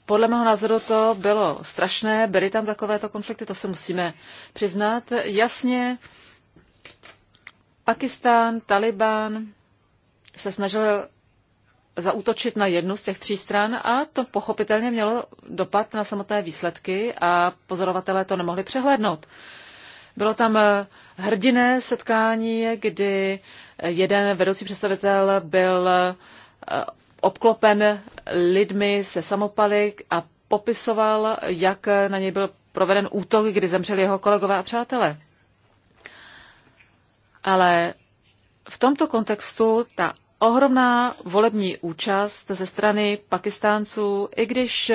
podle mého názoru to bylo strašné, byly tam takovéto konflikty, to se musíme přiznat. Jasně, Pakistán, Taliban se snažil zaútočit na jednu z těch tří stran a to pochopitelně mělo dopad na samotné výsledky a pozorovatelé to nemohli přehlédnout. Bylo tam eh, hrdiné setkání, kdy jeden vedoucí představitel byl eh, obklopen lidmi se samopaly a popisoval, jak na něj byl proveden útok, kdy zemřeli jeho kolegové a přátelé. Ale v tomto kontextu ta ohromná volební účast ze strany Pakistánců, i když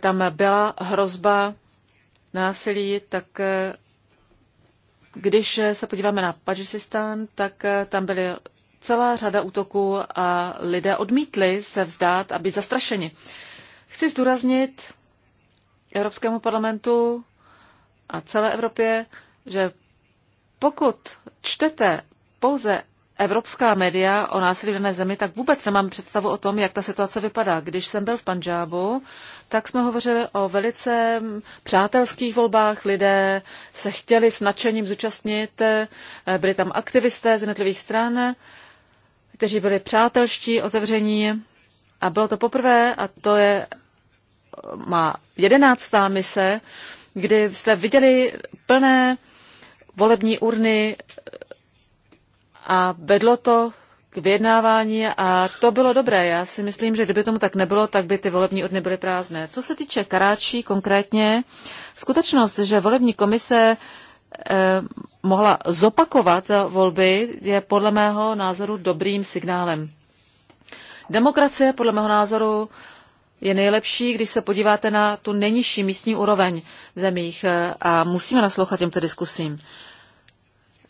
tam byla hrozba násilí, tak eh, když se podíváme na Pakistán, tak eh, tam byly celá řada útoků a lidé odmítli se vzdát a být zastrašeni. Chci zdůraznit Evropskému parlamentu a celé Evropě, že pokud čtete pouze evropská média o násilí v dané zemi, tak vůbec nemám představu o tom, jak ta situace vypadá. Když jsem byl v Panžábu, tak jsme hovořili o velice přátelských volbách. Lidé se chtěli s nadšením zúčastnit, byli tam aktivisté z jednotlivých stran kteří byli přátelští, otevření a bylo to poprvé a to je má jedenáctá mise, kdy jste viděli plné volební urny a vedlo to k vyjednávání a to bylo dobré. Já si myslím, že kdyby tomu tak nebylo, tak by ty volební urny byly prázdné. Co se týče Karáčí konkrétně, skutečnost, že volební komise Eh, mohla zopakovat volby, je podle mého názoru dobrým signálem. Demokracie podle mého názoru je nejlepší, když se podíváte na tu nejnižší místní úroveň v zemích eh, a musíme naslouchat těmto diskusím.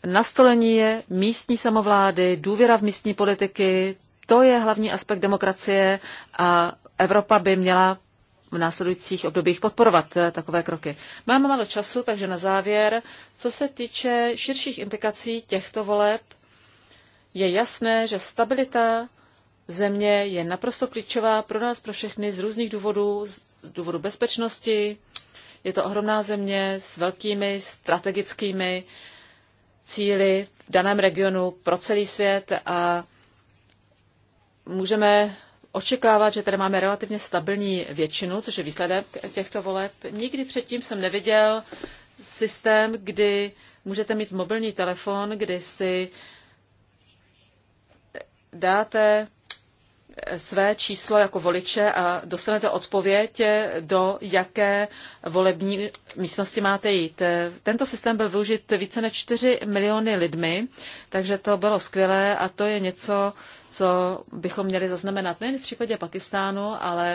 Nastolení je místní samovlády, důvěra v místní politiky, to je hlavní aspekt demokracie a Evropa by měla v následujících obdobích podporovat eh, takové kroky. Máme málo času, takže na závěr, co se týče širších implikací těchto voleb, je jasné, že stabilita země je naprosto klíčová pro nás, pro všechny z různých důvodů, z důvodu bezpečnosti. Je to ohromná země s velkými strategickými cíly v daném regionu pro celý svět a můžeme očekávat, že tady máme relativně stabilní většinu, což je výsledek těchto voleb. Nikdy předtím jsem neviděl systém, kdy můžete mít mobilní telefon, kdy si dáte své číslo jako voliče a dostanete odpověď, do jaké volební místnosti máte jít. Tento systém byl využit více než 4 miliony lidmi, takže to bylo skvělé a to je něco, co bychom měli zaznamenat nejen v případě Pakistánu, ale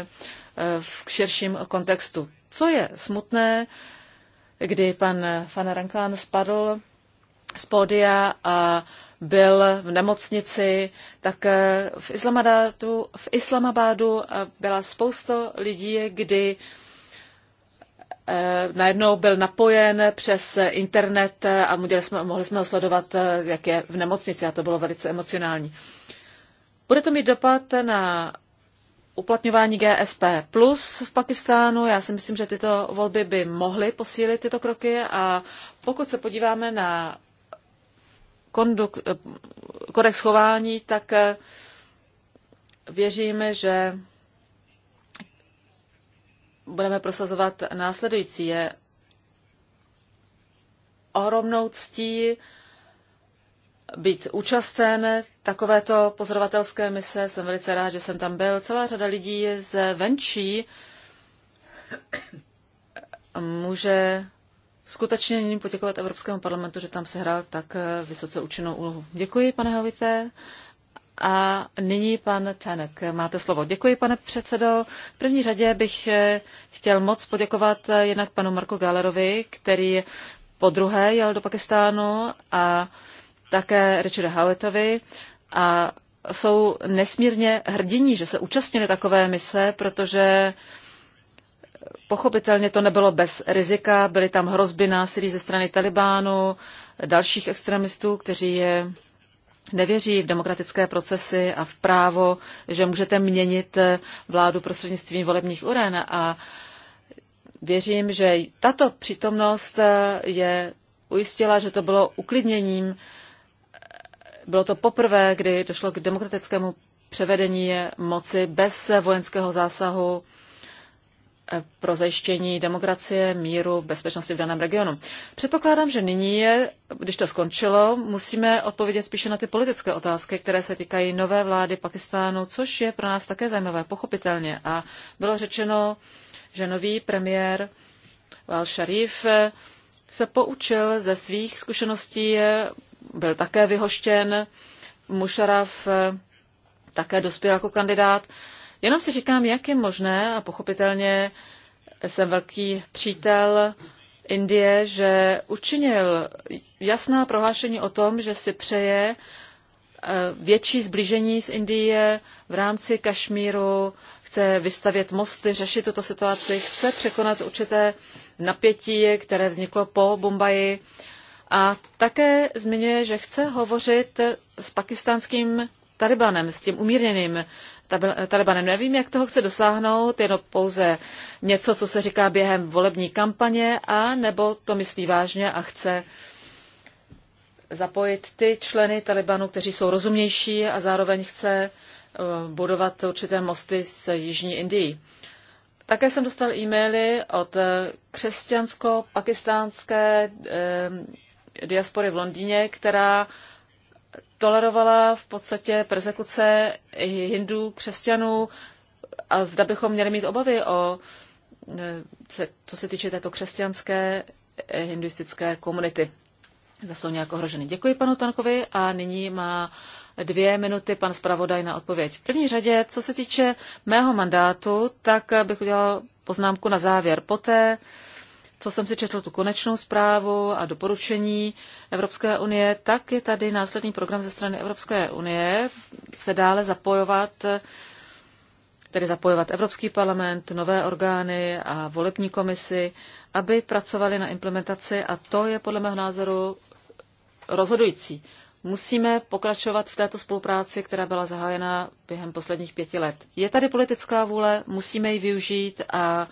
eh, v širším kontextu. Co je smutné, kdy pan Fanarankan spadl z pódia a byl v nemocnici, tak eh, v Islamabadu, v eh, Islamabadu byla spousta lidí, kdy eh, najednou byl napojen přes internet a mohli jsme, mohli jsme ho sledovat, jak je v nemocnici a to bylo velice emocionální. Bude to mít dopad na uplatňování GSP plus v Pakistánu. Já si myslím, že tyto volby by mohly posílit tyto kroky a pokud se podíváme na konduk, eh, kodex chování, tak eh, věříme, že budeme prosazovat následující. Je ohromnou ctí být účasten takovéto pozorovatelské mise. Jsem velice rád, že jsem tam byl. Celá řada lidí z venčí může skutečně nyní poděkovat Evropskému parlamentu, že tam sehrál tak eh, vysoce účinnou úlohu. Děkuji, pane Hovité. A nyní pan Tenek, máte slovo. Děkuji, pane předsedo. V první řadě bych eh, chtěl moc poděkovat eh, jednak panu Marku Galerovi, který po druhé jel do Pakistánu a také Richardu Howetovi a jsou nesmírně hrdiní, že se účastnili takové mise, protože uh, Pochopitelně to nebylo bez rizika, byly tam hrozby násilí ze strany Talibánu, dalších extremistů, kteří je nevěří v demokratické procesy a v právo, že můžete měnit eh, vládu prostřednictvím volebních uren. A věřím, že tato přítomnost eh, je ujistila, že to bylo uklidněním. Bylo to poprvé, kdy došlo k demokratickému převedení moci bez vojenského zásahu pro zajištění demokracie, míru, bezpečnosti v daném regionu. Předpokládám, že nyní je, když to skončilo, musíme odpovědět spíše na ty politické otázky, které se týkají nové vlády Pakistánu, což je pro nás také zajímavé, pochopitelně. A bylo řečeno, že nový premiér Wal Sharif se poučil ze svých zkušeností, byl také vyhoštěn, Musharraf také dospěl jako kandidát. Jenom si říkám, jak je možné, a pochopitelně jsem velký přítel Indie, že učinil jasná prohlášení o tom, že si přeje eh, větší zblížení s Indie v rámci Kašmíru, chce vystavět mosty, řešit tuto situaci, chce překonat určité napětí, které vzniklo po Bombaji. A také zmiňuje, že chce hovořit s pakistánským Talibanem, s tím umírněným Talibanem. Nevím, no jak toho chce dosáhnout, jenom pouze něco, co se říká během volební kampaně, a nebo to myslí vážně a chce zapojit ty členy Talibanu, kteří jsou rozumnější a zároveň chce eh, budovat určité mosty s Jižní Indií. Také jsem dostal e-maily od eh, křesťansko-pakistánské eh, diaspory v Londýně, která tolerovala v podstatě persekuce hindů, křesťanů a zda bychom měli mít obavy o, e, co se týče této křesťanské e, hinduistické komunity. Za jsou nějak ohroženy. Děkuji panu Tankovi a nyní má dvě minuty pan zpravodaj na odpověď. V první řadě, co se týče mého mandátu, tak bych udělal poznámku na závěr. Poté, co jsem si četl tu konečnou zprávu a doporučení Evropské unie, tak je tady následný program ze strany Evropské unie se dále zapojovat, tedy zapojovat Evropský parlament, nové orgány a volební komisy, aby pracovali na implementaci a to je podle mého názoru rozhodující. Musíme pokračovat v této spolupráci, která byla zahájena během posledních pěti let. Je tady politická vůle, musíme ji využít a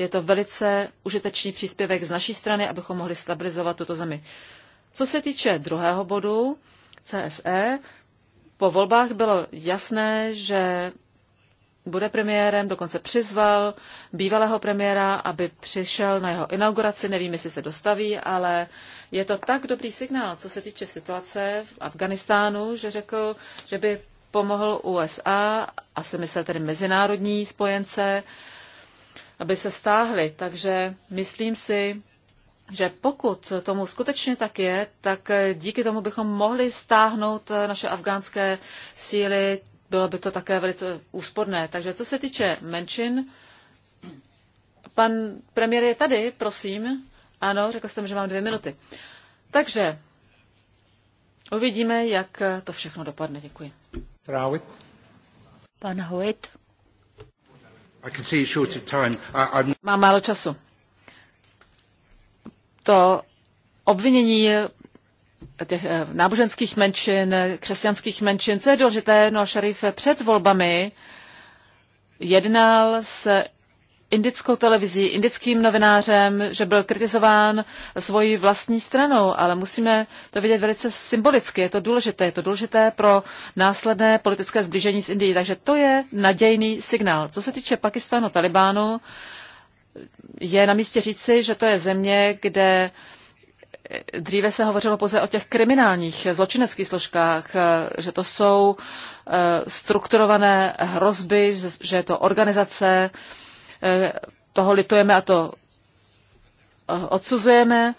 je to velice užitečný příspěvek z naší strany, abychom mohli stabilizovat tuto zemi. Co se týče druhého bodu CSE, po volbách bylo jasné, že bude premiérem, dokonce přizval bývalého premiéra, aby přišel na jeho inauguraci, nevím, jestli se dostaví, ale je to tak dobrý signál, co se týče situace v Afganistánu, že řekl, že by pomohl USA, asi myslel tedy mezinárodní spojence, aby se stáhly. Takže myslím si, že pokud tomu skutečně tak je, tak díky tomu bychom mohli stáhnout naše afgánské síly. Bylo by to také velice úsporné. Takže co se týče menšin, pan premiér je tady, prosím. Ano, řekl jsem, že mám dvě minuty. Takže uvidíme, jak to všechno dopadne. Děkuji. Pan Hoyt. Mám málo času. To obvinění těch eh, náboženských menšin, křesťanských menšin, co je důležité, no šerif před volbami jednal s indickou televizí, indickým novinářem, že byl kritizován svojí vlastní stranou, ale musíme to vidět velice symbolicky. Je to důležité, je to důležité pro následné politické zblížení s Indií, takže to je nadějný signál. Co se týče Pakistánu, Talibánu, je na místě říci, že to je země, kde dříve se hovořilo pouze o těch kriminálních zločineckých složkách, že to jsou eh, strukturované hrozby, že je to organizace, Eh, toho litujeme a to eh, odsuzujeme.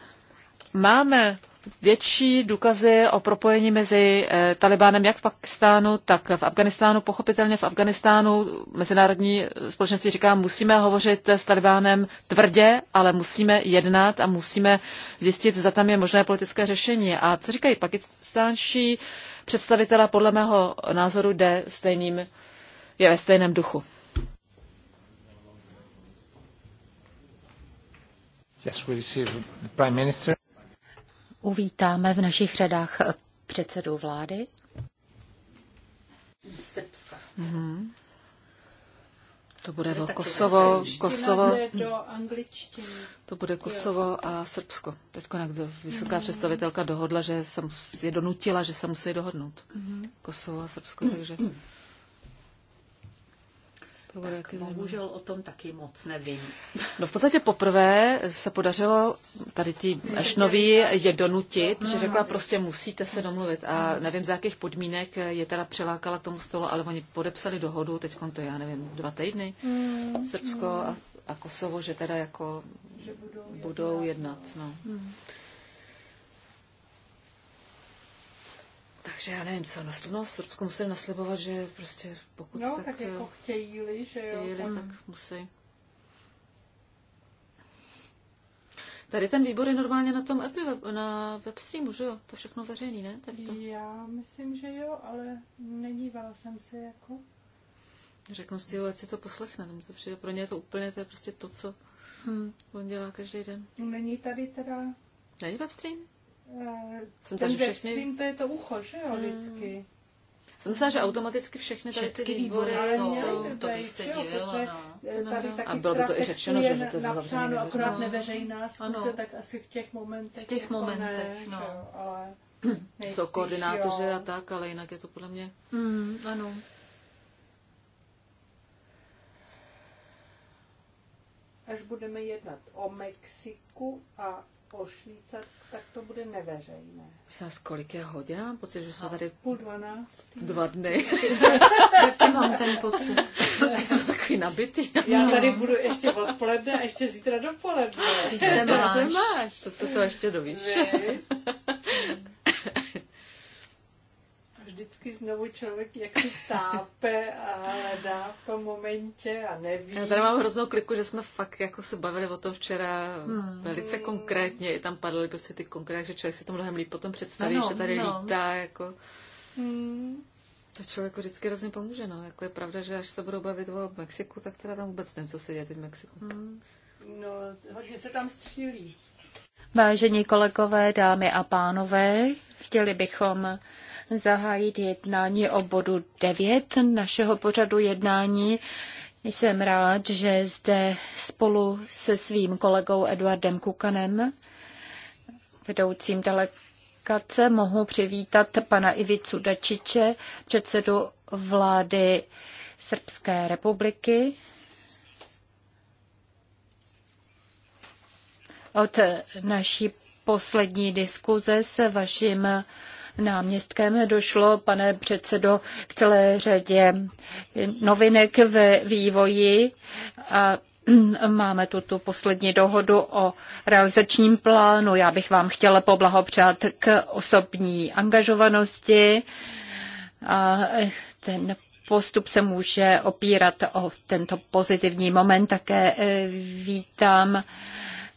Máme větší důkazy o propojení mezi eh, Talibánem jak v Pakistánu, tak v Afganistánu. Pochopitelně v Afganistánu mezinárodní společenství říká, musíme hovořit s Talibánem tvrdě, ale musíme jednat a musíme zjistit, zda tam je možné politické řešení. A co říkají pakistánští představitele, podle mého názoru jde stejným, je ve stejném duchu. Uvítáme v našich řadách předsedu vlády. Srbska. Mm-hmm. To bude to Kosovo, Kosovo, to bude Kosovo a Srbsko. Teď vysoká mm. představitelka dohodla, že se je donutila, že se musí dohodnout. Mm. Kosovo a Srbsko, takže tak bohužel o tom taky moc nevím. No v podstatě poprvé se podařilo tady tý Ešnový je donutit, no, že no, řekla no. prostě musíte se prostě. domluvit a nevím za jakých podmínek je teda přilákala k tomu stolu, ale oni podepsali dohodu, teď to já nevím, dva týdny, hmm. Srbsko a, a Kosovo, že teda jako budou jednat. No. Hmm. Takže já nevím, co no, Srbsko musím naslibovat, že prostě pokud no, tak, tak jako eh, chtějí že chtějí jo. tak musí. Tady ten výbor je normálně na tom epi, web, na webstreamu, že jo? To všechno veřejný, ne? Tady to. Já myslím, že jo, ale nedívala jsem se jako. Řeknu si, ať si to poslechne, tam to přijde. Pro ně je to úplně, to je prostě to, co hmm. on dělá každý den. Není tady teda... Není webstream? Eh, Jsem ten se, že všechny... to je to ucho, že jo, hmm. vždycky. Hmm. Jsem myslela, že automaticky všechny tady ty výbory, jsou, to by se dělo, no. Tady no. A bylo by to i řečeno, že, že to je napsáno, akorát no. neveřejná zkuze, tak asi v těch momentech. V těch jako momentech, no. jsou koordinátoři a tak, ale jinak je to podle mě... Hmm, ano. Až budeme jednat o Mexiku a po Švýcarsku, tak to bude neveřejné. Myslím, z kolik je hodin? Mám pocit, že jsme tady půl Dvanáct. Dva dny. Taky mám ten pocit. Takový nabitý. Já tady budu ještě odpoledne a ještě zítra dopoledne. Ty se máš. Co se to ještě dovíš? vždycky znovu člověk jak si tápe a hledá v tom momentě a neví. Já tady mám hroznou kliku, že jsme fakt jako se bavili o tom včera hmm. velice konkrétně. I tam padaly prostě ty konkrétně, že člověk si to mnohem líp potom představí, ano, že tady no. lítá jako... Hmm. To člověku vždycky hrozně pomůže, no. Jako je pravda, že až se budou bavit o Mexiku, tak teda tam vůbec nevím, co se děje teď v Mexiku. Hmm. No, hodně se tam střílí. Vážení kolegové, dámy a pánové, chtěli bychom zahájit jednání o bodu 9 našeho pořadu jednání. Jsem rád, že zde spolu se svým kolegou Eduardem Kukanem, vedoucím delegace, mohu přivítat pana Ivicu Dačiče, předsedu vlády Srbské republiky. Od naší poslední diskuze s vaším náměstkem. Došlo, pane předsedo, k celé řadě novinek ve vývoji a Máme tu tu poslední dohodu o realizačním plánu. Já bych vám chtěla poblahopřát k osobní angažovanosti. A ten postup se může opírat o tento pozitivní moment. Také eh, vítám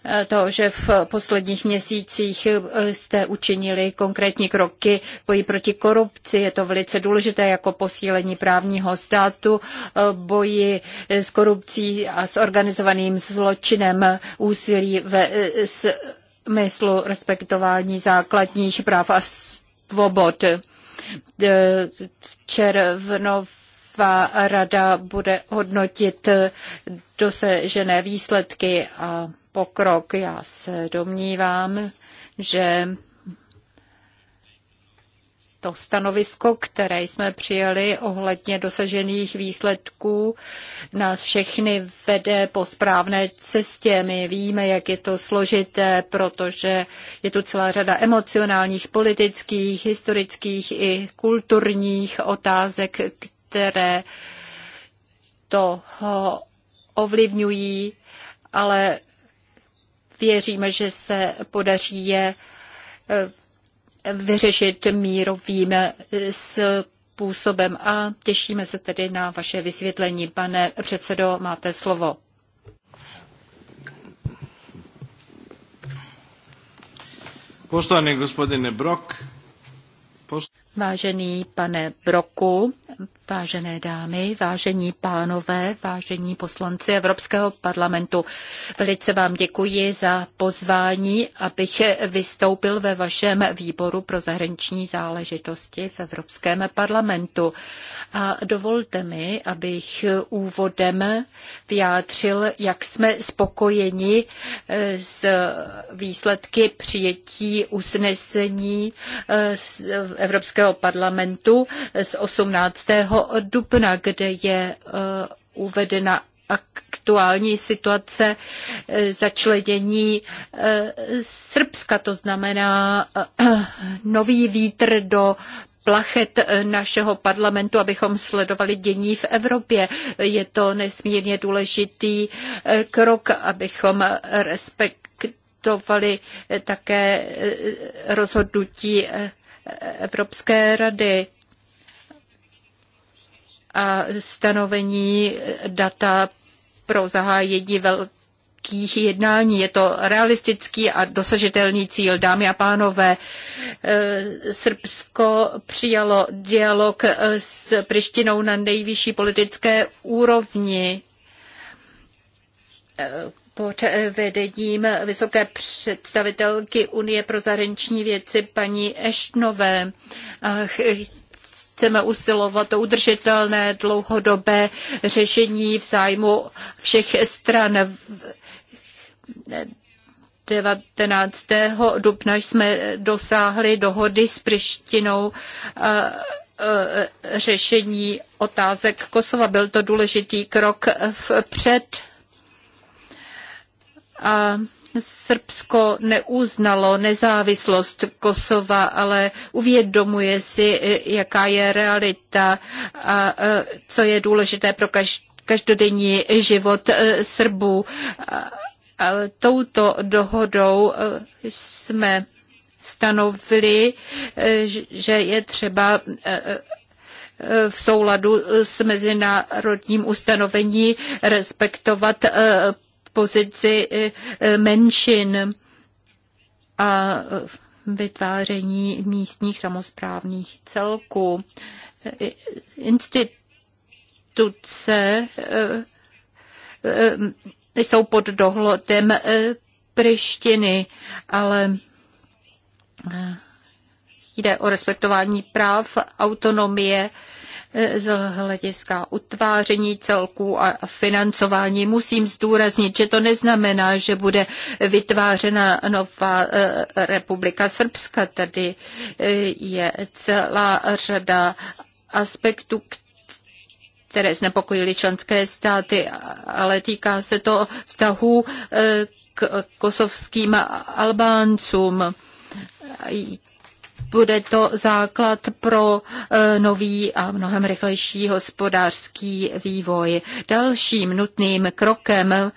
Eh, to, že v posledních měsících eh, jste učinili konkrétní kroky boji proti korupci. Je to velice důležité jako posílení právního státu, eh, boji s korupcí a s organizovaným zločinem, úsilí ve smyslu respektování základních práv a svobod. Červnová rada bude hodnotit dosažené výsledky a pokrok. Já se domnívám, že to stanovisko, které jsme přijeli ohledně dosažených výsledků, nás všechny vede po správné cestě. My víme, jak je to složité, protože je tu celá řada emocionálních, politických, historických i kulturních otázek, které to ovlivňují, ale Věříme, že se podaří je eh, vyřešit mírovým eh, způsobem a těšíme se tedy na vaše vysvětlení. Pane předsedo, máte slovo. Poštovaný gospodine Brok. Post... Vážený pane Broku, Vážené dámy, vážení pánové, vážení poslanci Evropského parlamentu, velice vám děkuji za pozvání, abych vystoupil ve vašem výboru pro zahraniční záležitosti v Evropském parlamentu. A dovolte mi, abych úvodem vyjádřil, jak jsme spokojeni eh, s výsledky přijetí usnesení eh, eh, Evropského parlamentu z 18 dubna, kde je eh, uvedena aktuální situace eh, začlenění eh, Srbska, to znamená nový vítr do plachet našeho parlamentu, abychom sledovali dění v Evropě. Je to nesmírně důležitý krok, abychom respektovali také rozhodnutí Evropské rady a stanovení data pro zahájení velkých jednání. Je to realistický a dosažitelný cíl. Dámy a pánové, e, Srbsko přijalo dialog s Prištinou na nejvyšší politické úrovni e, pod vedením vysoké představitelky Unie pro zahraniční věci paní Eštnové chceme usilovat o udržitelné dlouhodobé řešení v zájmu všech stran. 19. dubna jsme dosáhli dohody s Prištinou řešení otázek Kosova. Byl to důležitý krok vpřed. A Srbsko neuznalo nezávislost Kosova, ale uvědomuje si, e, jaká je realita a e, co je důležité pro každodenní život e, Srbů. A touto dohodou jsme stanovili, že je třeba v souladu s mezinárodním ustanovení respektovat pozici e, menšin a vytváření místních samozprávných celků. E, instituce e, jsou pod dohledem Prištiny, ale jde o respektování práv, autonomie z hlediska utváření celků a financování. Musím zdůraznit, že to neznamená, že bude vytvářena nová e, republika Srbska. Tady e, je celá řada aspektů, které znepokojily členské státy, ale týká se to vztahu e, k kosovským Albáncům bude to základ pro e, nový a mnohem rychlejší hospodářský vývoj. Dalším nutným krokem, e,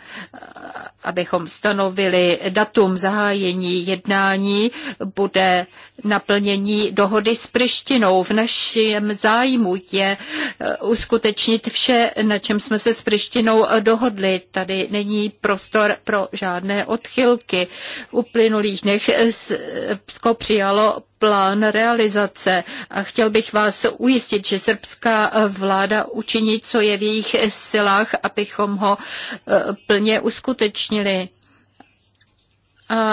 abychom stanovili datum zahájení jednání, bude naplnění dohody s Prištinou. V našem zájmu je e, uskutečnit vše, na čem jsme se s Prištinou dohodli. Tady není prostor pro žádné odchylky. V uplynulých dnech Psko přijalo plán realizace. A chtěl bych vás ujistit, že srbská vláda učiní, co je v jejich silách, abychom ho eh, plně uskutečnili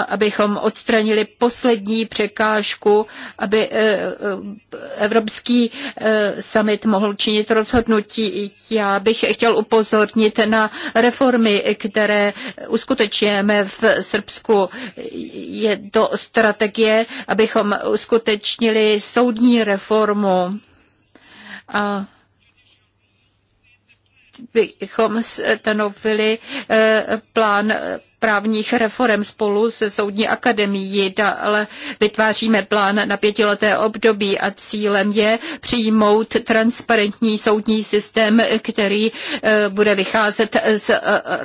abychom odstranili poslední překážku, aby eh, eh, Evropský eh, summit mohl činit rozhodnutí. Já bych chtěl upozornit na reformy, které uskutečňujeme v Srbsku. Je to strategie, abychom uskutečnili soudní reformu. A bychom stanovili plán právních reform spolu se Soudní akademií. Dále vytváříme plán na pětileté období a cílem je přijmout transparentní soudní systém, který eh, bude vycházet z eh,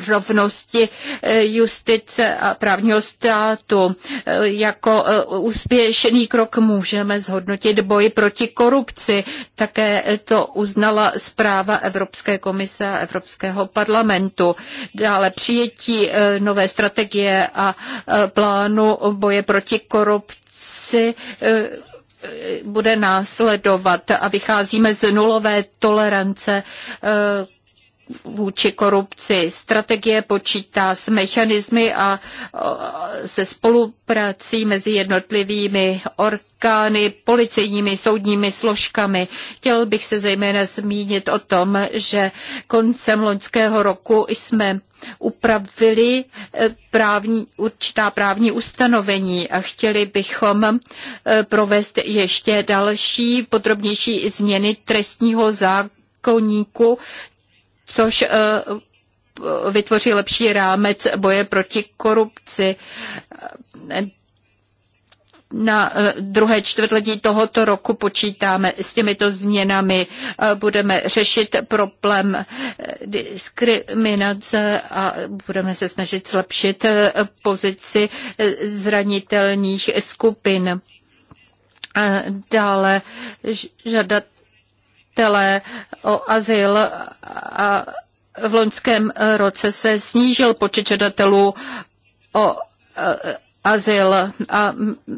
rovnosti eh, justice a právního státu. Jako úspěšný krok můžeme zhodnotit boj proti korupci. Také to uznala zpráva Evropské komise a Evropského parlamentu. Dále přijetí nové strategie a e, plánu boje proti korupci e, e, bude následovat a vycházíme z nulové tolerance vůči korupci. Strategie počítá s mechanismy a se spoluprací mezi jednotlivými orgány, policejními, soudními složkami. Chtěl bych se zejména zmínit o tom, že koncem loňského roku jsme upravili eh, právní, určitá právní ustanovení a chtěli bychom eh, provést ještě další podrobnější změny trestního zákoníku, což eh, vytvoří lepší rámec boje proti korupci na eh, druhé čtvrtletí tohoto roku počítáme s těmito změnami. Eh, budeme řešit problém eh, diskriminace a budeme se snažit zlepšit pozici zranitelných skupin. Dále žadatelé o azyl a v loňském roce se snížil počet žadatelů o azyl a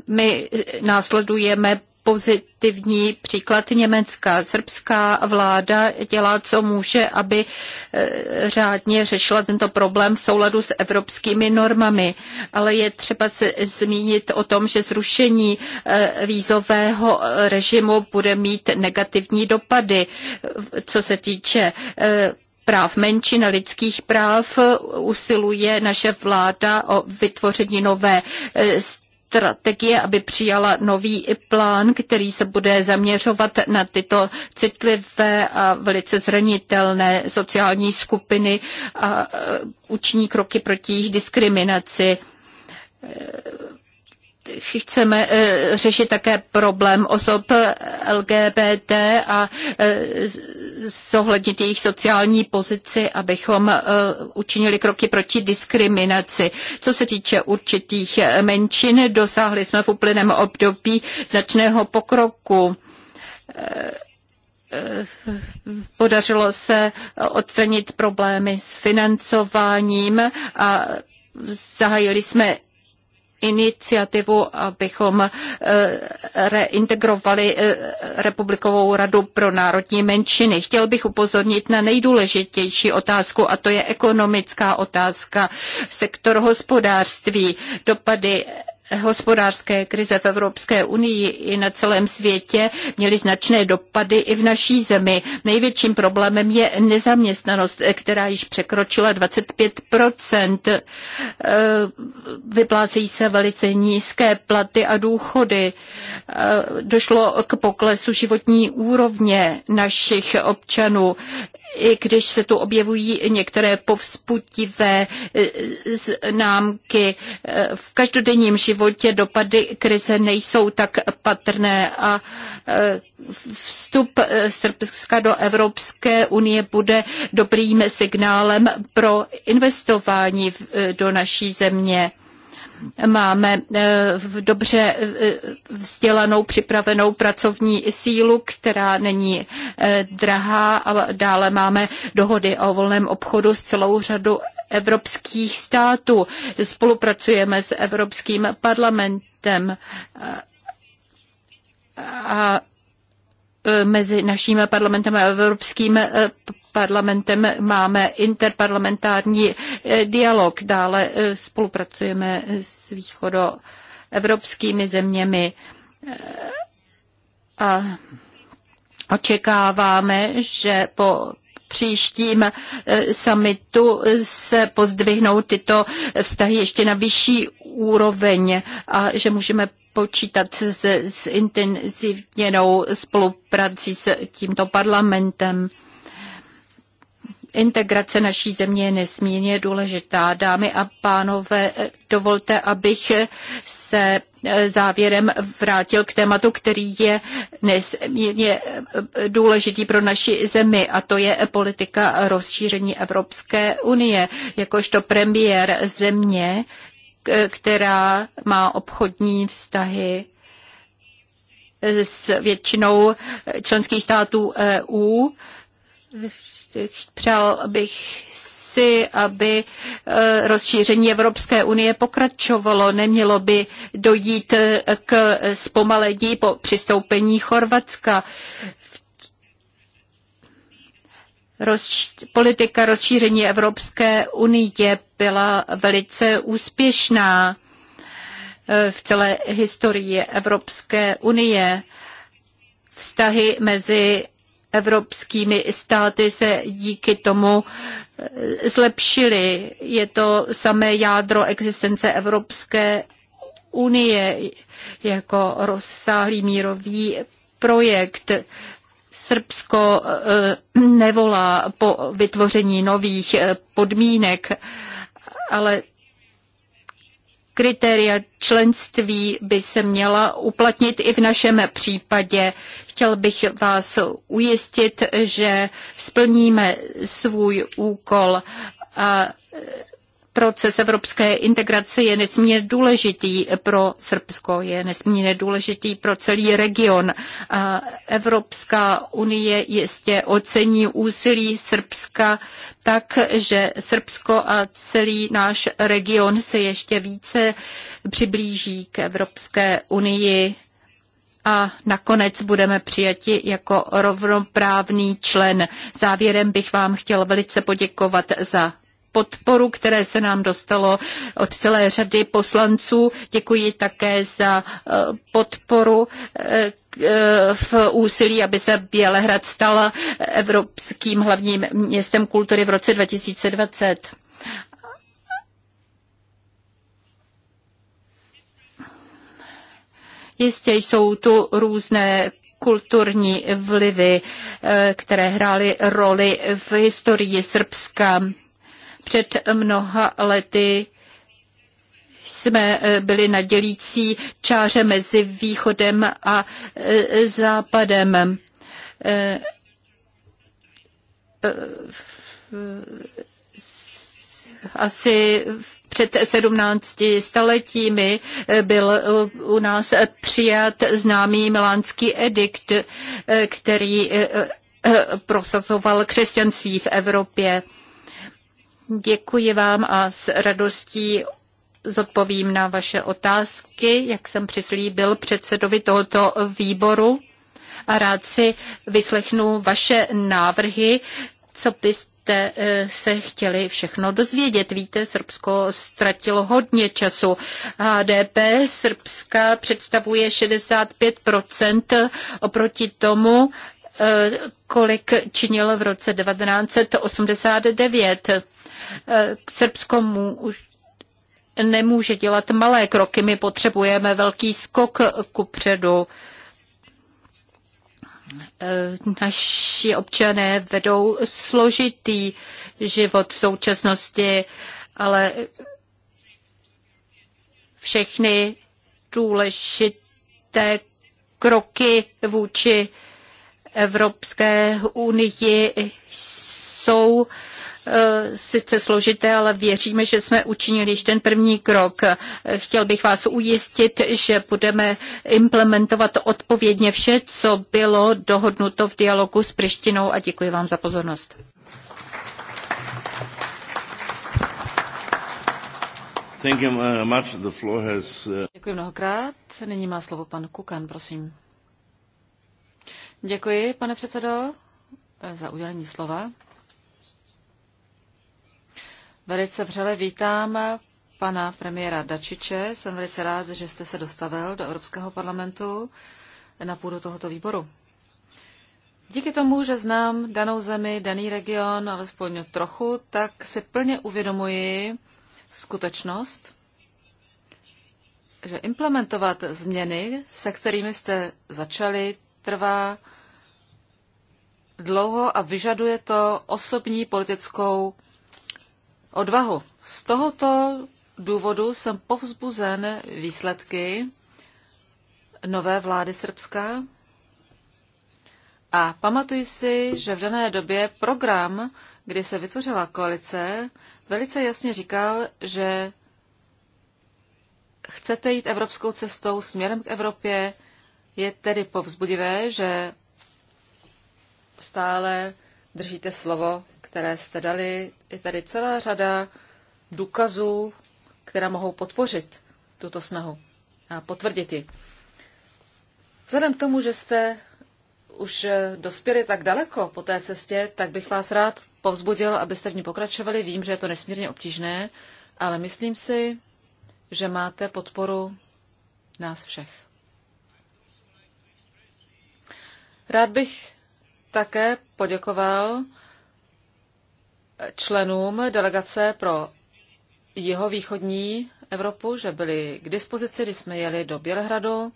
my následujeme pozitivní příklad Německa. Srbská vláda dělá, co může, aby eh, řádně řešila tento problém v souladu s evropskými normami. Ale je třeba se zmínit o tom, že zrušení eh, vízového eh, režimu bude mít negativní dopady, co se týče práv menšin a lidských práv usiluje naše vláda o vytvoření nové eh, strategie, aby přijala nový plán, který se bude zaměřovat na tyto citlivé a velice zranitelné sociální skupiny a učiní eh, kroky proti jejich diskriminaci eh, chceme eh, řešit také problém osob eh, LGBT a eh, zohlednit jejich sociální pozici, abychom učinili kroky proti diskriminaci. Co se týče určitých menšin, dosáhli jsme v uplyném období značného pokroku podařilo se odstranit problémy s financováním a zahájili jsme iniciativu, abychom eh, reintegrovali eh, Republikovou radu pro národní menšiny. Chtěl bych upozornit na nejdůležitější otázku, a to je ekonomická otázka. Sektor hospodářství, dopady hospodářské krize v Evropské unii i na celém světě měly značné dopady i v naší zemi. Největším problémem je nezaměstnanost, která již překročila 25 e, Vyplácejí se velice nízké platy a důchody. E, došlo k poklesu životní úrovně našich občanů i když se tu objevují některé povzputivé e, známky. E, v každodenním životě dopady krize nejsou tak patrné a e, vstup Srbska do Evropské unie bude dobrým signálem pro investování do naší země. Máme eh, dobře eh, vzdělanou, připravenou pracovní sílu, která není eh, drahá a dále máme dohody o volném obchodu s celou řadou evropských států. Spolupracujeme s Evropským parlamentem a E, mezi naším parlamentem a Evropským e, parlamentem máme interparlamentární e, dialog. Dále spolupracujeme s východoevropskými zeměmi a očekáváme, že po příštím summitu se pozdvihnou tyto vztahy ještě na vyšší úroveň a že můžeme počítat se s intenzivněnou spoluprací s tímto parlamentem. Integrace naší země je nesmírně důležitá. Dámy a pánové, dovolte, abych se závěrem vrátil k tématu, který je nesmírně důležitý pro naši zemi, a to je politika rozšíření Evropské unie. Jakožto premiér země, která má obchodní vztahy s většinou členských států EU. Přál bych si, aby eh, rozšíření Evropské unie pokračovalo. Nemělo by dojít eh, k zpomalení po přistoupení Chorvatska politika rozšíření Evropské unie byla velice úspěšná eh, v celé historii Evropské unie. Vztahy mezi evropskými státy se díky tomu eh, zlepšily. Je to samé jádro existence Evropské unie jako rozsáhlý mírový projekt. Srbsko eh, eh, nevolá po vytvoření nových eh, podmínek, ale kritéria členství by se měla uplatnit i v našem případě. Chtěl bych vás ujistit, že splníme svůj úkol a Proces evropské integrace je nesmírně důležitý pro Srbsko, je nesmírně důležitý pro celý region. Evropská unie jistě ocení úsilí Srbska tak, že Srbsko a celý náš region se ještě více přiblíží k Evropské unii a nakonec budeme přijati jako rovnoprávný člen. Závěrem bych vám chtěl velice poděkovat za podporu, které se nám dostalo od celé řady poslanců. Děkuji také za eh, podporu eh, eh, v úsilí, aby se Bělehrad stal evropským hlavním městem kultury v roce 2020. Jistě jsou tu různé kulturní vlivy, které hrály roli v historii Srbska. Před mnoha lety jsme eh, byli na dělící čáře mezi východem a eh, západem. Eh, asi před 17 staletími byl u nás přijat známý milánský edikt, který prosazoval křesťanství v Evropě. Děkuji vám a s radostí zodpovím na vaše otázky, jak jsem přislíbil předsedovi tohoto výboru a rád si vyslechnu vaše návrhy, co byste eh, se chtěli všechno dozvědět. Víte, Srbsko ztratilo hodně času. HDP Srbska představuje 65% oproti tomu Eh, kolik činil v roce 1989. Eh, Srbsko mu už nemůže dělat malé kroky, my potřebujeme velký skok ku předu. Eh, naši občané vedou složitý život v současnosti, ale všechny důležité kroky vůči Evropské unii jsou e, sice složité, ale věříme, že jsme učinili již ten první krok. Chtěl bych vás ujistit, že budeme implementovat odpovědně vše, co bylo dohodnuto v dialogu s Prištinou a děkuji vám za pozornost. Uh, uh, děkuji mnohokrát. Nyní má slovo pan Kukan, prosím. Děkuji, pane předsedo, za udělení slova. Velice vřele vítám pana premiéra Dačiče. Jsem velice rád, že jste se dostavil do Evropského parlamentu na půdu tohoto výboru. Díky tomu, že znám danou zemi, daný region, alespoň trochu, tak si plně uvědomuji skutečnost, že implementovat změny, se kterými jste začali trvá dlouho a vyžaduje to osobní politickou odvahu. Z tohoto důvodu jsem povzbuzen výsledky nové vlády Srbska a pamatuji si, že v dané době program, kdy se vytvořila koalice, velice jasně říkal, že chcete jít evropskou cestou směrem k Evropě, je tedy povzbudivé, že stále držíte slovo, které jste dali. Je tady celá řada důkazů, která mohou podpořit tuto snahu a potvrdit ji. Vzhledem k tomu, že jste už dospěli tak daleko po té cestě, tak bych vás rád povzbudil, abyste v ní pokračovali. Vím, že je to nesmírně obtížné, ale myslím si, že máte podporu nás všech. Rád bych také poděkoval členům delegace pro jihovýchodní Evropu, že byli k dispozici, když jsme jeli do Bělehradu.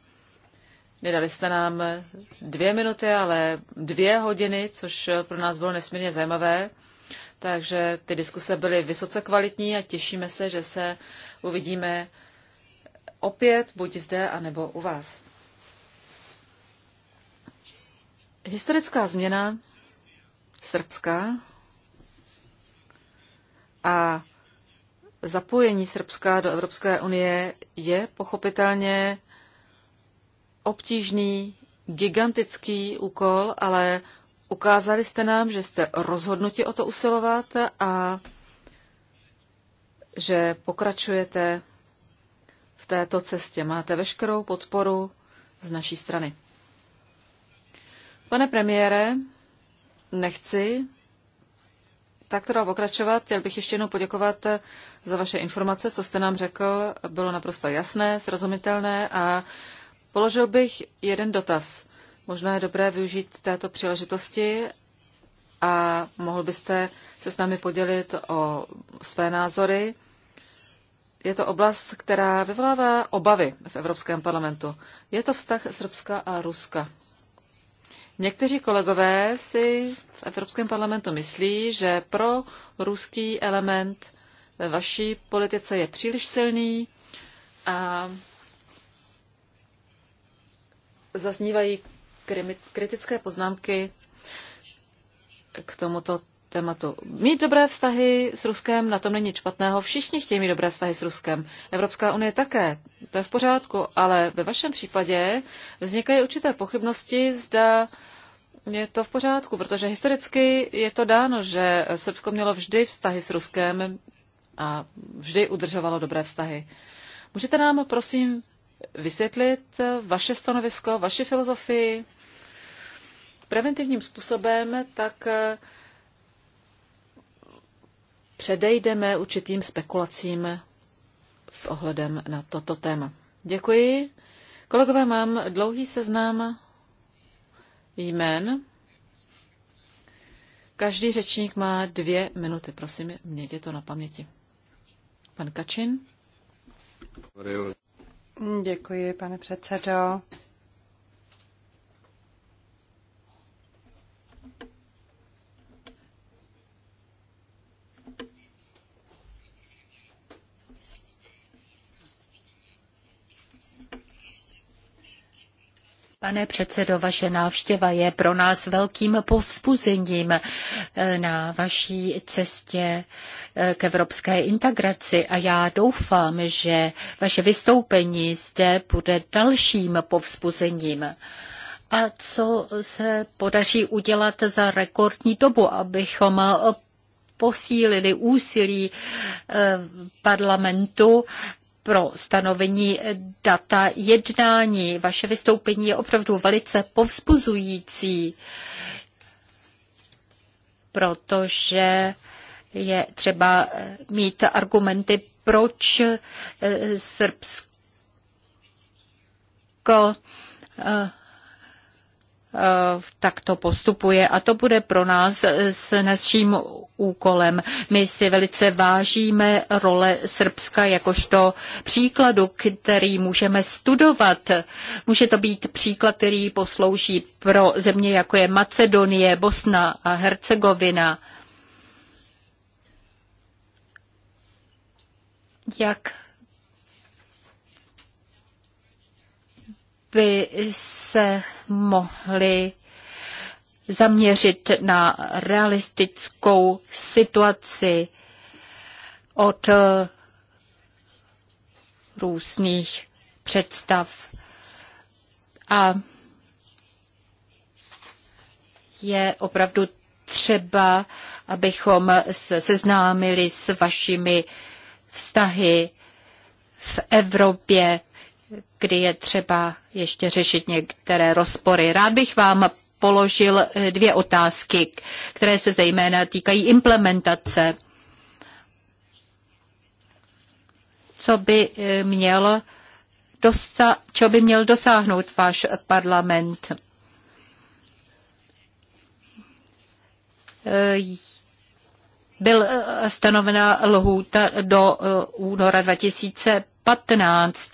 Nedali jste nám dvě minuty, ale dvě hodiny, což pro nás bylo nesmírně zajímavé. Takže ty diskuse byly vysoce kvalitní a těšíme se, že se uvidíme opět buď zde, anebo u vás. historická změna Srbska a zapojení Srbska do Evropské unie je pochopitelně obtížný, gigantický úkol, ale ukázali jste nám, že jste rozhodnuti o to usilovat a že pokračujete v této cestě. Máte veškerou podporu z naší strany. Pane premiére, nechci tak to dál pokračovat. Chtěl bych ještě jednou poděkovat eh, za vaše informace, co jste nám řekl. Bylo naprosto jasné, srozumitelné a položil bych jeden dotaz. Možná je dobré využít této příležitosti a mohl byste se s námi podělit o své názory. Je to oblast, která vyvolává obavy v Evropském parlamentu. Je to vztah Srbska a Ruska. Někteří kolegové si v Evropském parlamentu myslí, že pro ruský element ve vaší politice je příliš silný a zaznívají kritické poznámky k tomuto tématu. Mít dobré vztahy s Ruskem, na tom není špatného. Všichni chtějí mít dobré vztahy s Ruskem. Evropská unie také. To je v pořádku, ale ve vašem případě vznikají určité pochybnosti, zda je to v pořádku, protože historicky je to dáno, že Srbsko mělo vždy vztahy s Ruskem a vždy udržovalo dobré vztahy. Můžete nám, prosím, vysvětlit vaše stanovisko, vaši filozofii preventivním způsobem, tak předejdeme určitým spekulacím s ohledem na toto téma. Děkuji. Kolegové, mám dlouhý seznam jmen. Každý řečník má dvě minuty. Prosím, mějte to na paměti. Pan Kačin. Děkuji, pane předsedo. Pane předsedo, vaše návštěva je pro nás velkým povzbuzením na vaší cestě eh, k evropské integraci a já doufám, že vaše vystoupení zde bude dalším povzbuzením a co se podaří udělat za rekordní dobu, abychom posílili úsilí eh, parlamentu pro stanovení data jednání. Vaše vystoupení je opravdu velice povzbuzující, protože je třeba mít argumenty, proč eh, Srbsko eh, Eh, takto postupuje a to bude pro nás s naším úkolem. My si velice vážíme role Srbska jakožto příkladu, který můžeme studovat. Může to být příklad, který poslouží pro země jako je Macedonie, Bosna a Hercegovina. Jak by se mohli zaměřit na realistickou situaci od eh, různých představ. A je opravdu třeba, abychom se seznámili s vašimi vztahy v Evropě kdy je třeba ještě řešit některé rozpory. Rád bych vám položil eh, dvě otázky, které se zejména týkají implementace. Co by eh, měl, dosa- čo by měl dosáhnout váš parlament? Eh, byl stanovena lhůta do února 2015.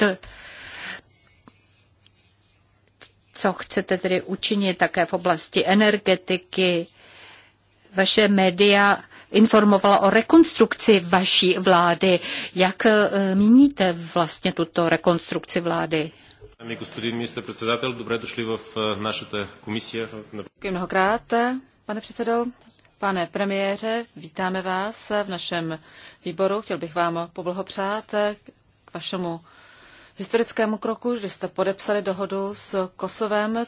Co chcete tedy učinit také v oblasti energetiky? Vaše média informovala o rekonstrukci vaší vlády. Jak eh, míníte vlastně tuto rekonstrukci vlády? Ами господин министър-председател, добре дошли в нашата Děkuji mnohokrát, pane předsedo. Pane premiére, vítáme vás v našem výboru. Chtěl bych vám poblhopřát k vašemu historickému kroku, kdy jste podepsali dohodu s Kosovem,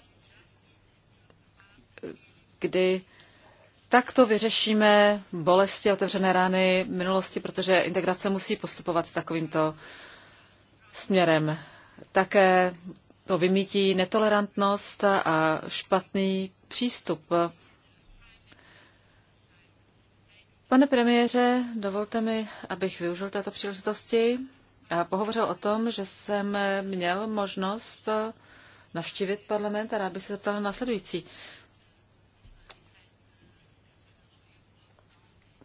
kdy takto vyřešíme bolesti, otevřené rány minulosti, protože integrace musí postupovat takovýmto směrem. Také to vymítí netolerantnost a špatný přístup. Pane premiére, dovolte mi, abych využil této příležitosti pohovořil o tom, že jsem měl možnost navštívit parlament a rád bych se zeptal na následující.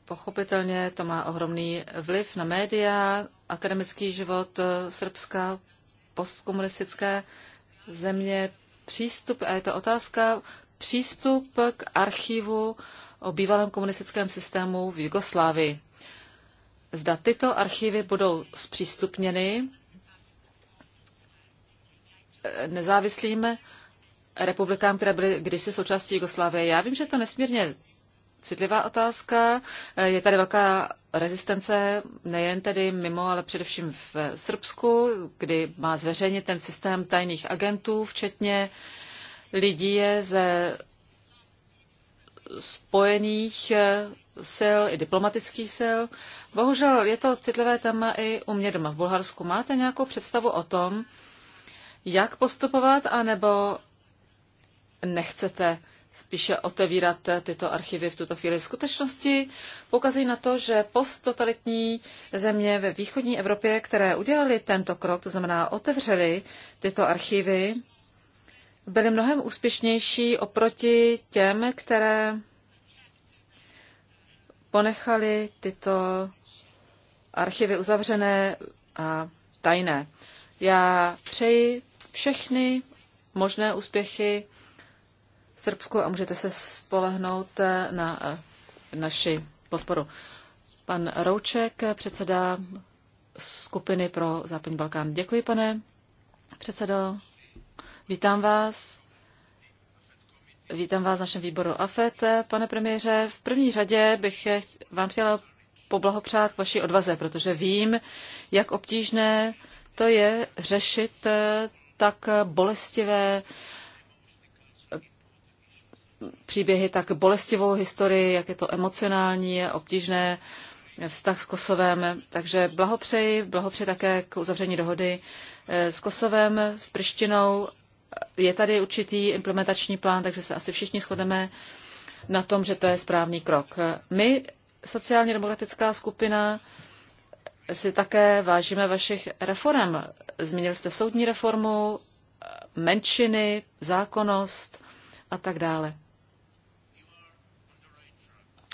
Pochopitelně to má ohromný vliv na média, akademický život Srbska, postkomunistické země, přístup, a je to otázka, přístup k archivu o bývalém komunistickém systému v Jugoslávii zda tyto archivy budou zpřístupněny nezávislým republikám, které byly kdysi součástí Jugoslávie. Já vím, že to nesmírně citlivá otázka. Je tady velká rezistence nejen tedy mimo, ale především v Srbsku, kdy má zveřejnit ten systém tajných agentů, včetně lidí ze spojených sil, i diplomatický sil. Bohužel je to citlivé téma i u mě doma v Bulharsku. Máte nějakou představu o tom, jak postupovat, anebo nechcete spíše otevírat tyto archivy v tuto chvíli. Skutečnosti poukazují na to, že posttotalitní země ve východní Evropě, které udělali tento krok, to znamená otevřeli tyto archivy, byly mnohem úspěšnější oproti těm, které ponechali tyto archivy uzavřené a tajné. Já přeji všechny možné úspěchy Srbsku a můžete se spolehnout eh, na eh, naši podporu. Pan Rouček, eh, předseda skupiny pro Západní Balkán. Děkuji, pane předsedo. Vítám vás. Vítám vás v našem výboru AFET. Pane premiére, v první řadě bych vám chtěla poblahopřát k vaší odvaze, protože vím, jak obtížné to je řešit eh, tak bolestivé eh, příběhy, tak bolestivou historii, jak je to emocionální, je obtížné eh, vztah s Kosovem. Takže blahopřeji, blahopřeji také k uzavření dohody s Kosovem, s Prištinou je tady určitý implementační plán, takže se asi všichni shodeme na tom, že to je správný krok. My, sociálně demokratická skupina, si také vážíme vašich reform. Zmínil jste soudní reformu, menšiny, zákonnost a tak dále.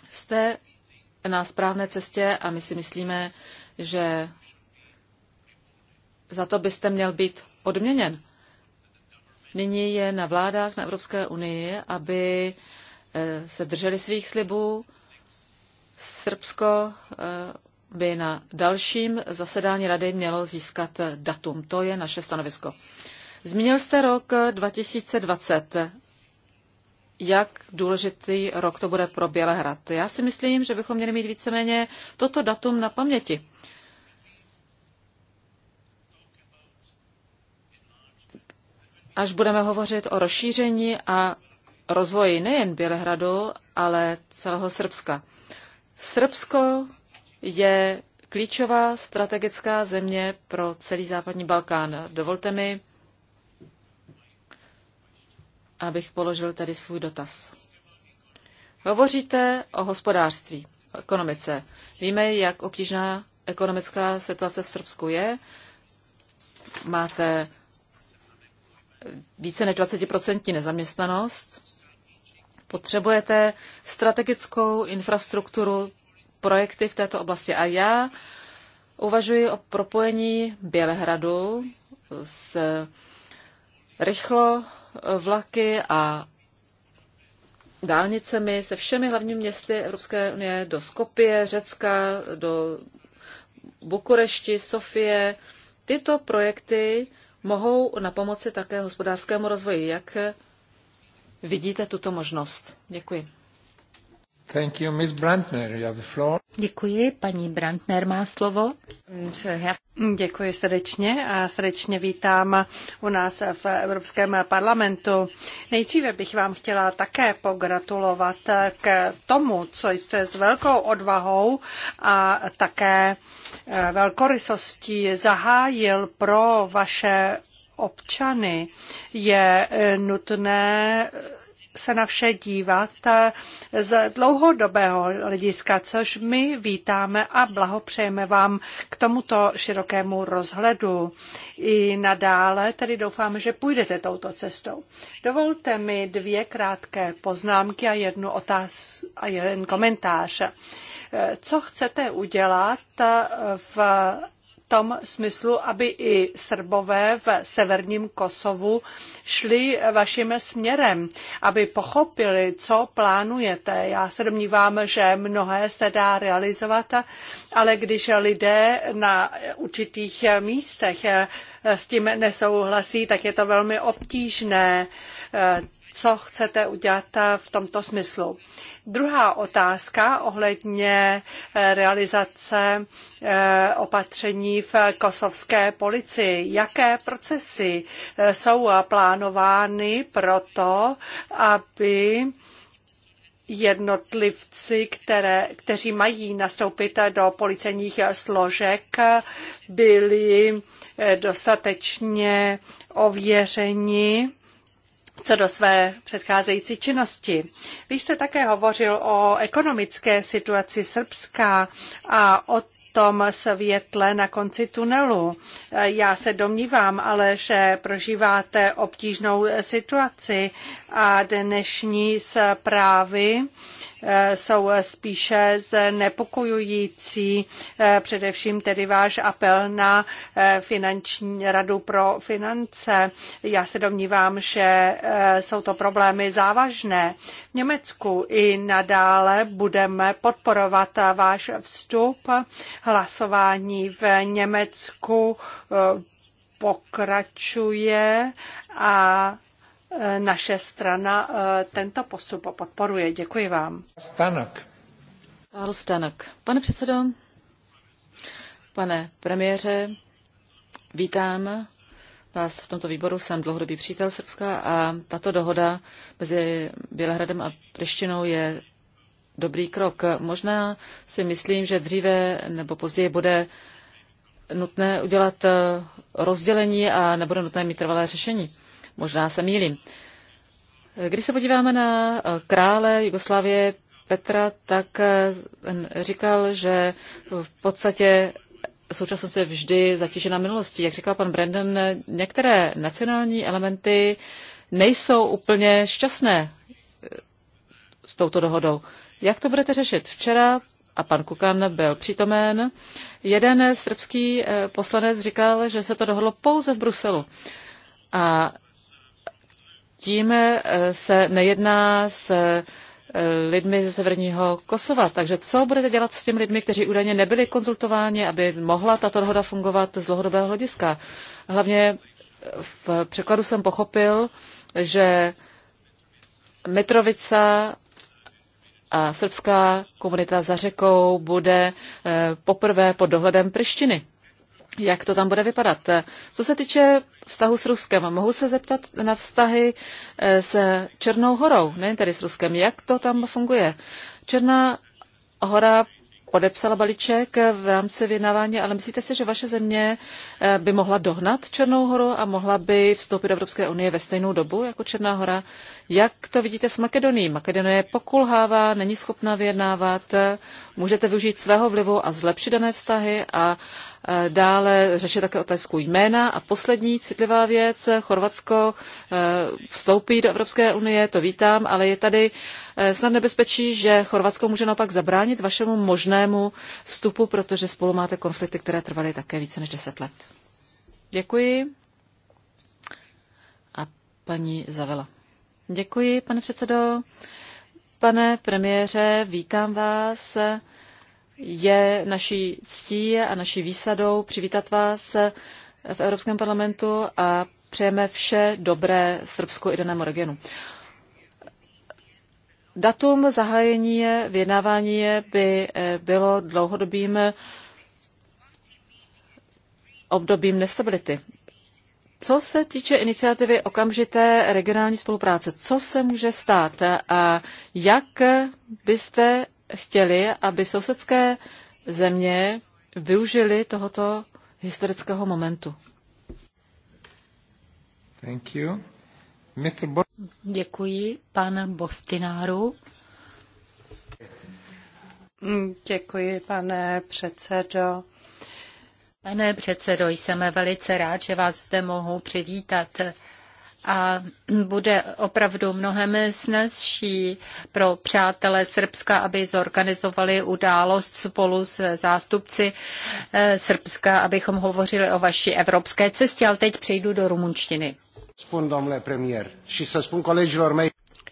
Jste na správné cestě a my si myslíme, že za to byste měl být odměněn. Nyní je na vládách na Evropské unii, aby eh, se drželi svých slibů. Srbsko eh, by na dalším zasedání rady mělo získat eh, datum. To je naše stanovisko. Zmínil jste rok 2020. Jak důležitý rok to bude pro Bělehrad? Já si myslím, že bychom měli mít víceméně toto datum na paměti. až budeme hovořit o rozšíření a rozvoji nejen Bělehradu, ale celého Srbska. Srbsko je klíčová strategická země pro celý západní Balkán. Dovolte mi, abych položil tady svůj dotaz. Hovoříte o hospodářství, o ekonomice. Víme, jak obtížná ekonomická situace v Srbsku je. Máte více než 20% nezaměstnanost, potřebujete strategickou infrastrukturu, projekty v této oblasti. A já uvažuji o propojení Bělehradu s rychlo vlaky a dálnicemi se všemi hlavními městy Evropské unie do Skopje, Řecka, do Bukurešti, Sofie. Tyto projekty mohou na pomoci také hospodářskému rozvoji. Jak vidíte tuto možnost? Děkuji. Thank you, Brandner. You have the floor. Děkuji, paní Brandner má slovo. Děkuji srdečně a srdečně vítám u nás v Evropském parlamentu. Nejdříve bych vám chtěla také pogratulovat k tomu, co jste s velkou odvahou a také eh, velkorysostí zahájil pro vaše občany. Je eh, nutné se na vše dívat eh, z dlouhodobého hlediska, což my vítáme a blahopřejeme vám k tomuto širokému rozhledu. I nadále tedy doufáme, že půjdete touto cestou. Dovolte mi dvě krátké poznámky a jednu otázku a jeden komentář. Eh, co chcete udělat eh, v tom smyslu, aby i Srbové v severním Kosovu šli vaším směrem, aby pochopili, co plánujete. Já se domnívám, že mnohé se dá realizovat, ale když lidé na určitých místech s tím nesouhlasí, tak je to velmi obtížné. Eh, co chcete udělat eh, v tomto smyslu. Druhá otázka ohledně eh, realizace opatření v kosovské policii. Jaké procesy jsou plánovány proto, aby jednotlivci, které, kteří mají nastoupit do policejních složek, byli dostatečně ověřeni co do své předcházející činnosti. Vy jste také hovořil o ekonomické situaci Srbska a o tom světle na konci tunelu. Já se domnívám ale, že prožíváte obtížnou situaci a dnešní zprávy jsou spíše znepokojující, především tedy váš apel na eh, finanční radu pro finance. Já se domnívám, že eh, jsou to problémy závažné. V Německu i nadále budeme podporovat váš vstup. Hlasování v Německu eh, pokračuje a naše strana eh, tento postup podporuje. Děkuji vám. Stanek. Karl Stanek. Pane předsedo, pane premiére, vítám vás v tomto výboru. Jsem dlouhodobý přítel Srbska a tato dohoda mezi Bělehradem a Prištinou je dobrý krok. Možná si myslím, že dříve nebo později bude nutné udělat eh, rozdělení a nebude nutné mít trvalé řešení. Možná se mýlím. Když se podíváme na eh, krále Jugoslávie Petra, tak eh, říkal, že v podstatě současnost je vždy zatížena minulostí. Jak říkal pan Brandon, některé nacionální elementy nejsou úplně šťastné eh, s touto dohodou. Jak to budete řešit? Včera, a pan Kukan byl přítomen, jeden srbský poslanec říkal, že se to dohodlo pouze v Bruselu. A tím eh, se nejedná s eh, lidmi ze severního Kosova. Takže co budete dělat s těmi lidmi, kteří údajně nebyli konzultováni, aby mohla tato dohoda fungovat z dlouhodobého hlediska? Hlavně eh, v překladu jsem pochopil, že Mitrovica a srbská komunita za řekou bude poprvé pod dohledem Prištiny jak to tam bude vypadat. Co se týče vztahu s Ruskem, mohu se zeptat na vztahy eh, s Černou horou, nejen tedy s Ruskem, jak to tam funguje. Černá hora podepsala balíček v rámci vyjednávání, ale myslíte si, že vaše země eh, by mohla dohnat Černou horu a mohla by vstoupit do Evropské unie ve stejnou dobu jako Černá hora? Jak to vidíte s Makedonií? Makedonie pokulhává, není schopná vyjednávat, eh, můžete využít svého vlivu a zlepšit dané vztahy a Eh, dále řešit také otázku jména. A poslední citlivá věc, eh, Chorvatsko eh, vstoupí do Evropské unie, to vítám, ale je tady snad nebezpečí, že Chorvatsko může naopak zabránit vašemu možnému vstupu, protože spolu máte konflikty, které trvaly také více než deset let. Děkuji. A paní Zavela. Děkuji, pane předsedo. Pane premiére, vítám vás. Je naší ctí a naší výsadou přivítat vás v Evropském parlamentu a přejeme vše dobré Srbsku i danému regionu. Datum zahájení vyjednávání by eh, bylo dlouhodobým obdobím nestability. Co se týče iniciativy okamžité regionální spolupráce, co se může stát a jak byste chtěli, aby sousedské země využili tohoto historického momentu. Thank you. Mr. Bo- Děkuji pana Bostináru. Děkuji, pane předsedo. Pane předsedo, jsem velice rád, že vás zde mohu přivítat a bude opravdu mnohem snazší pro přátelé Srbska, aby zorganizovali událost spolu s zástupci eh, Srbska, abychom hovořili o vaší evropské cestě, ale teď přejdu do rumunštiny. Spun, domnule premiér, și să spun colegilor mei.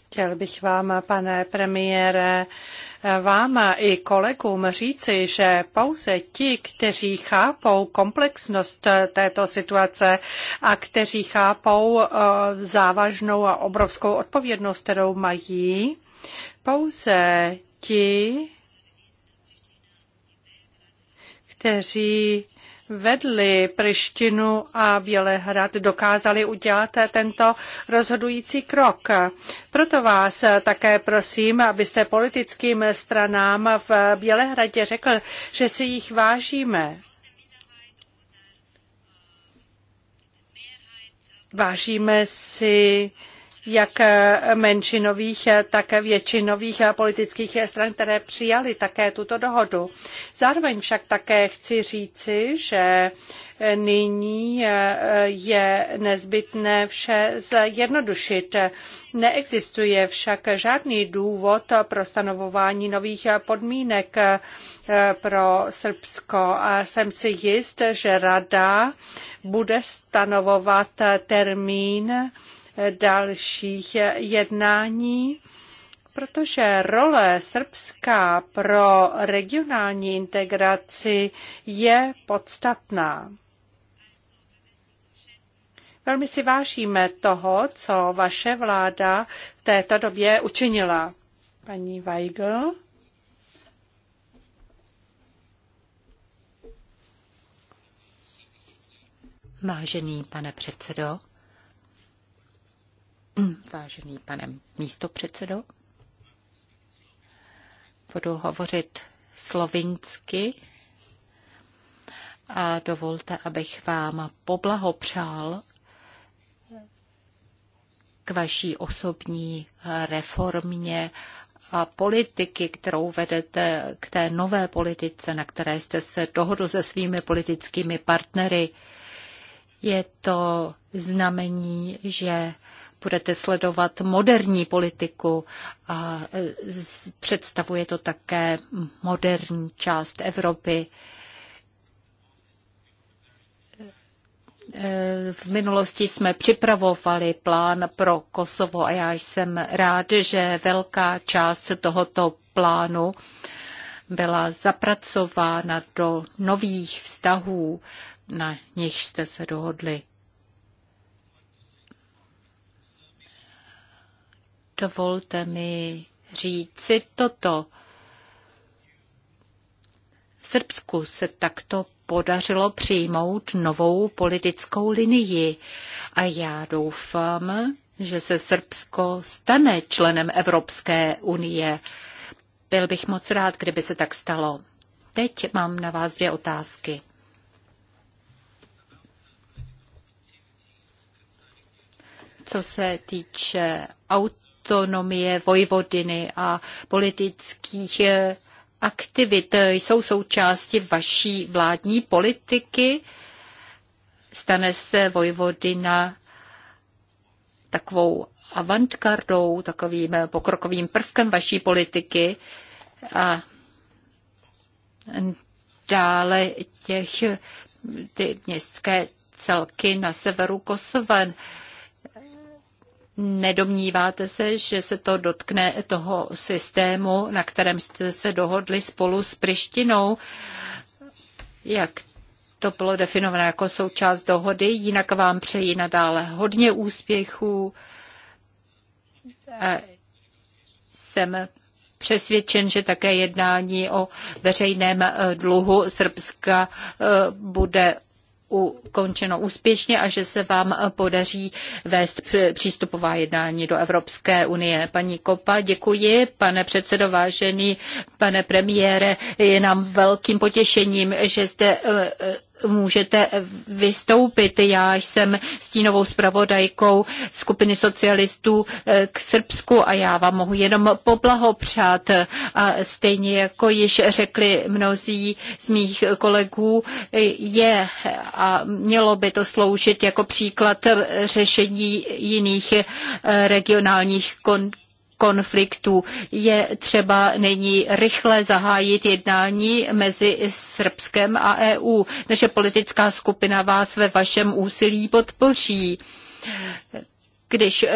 Chtěl bych vám, pane premiére, vám i kolegům říci, že pouze ti, kteří chápou komplexnost této situace a kteří chápou eh, závažnou a obrovskou odpovědnost, kterou mají, pouze ti, kteří vedli Prištinu a Bělehrad, dokázali udělat tento rozhodující krok. Proto vás také prosím, aby se politickým stranám v Bělehradě řekl, že si jich vážíme. Vážíme si jak menšinových, tak většinových politických stran, které přijali také tuto dohodu. Zároveň však také chci říci, že nyní je nezbytné vše zjednodušit. Neexistuje však žádný důvod pro stanovování nových podmínek pro Srbsko a jsem si jist, že Rada bude stanovovat termín dalších jednání protože role Srbska pro regionální integraci je podstatná. Velmi si vážíme toho, co vaše vláda v této době učinila. Paní Weigl. Vážený pane předsedo, Vážený pane místopředsedo, budu hovořit slovinsky a dovolte, abych vám poblahopřál k vaší osobní reformě a politiky, kterou vedete k té nové politice, na které jste se dohodl se svými politickými partnery. Je to znamení, že budete sledovat moderní politiku a e, představuje to také moderní část Evropy. E, v minulosti jsme připravovali plán pro Kosovo a já jsem rád, že velká část tohoto plánu byla zapracována do nových vztahů, na nich jste se dohodli. Dovolte mi říci toto. V Srbsku se takto podařilo přijmout novou politickou linii a já doufám, že se Srbsko stane členem Evropské unie. Byl bych moc rád, kdyby se tak stalo. Teď mám na vás dvě otázky. Co se týče aut autonomie Vojvodiny a politických eh, aktivit eh, jsou součástí vaší vládní politiky? Stane se Vojvodina takovou avantgardou, takovým eh, pokrokovým prvkem vaší politiky a dále těch ty městské celky na severu Kosova. Nedomníváte se, že se to dotkne toho systému, na kterém jste se dohodli spolu s Prištinou? Jak to bylo definované jako součást dohody. Jinak vám přeji nadále hodně úspěchů. Jsem přesvědčen, že také jednání o veřejném eh, dluhu Srbska eh, bude ukončeno úspěšně a že se vám podaří vést přístupová jednání do Evropské unie. Paní Kopa, děkuji. Pane předsedo, vážený pane premiére, je nám velkým potěšením, že jste eh, můžete vystoupit. Já jsem stínovou zpravodajkou skupiny socialistů eh, k Srbsku a já vám mohu jenom poblahopřát. A stejně jako již řekli mnozí z mých kolegů, je a mělo by to sloužit jako příklad řešení jiných eh, regionálních konfliktů konfliktů. Je třeba nyní rychle zahájit jednání mezi Srbskem a EU. Naše politická skupina vás ve vašem úsilí podpoří když e,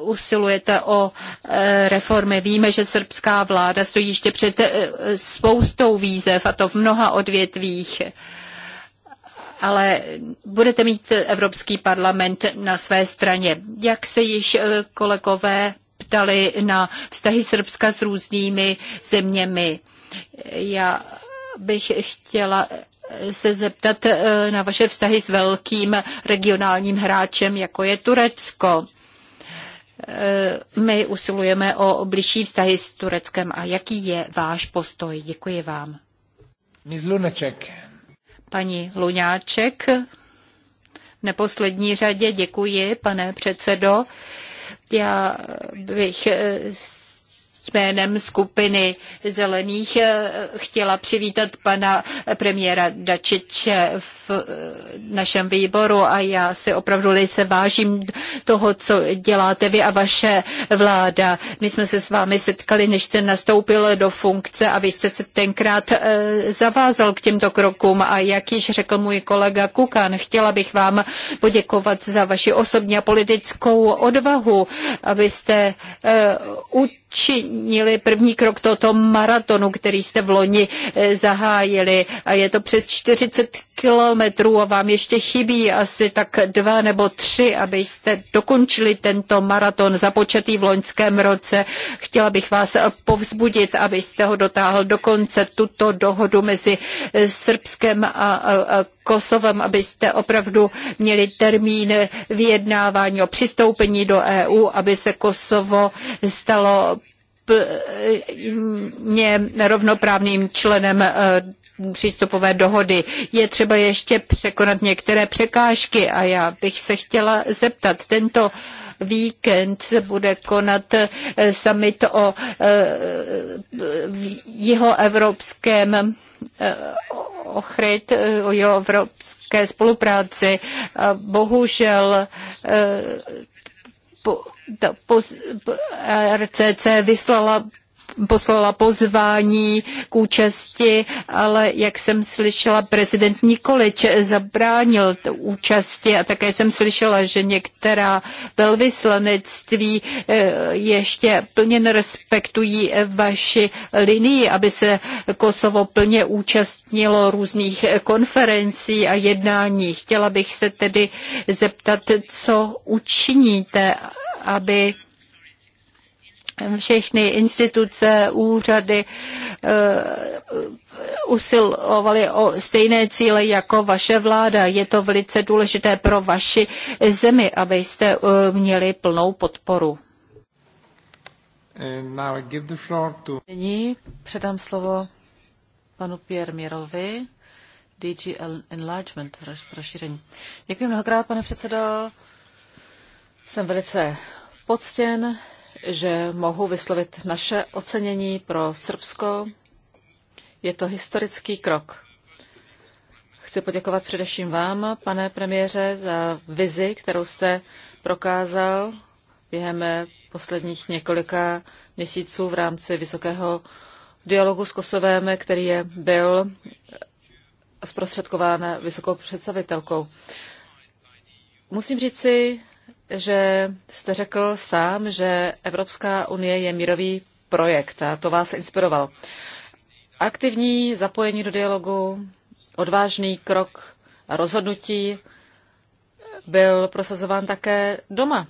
usilujete o e, reformy. Víme, že srbská vláda stojí ještě před e, spoustou výzev, a to v mnoha odvětvích. Ale budete mít Evropský parlament na své straně. Jak se již kolegové ptali na vztahy Srbska s různými zeměmi. Já bych chtěla se zeptat eh, na vaše vztahy s velkým regionálním hráčem, jako je Turecko. Eh, my usilujeme o blížší vztahy s Tureckem a jaký je váš postoj? Děkuji vám. Luneček. Paní Luňáček, v neposlední řadě děkuji, pane předsedo. Já bych eh, jménem skupiny zelených eh, chtěla přivítat pana premiéra Dačiče v eh, našem výboru a já si opravdu velice vážím toho, co děláte vy a vaše vláda. My jsme se s vámi setkali, než jste nastoupil do funkce a vy jste se tenkrát eh, zavázal k těmto krokům a jak již řekl můj kolega Kukan, chtěla bych vám poděkovat za vaši osobní a politickou odvahu, abyste činili první krok tohoto maratonu, který jste v loni eh, zahájili. A je to přes 40 kilometrů a vám ještě chybí asi tak dva nebo tři, abyste dokončili tento maraton započatý v loňském roce. Chtěla bych vás povzbudit, abyste ho dotáhl do konce tuto dohodu mezi Srbskem a Kosovem, abyste opravdu měli termín vyjednávání o přistoupení do EU, aby se Kosovo stalo plně rovnoprávným členem eh, přístupové dohody. Je třeba ještě překonat některé překážky a já bych se chtěla zeptat, tento víkend se bude konat eh, summit o eh, jihoevropském eh, ochryt, o jeho evropské spolupráci. Bohužel RCC vyslala poslala pozvání k účasti, ale jak jsem slyšela, prezident Nikolič zabránil účasti a také jsem slyšela, že některá velvyslanectví eh, ještě plně nerespektují eh, vaši linii, aby se Kosovo plně účastnilo různých eh, konferencí a jednání. Chtěla bych se tedy zeptat, co učiníte, aby všechny instituce, úřady eh, usilovaly o stejné cíle jako vaše vláda. Je to velice důležité pro vaši zemi, abyste eh, měli plnou podporu. Nyní předám slovo panu Pierre Mirovi, DG Enlargement, rozšíření. Děkuji mnohokrát, pane předsedo. Jsem velice poctěn že mohu vyslovit naše ocenění pro Srbsko. Je to historický krok. Chci poděkovat především vám, pane premiére, za vizi, kterou jste prokázal během posledních několika měsíců v rámci vysokého dialogu s Kosovem, který je byl zprostředkován vysokou představitelkou. Musím říci, že jste řekl sám, že Evropská unie je mírový projekt a to vás inspirovalo. Aktivní zapojení do dialogu, odvážný krok a rozhodnutí byl prosazován také doma.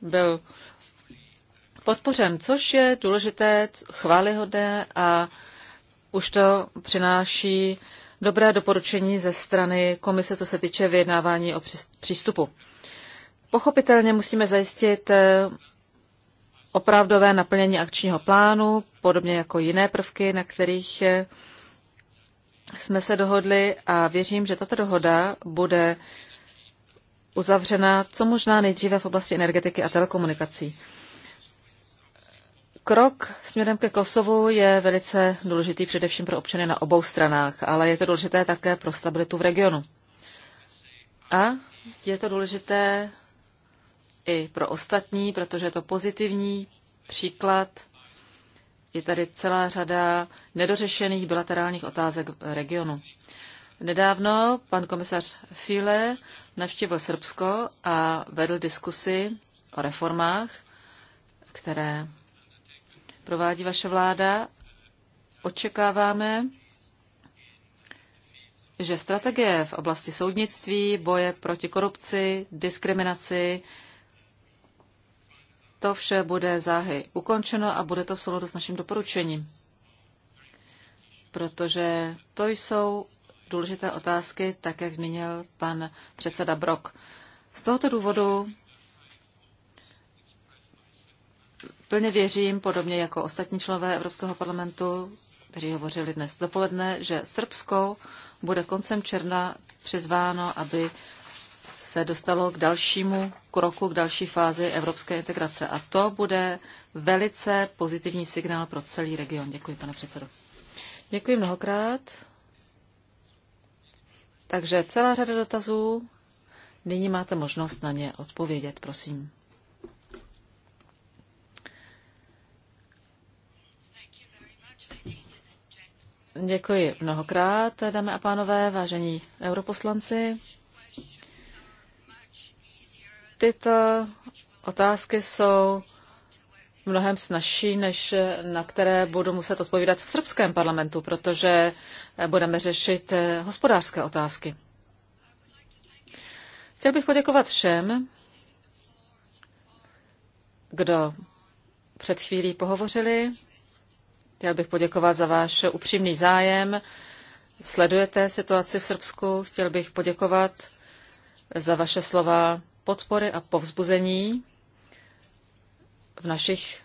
Byl podpořen, což je důležité, chválihodné a už to přináší dobré doporučení ze strany komise, co se týče vyjednávání o přístupu. Pochopitelně musíme zajistit eh, opravdové naplnění akčního plánu, podobně jako jiné prvky, na kterých eh, jsme se dohodli a věřím, že tato dohoda bude uzavřena co možná nejdříve v oblasti energetiky a telekomunikací. Krok směrem ke Kosovu je velice důležitý především pro občany na obou stranách, ale je to důležité také pro stabilitu v regionu. A je to důležité i pro ostatní, protože je to pozitivní příklad. Je tady celá řada nedořešených bilaterálních otázek v regionu. Nedávno pan komisař File navštívil Srbsko a vedl diskusy o reformách, které provádí vaše vláda. Očekáváme, že strategie v oblasti soudnictví, boje proti korupci, diskriminaci, to vše bude záhy ukončeno a bude to v souladu s naším doporučením, protože to jsou důležité otázky, tak jak zmínil pan předseda Brok. Z tohoto důvodu plně věřím, podobně jako ostatní členové Evropského parlamentu, kteří hovořili dnes dopoledne, že Srbsko bude koncem června přizváno, aby se dostalo k dalšímu kroku k další fázi evropské integrace. A to bude velice pozitivní signál pro celý region. Děkuji, pane předsedo. Děkuji mnohokrát. Takže celá řada dotazů. Nyní máte možnost na ně odpovědět, prosím. Děkuji mnohokrát, dámy a pánové, vážení europoslanci tyto otázky jsou mnohem snažší, než na které budu muset odpovídat v srbském parlamentu, protože budeme řešit hospodářské otázky. Chtěl bych poděkovat všem, kdo před chvílí pohovořili. Chtěl bych poděkovat za váš upřímný zájem. Sledujete situaci v Srbsku. Chtěl bych poděkovat za vaše slova podpory a povzbuzení v našich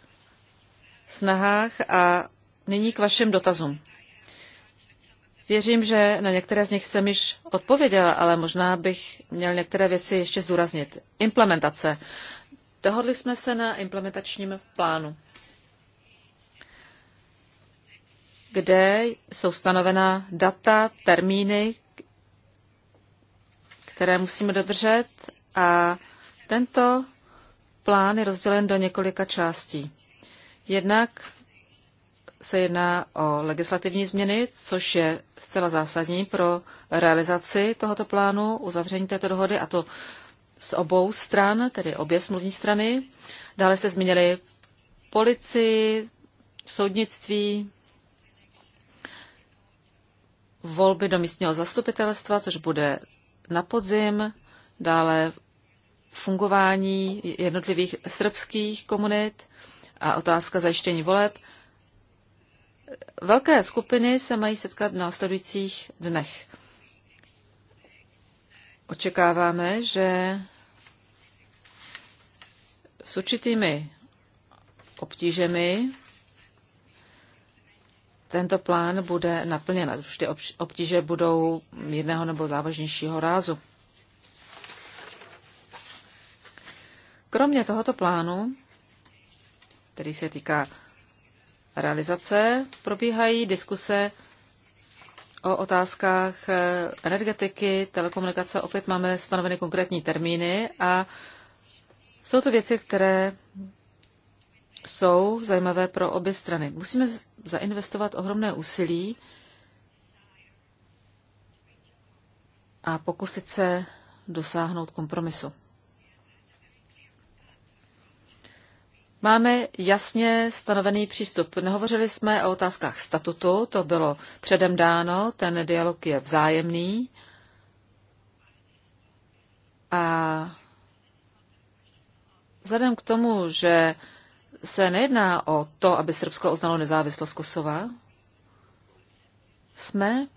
snahách a nyní k vašim dotazům. Věřím, že na některé z nich jsem již odpověděla, ale možná bych měl některé věci ještě zúraznit. Implementace. Dohodli jsme se na implementačním plánu, kde jsou stanovená data, termíny, které musíme dodržet a tento plán je rozdělen do několika částí. Jednak se jedná o legislativní změny, což je zcela zásadní pro realizaci tohoto plánu, uzavření této dohody, a to z obou stran, tedy obě smluvní strany. Dále jste zmínili policii, soudnictví, volby do místního zastupitelstva, což bude na podzim dále fungování jednotlivých srbských komunit a otázka zajištění voleb. Velké skupiny se mají setkat v následujících dnech. Očekáváme, že s určitými obtížemi tento plán bude naplněn. Už ty obtíže budou mírného nebo závažnějšího rázu. Kromě tohoto plánu, který se týká realizace, probíhají diskuse o otázkách eh, energetiky, telekomunikace. Opět máme stanoveny konkrétní termíny a jsou to věci, které jsou zajímavé pro obě strany. Musíme zainvestovat ohromné úsilí a pokusit se dosáhnout kompromisu. Máme jasně stanovený přístup. Nehovořili jsme o otázkách statutu, to bylo předem dáno, ten dialog je vzájemný. A vzhledem k tomu, že se nejedná o to, aby Srbsko uznalo nezávislost Kosova, jsme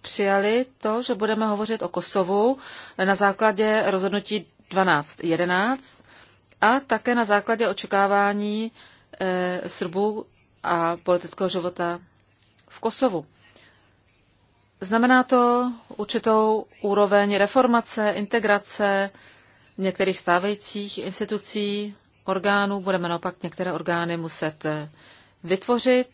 přijali to, že budeme hovořit o Kosovu na základě rozhodnutí 12.11 a také na základě očekávání e, Srbů a politického života v Kosovu. Znamená to určitou úroveň reformace, integrace některých stávajících institucí, orgánů. Budeme naopak některé orgány muset eh, vytvořit,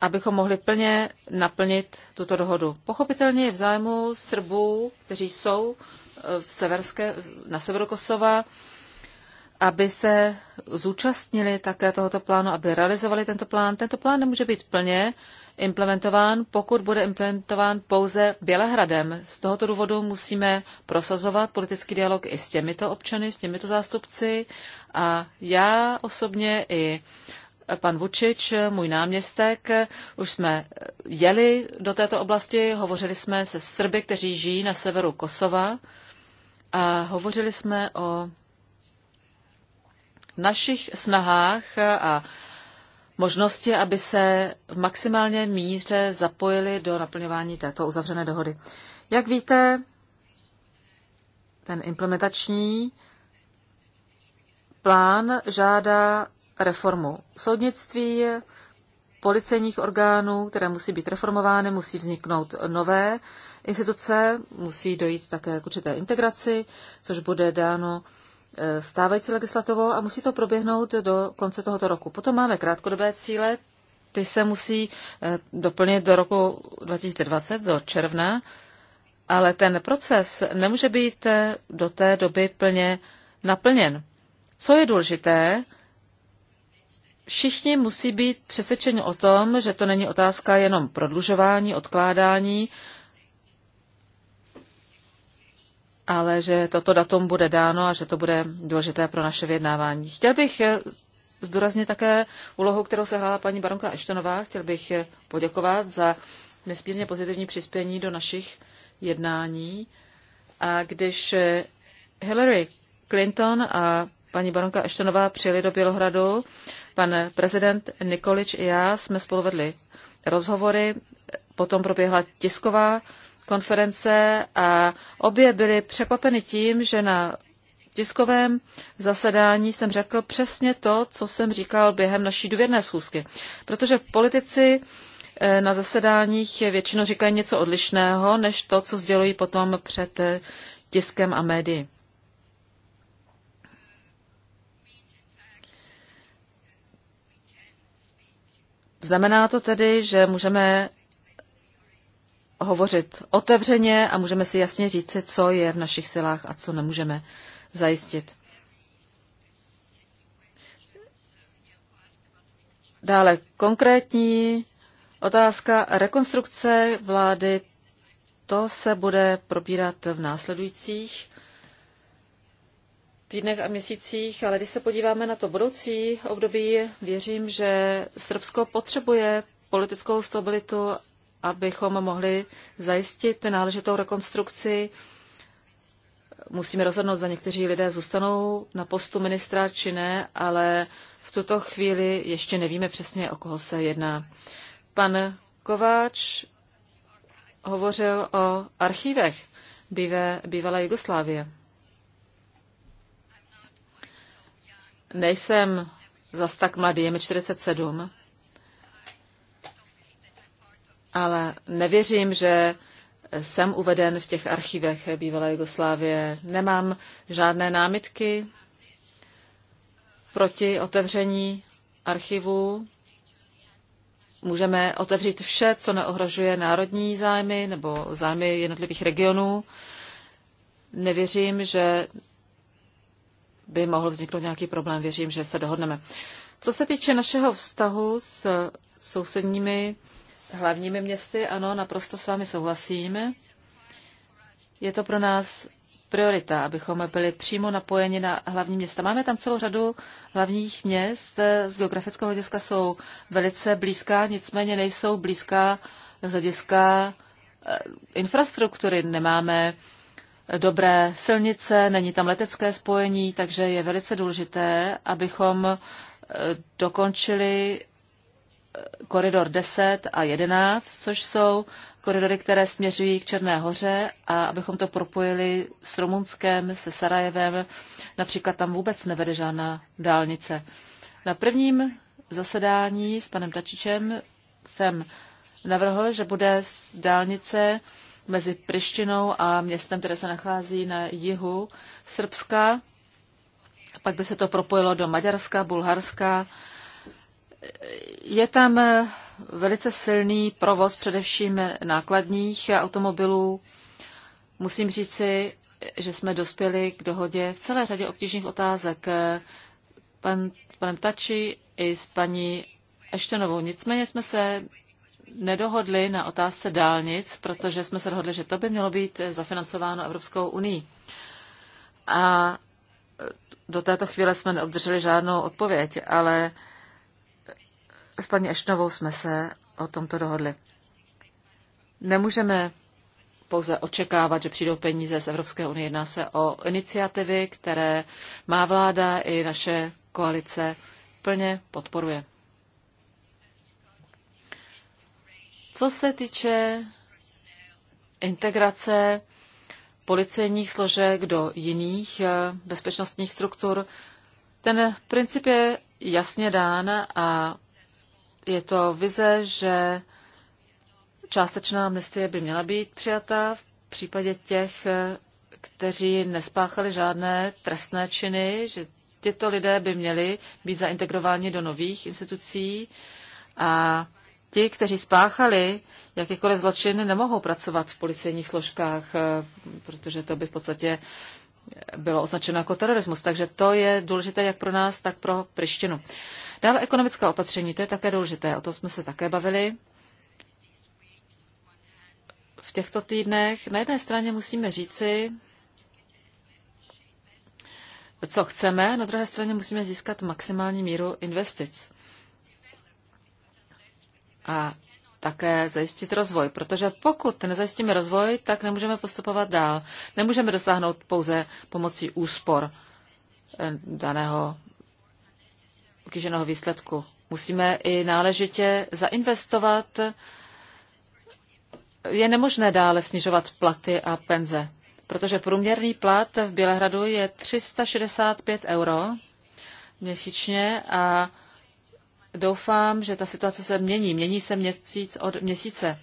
abychom mohli plně naplnit tuto dohodu. Pochopitelně je v zájmu Srbů, kteří jsou eh, v severské, na severu Kosova, aby se zúčastnili také tohoto plánu, aby realizovali tento plán. Tento plán nemůže být plně implementován, pokud bude implementován pouze Bělehradem. Z tohoto důvodu musíme prosazovat politický dialog i s těmito občany, s těmito zástupci a já osobně i pan Vučič, můj náměstek, už jsme jeli do této oblasti, hovořili jsme se Srby, kteří žijí na severu Kosova a hovořili jsme o našich snahách a možnosti, aby se v maximálně míře zapojili do naplňování této uzavřené dohody. Jak víte, ten implementační plán žádá reformu soudnictví, policejních orgánů, které musí být reformovány, musí vzniknout nové instituce, musí dojít také k určité integraci, což bude dáno E, stávající legislativou a musí to proběhnout do konce tohoto roku. Potom máme krátkodobé cíle, ty se musí e, doplnit do roku 2020, do června, ale ten proces nemůže být e, do té doby plně naplněn. Co je důležité, všichni musí být přesvědčeni o tom, že to není otázka jenom prodlužování, odkládání, ale že toto datum bude dáno a že to bude důležité pro naše vyjednávání. Chtěl bych eh, zdůraznit také úlohu, kterou se hrála paní baronka Aštonová. Chtěl bych eh, poděkovat za nesmírně pozitivní přispění do našich jednání. A když eh, Hillary Clinton a paní baronka Eštonová přijeli do Bělohradu, pan prezident Nikolič i já jsme spolu vedli rozhovory, potom proběhla tisková konference a obě byly překvapeny tím, že na tiskovém zasedání jsem řekl přesně to, co jsem říkal během naší důvěrné schůzky. Protože politici eh, na zasedáních většinou říkají něco odlišného, než to, co sdělují potom před eh, tiskem a médií. Znamená to tedy, že můžeme hovořit otevřeně a můžeme si jasně říct, co je v našich silách a co nemůžeme zajistit. Dále konkrétní otázka rekonstrukce vlády. To se bude probírat v následujících týdnech a měsících, ale když se podíváme na to budoucí období, věřím, že Srbsko potřebuje politickou stabilitu abychom mohli zajistit náležitou rekonstrukci. Musíme rozhodnout, za někteří lidé zůstanou na postu ministra či ne, ale v tuto chvíli ještě nevíme přesně, o koho se jedná. Pan Kováč hovořil o archívech bývé, bývalé Jugoslávie. Nejsem zas tak mladý, je mi 47, ale nevěřím, že jsem uveden v těch archivech bývalé Jugoslávie. Nemám žádné námitky proti otevření archivů. Můžeme otevřít vše, co neohrožuje národní zájmy nebo zájmy jednotlivých regionů. Nevěřím, že by mohl vzniknout nějaký problém. Věřím, že se dohodneme. Co se týče našeho vztahu s sousedními hlavními městy. Ano, naprosto s vámi souhlasím. Je to pro nás priorita, abychom byli přímo napojeni na hlavní města. Máme tam celou řadu hlavních měst, z geografického hlediska jsou velice blízká, nicméně nejsou blízká z hlediska eh, infrastruktury. Nemáme dobré silnice, není tam letecké spojení, takže je velice důležité, abychom eh, dokončili koridor 10 a 11, což jsou koridory, které směřují k Černé hoře a abychom to propojili s Rumunskem, se Sarajevem, například tam vůbec nevede žádná dálnice. Na prvním zasedání s panem Tačičem jsem navrhl, že bude z dálnice mezi Prištinou a městem, které se nachází na jihu Srbska. Pak by se to propojilo do Maďarska, Bulharska, je tam eh, velice silný provoz především nákladních automobilů. Musím říci, že jsme dospěli k dohodě v celé řadě obtížných otázek pan, panem Tači i s paní Eštenovou. Nicméně jsme se nedohodli na otázce dálnic, protože jsme se dohodli, že to by mělo být zafinancováno Evropskou unii. A do této chvíle jsme neobdrželi žádnou odpověď, ale s paní Ešnovou jsme se o tomto dohodli. Nemůžeme pouze očekávat, že přijdou peníze z Evropské unie. Jedná se o iniciativy, které má vláda i naše koalice plně podporuje. Co se týče integrace policejních složek do jiných eh, bezpečnostních struktur, ten princip je jasně dán a je to vize, že částečná amnestie by měla být přijata v případě těch, kteří nespáchali žádné trestné činy, že tyto lidé by měli být zaintegrováni do nových institucí a ti, kteří spáchali jakýkoliv zločin, nemohou pracovat v policejních složkách, eh, protože to by v podstatě bylo označeno jako terorismus. Takže to je důležité jak pro nás, tak pro Prištinu. Dále ekonomická opatření, to je také důležité, o tom jsme se také bavili. V těchto týdnech na jedné straně musíme říci, co chceme, na druhé straně musíme získat maximální míru investic. A také zajistit rozvoj, protože pokud nezajistíme rozvoj, tak nemůžeme postupovat dál. Nemůžeme dosáhnout pouze pomocí úspor eh, daného kýženého výsledku. Musíme i náležitě zainvestovat. Je nemožné dále snižovat platy a penze, protože průměrný plat v Bělehradu je 365 euro měsíčně a doufám, že ta situace se mění. Mění se měsíc od měsíce.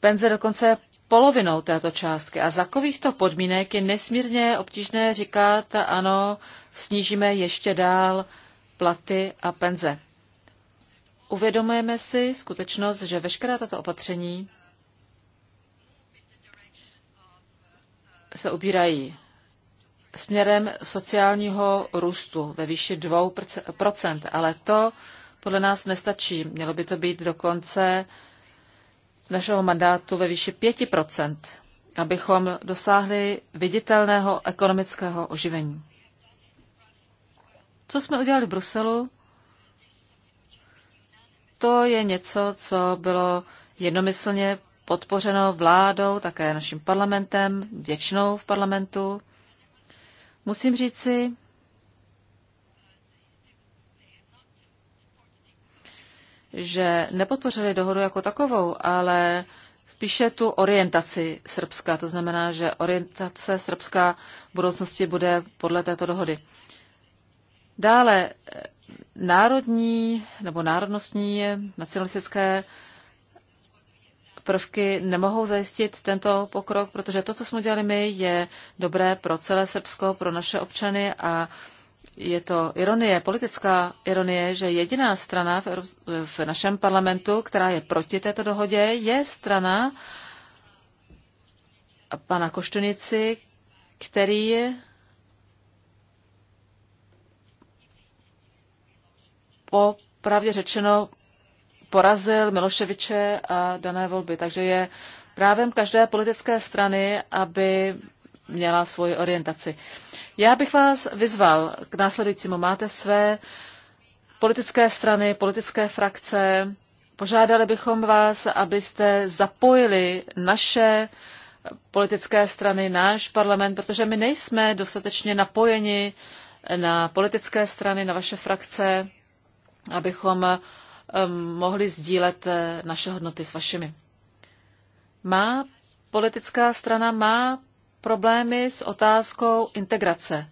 Penze dokonce polovinou této částky. A za takovýchto podmínek je nesmírně obtížné říkat, ano, snížíme ještě dál platy a penze. Uvědomujeme si skutečnost, že veškerá tato opatření se ubírají směrem sociálního růstu ve výši 2%, ale to podle nás nestačí. Mělo by to být dokonce našeho mandátu ve výši 5%, abychom dosáhli viditelného ekonomického oživení. Co jsme udělali v Bruselu? To je něco, co bylo jednomyslně podpořeno vládou, také naším parlamentem, většinou v parlamentu. Musím říci, že nepodpořili dohodu jako takovou, ale spíše tu orientaci Srbska. To znamená, že orientace Srbska v budoucnosti bude podle této dohody. Dále eh, národní nebo národnostní eh, nacionalistické prvky nemohou zajistit tento pokrok, protože to, co jsme udělali my, je dobré pro celé Srbsko, pro naše občany a je to ironie, politická ironie, že jediná strana v, Evrop- v našem parlamentu, která je proti této dohodě, je strana pana Koštunici, který po řečeno porazil Miloševiče a dané volby. Takže je právem každé politické strany, aby měla svoji orientaci. Já bych vás vyzval k následujícímu. Máte své politické strany, politické frakce. Požádali bychom vás, abyste zapojili naše politické strany, náš parlament, protože my nejsme dostatečně napojeni na politické strany, na vaše frakce, abychom Um, mohli sdílet eh, naše hodnoty s vašimi. Má politická strana má problémy s otázkou integrace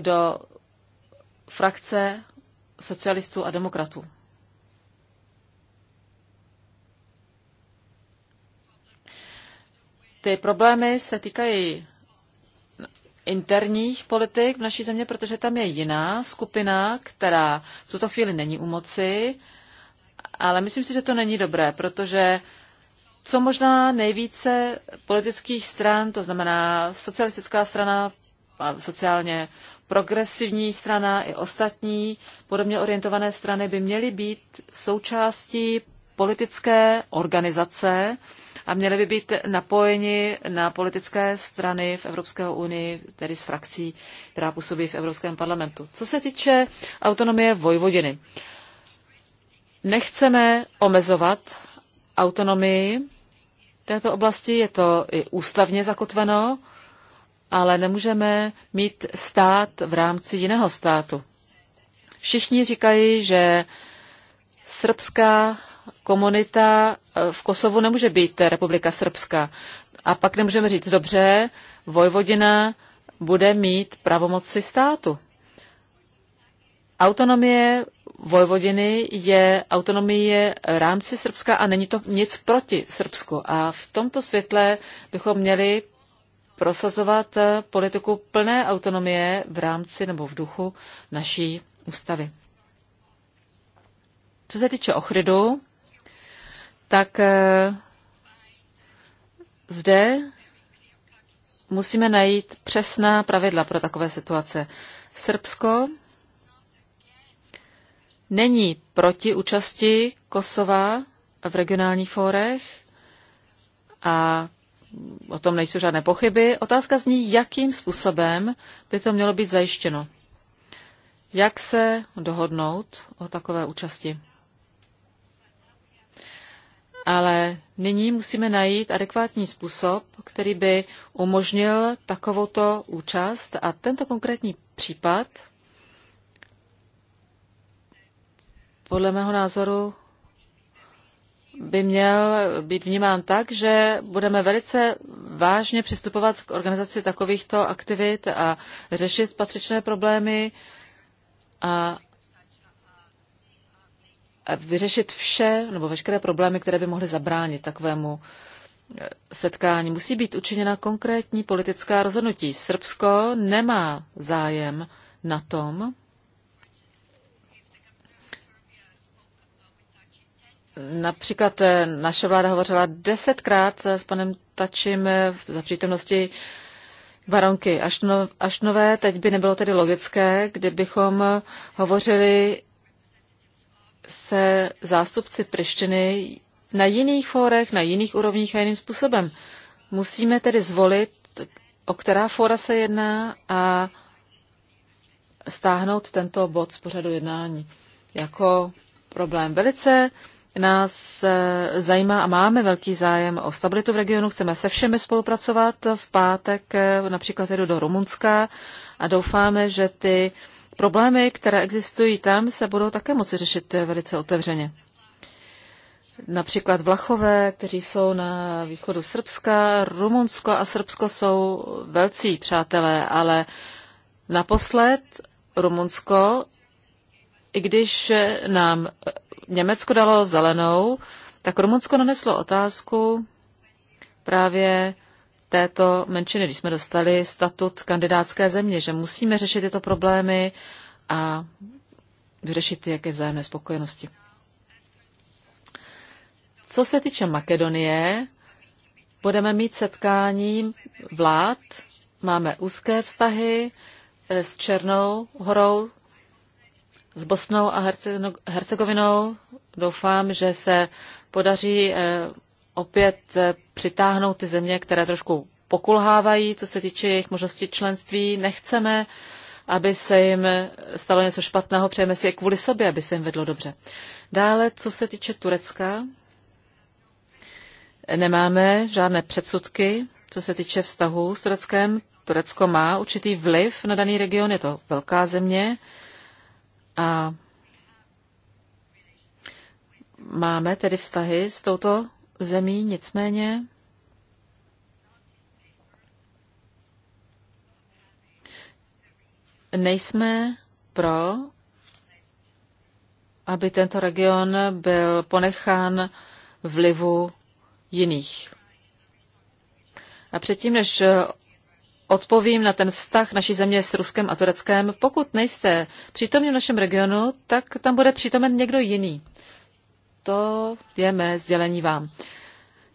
do frakce socialistů a demokratů. Ty problémy se týkají interních politik v naší země, protože tam je jiná skupina, která v tuto chvíli není u moci, ale myslím si, že to není dobré, protože co možná nejvíce politických stran, to znamená socialistická strana, sociálně progresivní strana i ostatní podobně orientované strany by měly být součástí politické organizace, a měli by být napojeni na politické strany v Evropské unii, tedy s frakcí, která působí v Evropském parlamentu. Co se týče autonomie Vojvodiny, nechceme omezovat autonomii této oblasti, je to i ústavně zakotveno, ale nemůžeme mít stát v rámci jiného státu. Všichni říkají, že srbská komunita v Kosovu nemůže být Republika Srbska. A pak nemůžeme říct, dobře, Vojvodina bude mít pravomoci státu. Autonomie Vojvodiny je autonomie rámci Srbska a není to nic proti Srbsku. A v tomto světle bychom měli prosazovat politiku plné autonomie v rámci nebo v duchu naší ústavy. Co se týče Ochrydu, tak eh, zde musíme najít přesná pravidla pro takové situace. Srbsko není proti účasti Kosova v regionálních fórech a o tom nejsou žádné pochyby. Otázka zní, jakým způsobem by to mělo být zajištěno. Jak se dohodnout o takové účasti? ale nyní musíme najít adekvátní způsob, který by umožnil takovouto účast a tento konkrétní případ podle mého názoru by měl být vnímán tak, že budeme velice vážně přistupovat k organizaci takovýchto aktivit a řešit patřičné problémy a vyřešit vše nebo veškeré problémy, které by mohly zabránit takovému eh, setkání. Musí být učiněna konkrétní politická rozhodnutí. Srbsko nemá zájem na tom, Například eh, naše vláda hovořila desetkrát s panem Tačím eh, za přítomnosti baronky Ašnové. Teď by nebylo tedy logické, kdybychom hovořili se zástupci Prištiny na jiných fórech, na jiných úrovních a jiným způsobem. Musíme tedy zvolit, o která fóra se jedná a stáhnout tento bod z pořadu jednání jako problém. Velice nás eh, zajímá a máme velký zájem o stabilitu v regionu. Chceme se všemi spolupracovat. V pátek eh, například jdu do Rumunska a doufáme, že ty problémy, které existují tam, se budou také moci řešit velice otevřeně. Například Vlachové, kteří jsou na východu Srbska, Rumunsko a Srbsko jsou velcí přátelé, ale naposled Rumunsko, i když nám Německo dalo zelenou, tak Rumunsko naneslo otázku právě této menšiny, když jsme dostali statut kandidátské země, že musíme řešit tyto problémy a vyřešit ty jaké vzájemné spokojenosti. Co se týče Makedonie, budeme mít setkání vlád, máme úzké vztahy s Černou horou, s Bosnou a Hercegovinou. Doufám, že se podaří eh, opět eh, přitáhnout ty země, které trošku pokulhávají, co se týče jejich možnosti členství. Nechceme, aby se jim stalo něco špatného, přejeme si je kvůli sobě, aby se jim vedlo dobře. Dále, co se týče Turecka, nemáme žádné předsudky, co se týče vztahu s Tureckem. Turecko má určitý vliv na daný region, je to velká země a máme tedy vztahy s touto zemí, nicméně nejsme pro, aby tento region byl ponechán vlivu jiných. A předtím, než odpovím na ten vztah naší země s Ruskem a Tureckem, pokud nejste přítomní v našem regionu, tak tam bude přítomen někdo jiný. To je mé sdělení vám.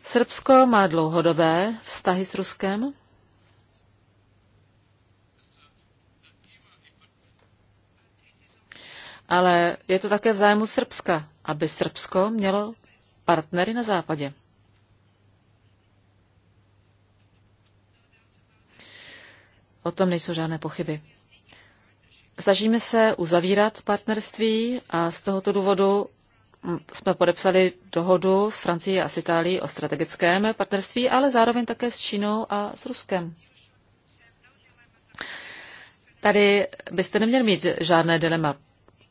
Srbsko má dlouhodobé vztahy s Ruskem. ale je to také v zájmu Srbska, aby Srbsko mělo partnery na západě. O tom nejsou žádné pochyby. Snažíme se uzavírat partnerství a z tohoto důvodu jsme podepsali dohodu s Francií a s Itálií o strategickém partnerství, ale zároveň také s Čínou a s Ruskem. Tady byste neměli mít žádné dilema.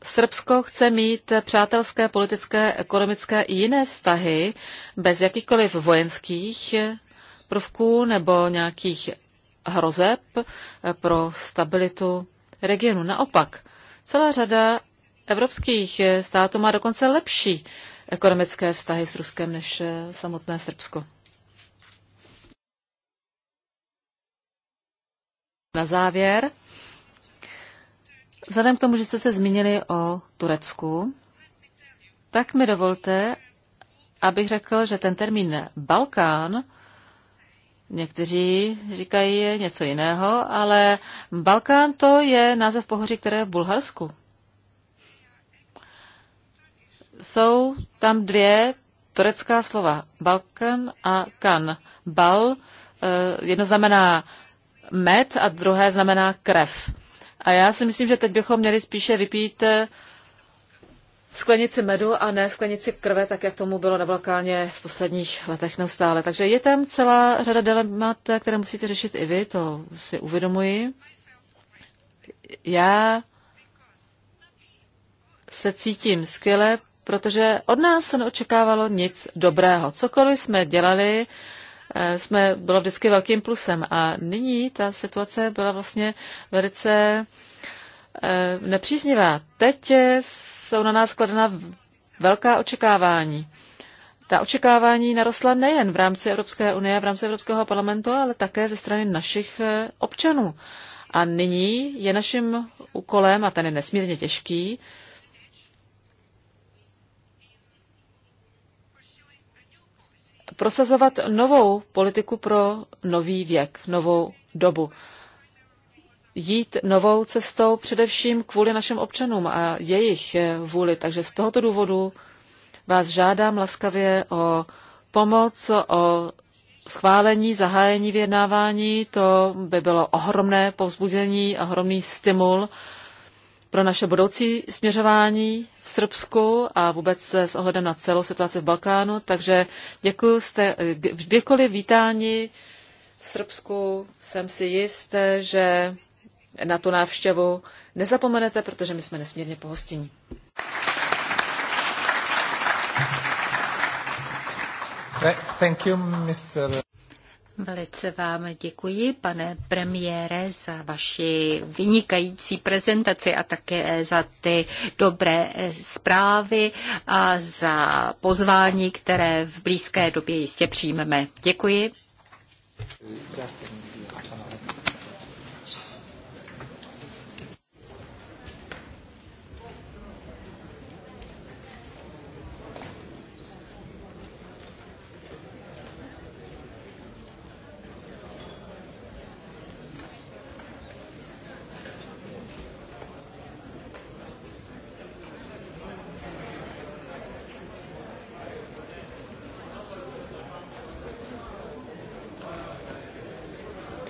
Srbsko chce mít přátelské, politické, ekonomické i jiné vztahy bez jakýchkoliv vojenských prvků nebo nějakých hrozeb pro stabilitu regionu. Naopak, celá řada evropských států má dokonce lepší ekonomické vztahy s Ruskem než eh, samotné Srbsko. Na závěr Vzhledem k tomu, že jste se zmínili o Turecku, tak mi dovolte, abych řekl, že ten termín Balkán, někteří říkají něco jiného, ale Balkán to je název pohoří, které je v Bulharsku. Jsou tam dvě turecká slova. Balkan a kan. Bal, eh, jedno znamená med a druhé znamená krev. A já si myslím, že teď bychom měli spíše vypít eh, sklenici medu a ne sklenici krve, tak jak tomu bylo na Balkáně v posledních letech neustále. Takže je tam celá řada dilemat, eh, které musíte řešit i vy, to si uvědomuji. Já se cítím skvěle, protože od nás se neočekávalo nic dobrého. Cokoliv jsme dělali, Eh, jsme, bylo vždycky velkým plusem. A nyní ta situace byla vlastně velice eh, nepříznivá. Teď jsou na nás kladena velká očekávání. Ta očekávání narostla nejen v rámci Evropské unie, v rámci Evropského parlamentu, ale také ze strany našich eh, občanů. A nyní je naším úkolem, a ten je nesmírně těžký, prosazovat novou politiku pro nový věk, novou dobu. Jít novou cestou především kvůli našim občanům a jejich eh, vůli. Takže z tohoto důvodu vás žádám laskavě o pomoc, o schválení, zahájení vyjednávání. To by bylo ohromné povzbuzení, ohromný stimul pro naše budoucí směřování v Srbsku a vůbec s ohledem na celou situaci v Balkánu. Takže děkuji, jste vždykoliv vítáni v Srbsku. Jsem si jist, že na tu návštěvu nezapomenete, protože my jsme nesmírně pohostinní. Thank you, Mr. Velice vám děkuji, pane premiére, za vaši vynikající prezentaci a také za ty dobré zprávy a za pozvání, které v blízké době jistě přijmeme. Děkuji.